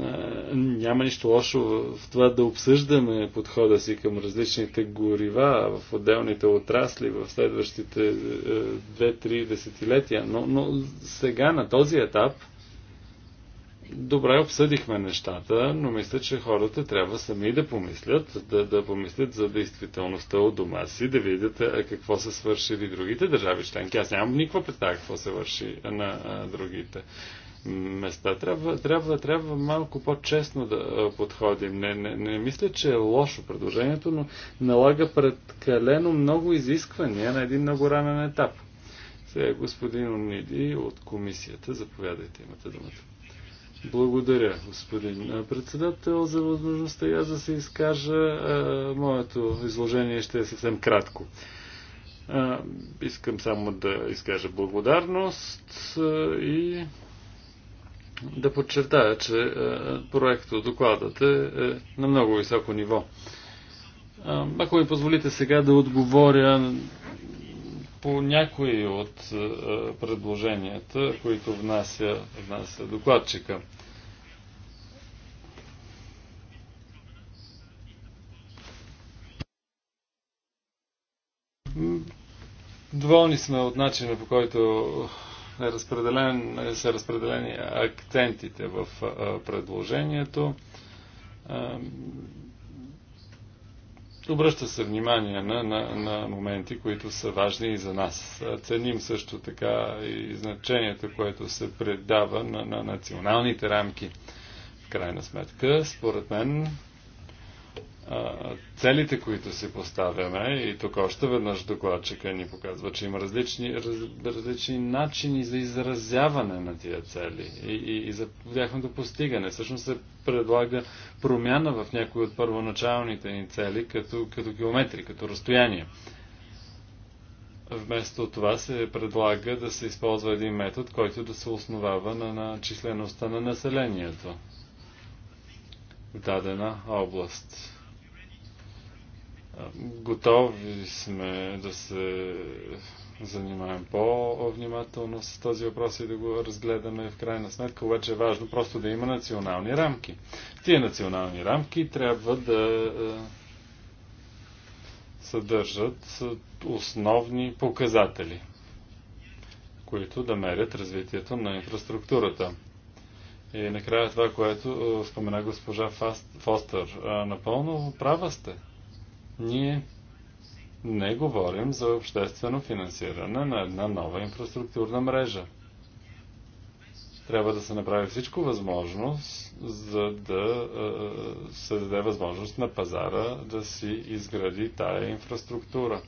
А, няма нищо лошо в това да обсъждаме подхода си към различните горива в отделните отрасли в следващите 2-3 десетилетия, но, но сега на този етап – добре обсъдихме нещата, но мисля, че хората трябва сами да помислят, да, да помислят за действителността от дома си, да видят какво са свършили другите държави членки. Аз нямам никаква представа какво се върши на а, другите места. Трябва, трябва, трябва малко по-честно да подходим. Не, не, не мисля, че е лошо предложението, но налага предкалено много изисквания на един много ранен етап. Сега господин Ониди от комисията. Заповядайте, имате думата. Благодаря, господин председател, за възможността и аз да се изкажа. Моето изложение ще е съвсем кратко. Искам само да изкажа благодарност и да подчертая, че от докладът е, е на много високо ниво. Ако ми позволите сега да отговоря по някои от е, предложенията, които внася, внася докладчика. Доволни сме от начина по който е разпределен, са разпределени акцентите в е, предложението е, Обръща се внимание на, на, на моменти, които са важни и за нас. Ценим също така и значението, което се предава на, на националните рамки. В крайна сметка, според мен, целите, които си поставяме, и тук още веднъж докладчика ни показва, че има различни, раз, различни начини за изразяване на тия цели и, и, и за тяхното постигане. Всъщност се предлага промяна в някои от първоначалните ни цели, като, като километри, като разстояние. Вместо това се предлага да се използва един метод, който да се основава на, на числеността на населението в дадена област Готови сме да се занимаем по-внимателно с този въпрос и да го разгледаме в крайна сметка. Обаче е важно просто да има национални рамки. Тия национални рамки трябва да е, съдържат основни показатели, които да мерят развитието на инфраструктурата. И накрая това, което е, спомена госпожа Фостър. Напълно права сте ние не говорим за обществено финансиране на една нова инфраструктурна мрежа. Трябва да се направи всичко възможност, за да е, се даде възможност на пазара да си изгради тая инфраструктура.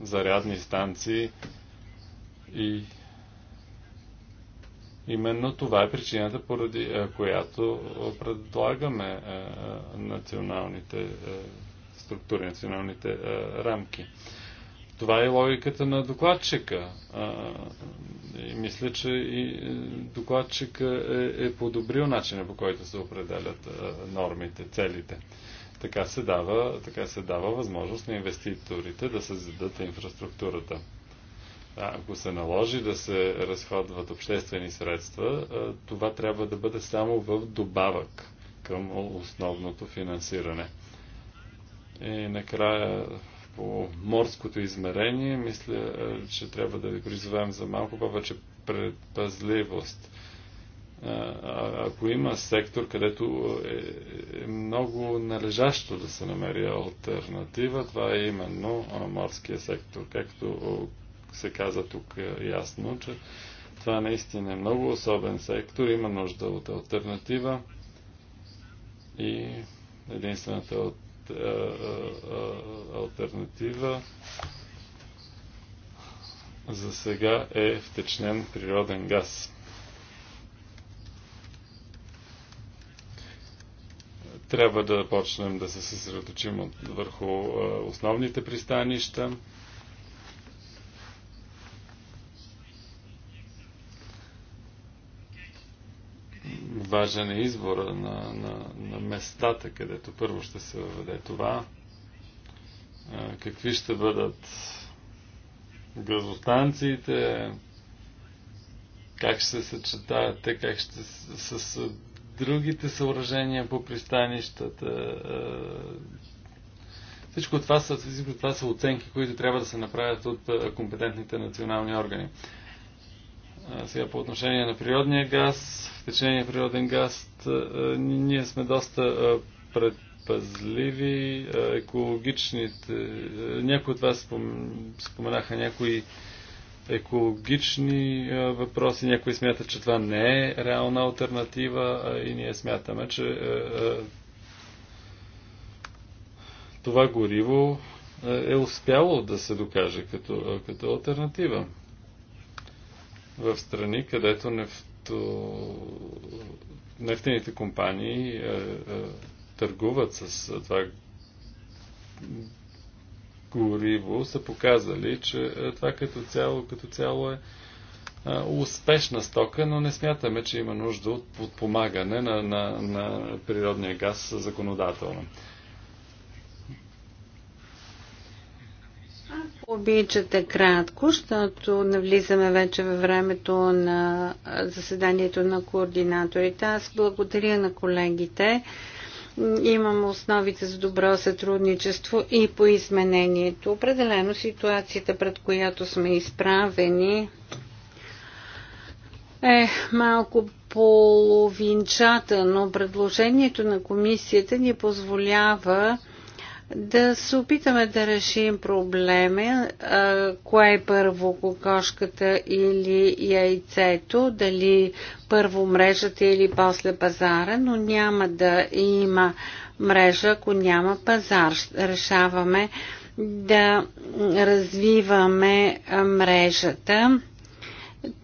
Зарядни станции и Именно това е причината, поради която предлагаме националните структури, националните а, рамки. Това е логиката на докладчика. А, и мисля, че и докладчика е, е подобрил начина по който се определят а, нормите, целите. Така се, дава, така се дава възможност на инвеститорите да създадат инфраструктурата. А, ако се наложи да се разходват обществени средства, това трябва да бъде само в добавък към основното финансиране. И накрая по морското измерение, мисля, е, че трябва да ви призовем за малко повече предпазливост. Е, а, ако има сектор, където е, е много належащо да се намери альтернатива, това е именно морския сектор. Както се каза тук е, ясно, че това наистина е много особен сектор, има нужда от альтернатива и единствената от е, е, е, альтернатива за сега е втечнен природен газ. Трябва да почнем да се съсредоточим върху основните пристанища, важен е избора на, на, на местата, където първо ще се въведе това. Какви ще бъдат газостанциите, как ще се съчетаят те, как ще с, с другите съоръжения по пристанищата. Всичко това, са, всичко това са оценки, които трябва да се направят от компетентните национални органи. Сега по отношение на природния газ, втечнение природен газ, ние сме доста предпазливи, екологичните. Някои от вас споменаха някои екологични въпроси. Някои смятат, че това не е реална альтернатива и ние смятаме, че това гориво е успяло да се докаже като, като альтернатива в страни, където нефто... нефтените компании е, е, търгуват с е, това гориво, са показали, че е, това като цяло, като цяло е, е успешна стока, но не смятаме, че има нужда от подпомагане на, на, на природния газ законодателно. Обичате кратко, защото навлизаме вече във времето на заседанието на координаторите. Аз благодаря на колегите. Имам основите за добро сътрудничество и по изменението. Определено ситуацията, пред която сме изправени, е малко половинчата, но предложението на комисията ни позволява да се опитаме да решим проблеме, кое е първо кокошката или яйцето, дали първо мрежата или после пазара, но няма да има мрежа, ако няма пазар. Решаваме да развиваме мрежата.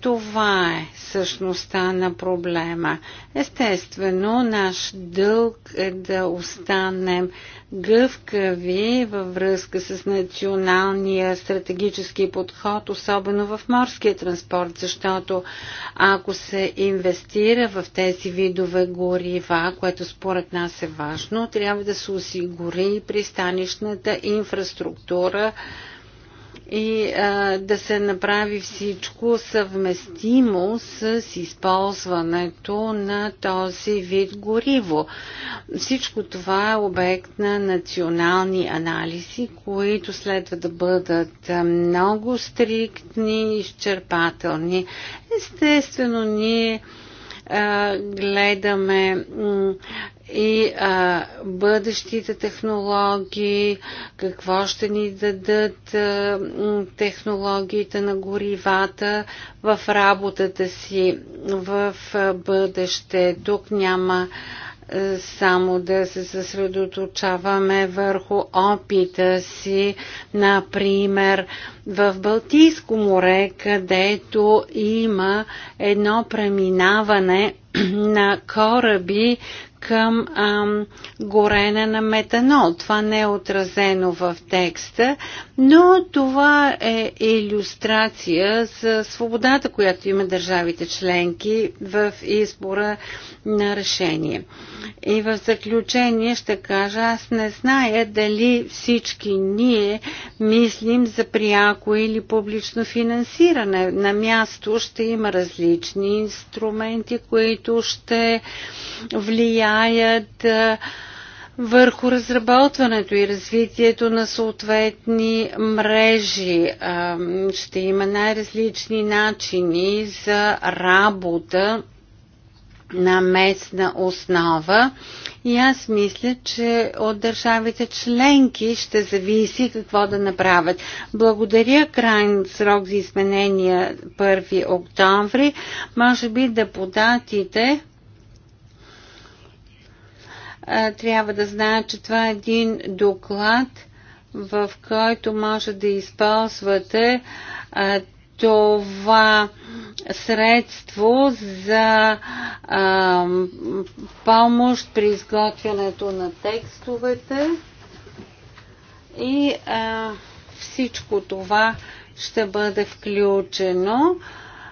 Това е същността на проблема. Естествено, наш дълг е да останем гъвкави във връзка с националния стратегически подход, особено в морския транспорт, защото ако се инвестира в тези видове горива, което според нас е важно, трябва да се осигури пристанищната инфраструктура, и а, да се направи всичко съвместимо с използването на този вид гориво. Всичко това е обект на национални анализи, които следва да бъдат много стриктни и изчерпателни. Естествено, ние гледаме и а, бъдещите технологии, какво ще ни дадат а, технологиите на горивата в работата си в а, бъдеще. Тук няма а, само да се съсредоточаваме върху опита си, например, в Балтийско море, където има едно преминаване на кораби към ам, горене на метанол. Това не е отразено в текста, но това е иллюстрация за свободата, която има държавите членки в избора на решение. И в заключение ще кажа, аз не зная дали всички ние мислим за пряко или публично финансиране. На място ще има различни инструменти, които ще влияят върху разработването и развитието на съответни мрежи. Ще има най-различни начини за работа на местна основа. И аз мисля, че от държавите членки ще зависи какво да направят. Благодаря. Крайен срок за изменения 1 октомври. Може би депутатите трябва да знаят, че това е един доклад, в който може да използвате това средство за а, помощ при изготвянето на текстовете и а, всичко това ще бъде включено.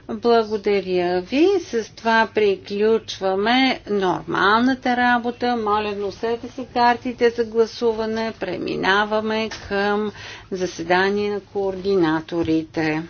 Благодаря ви. С това приключваме нормалната работа. Моля, носете си картите за гласуване. Преминаваме към заседание на координаторите.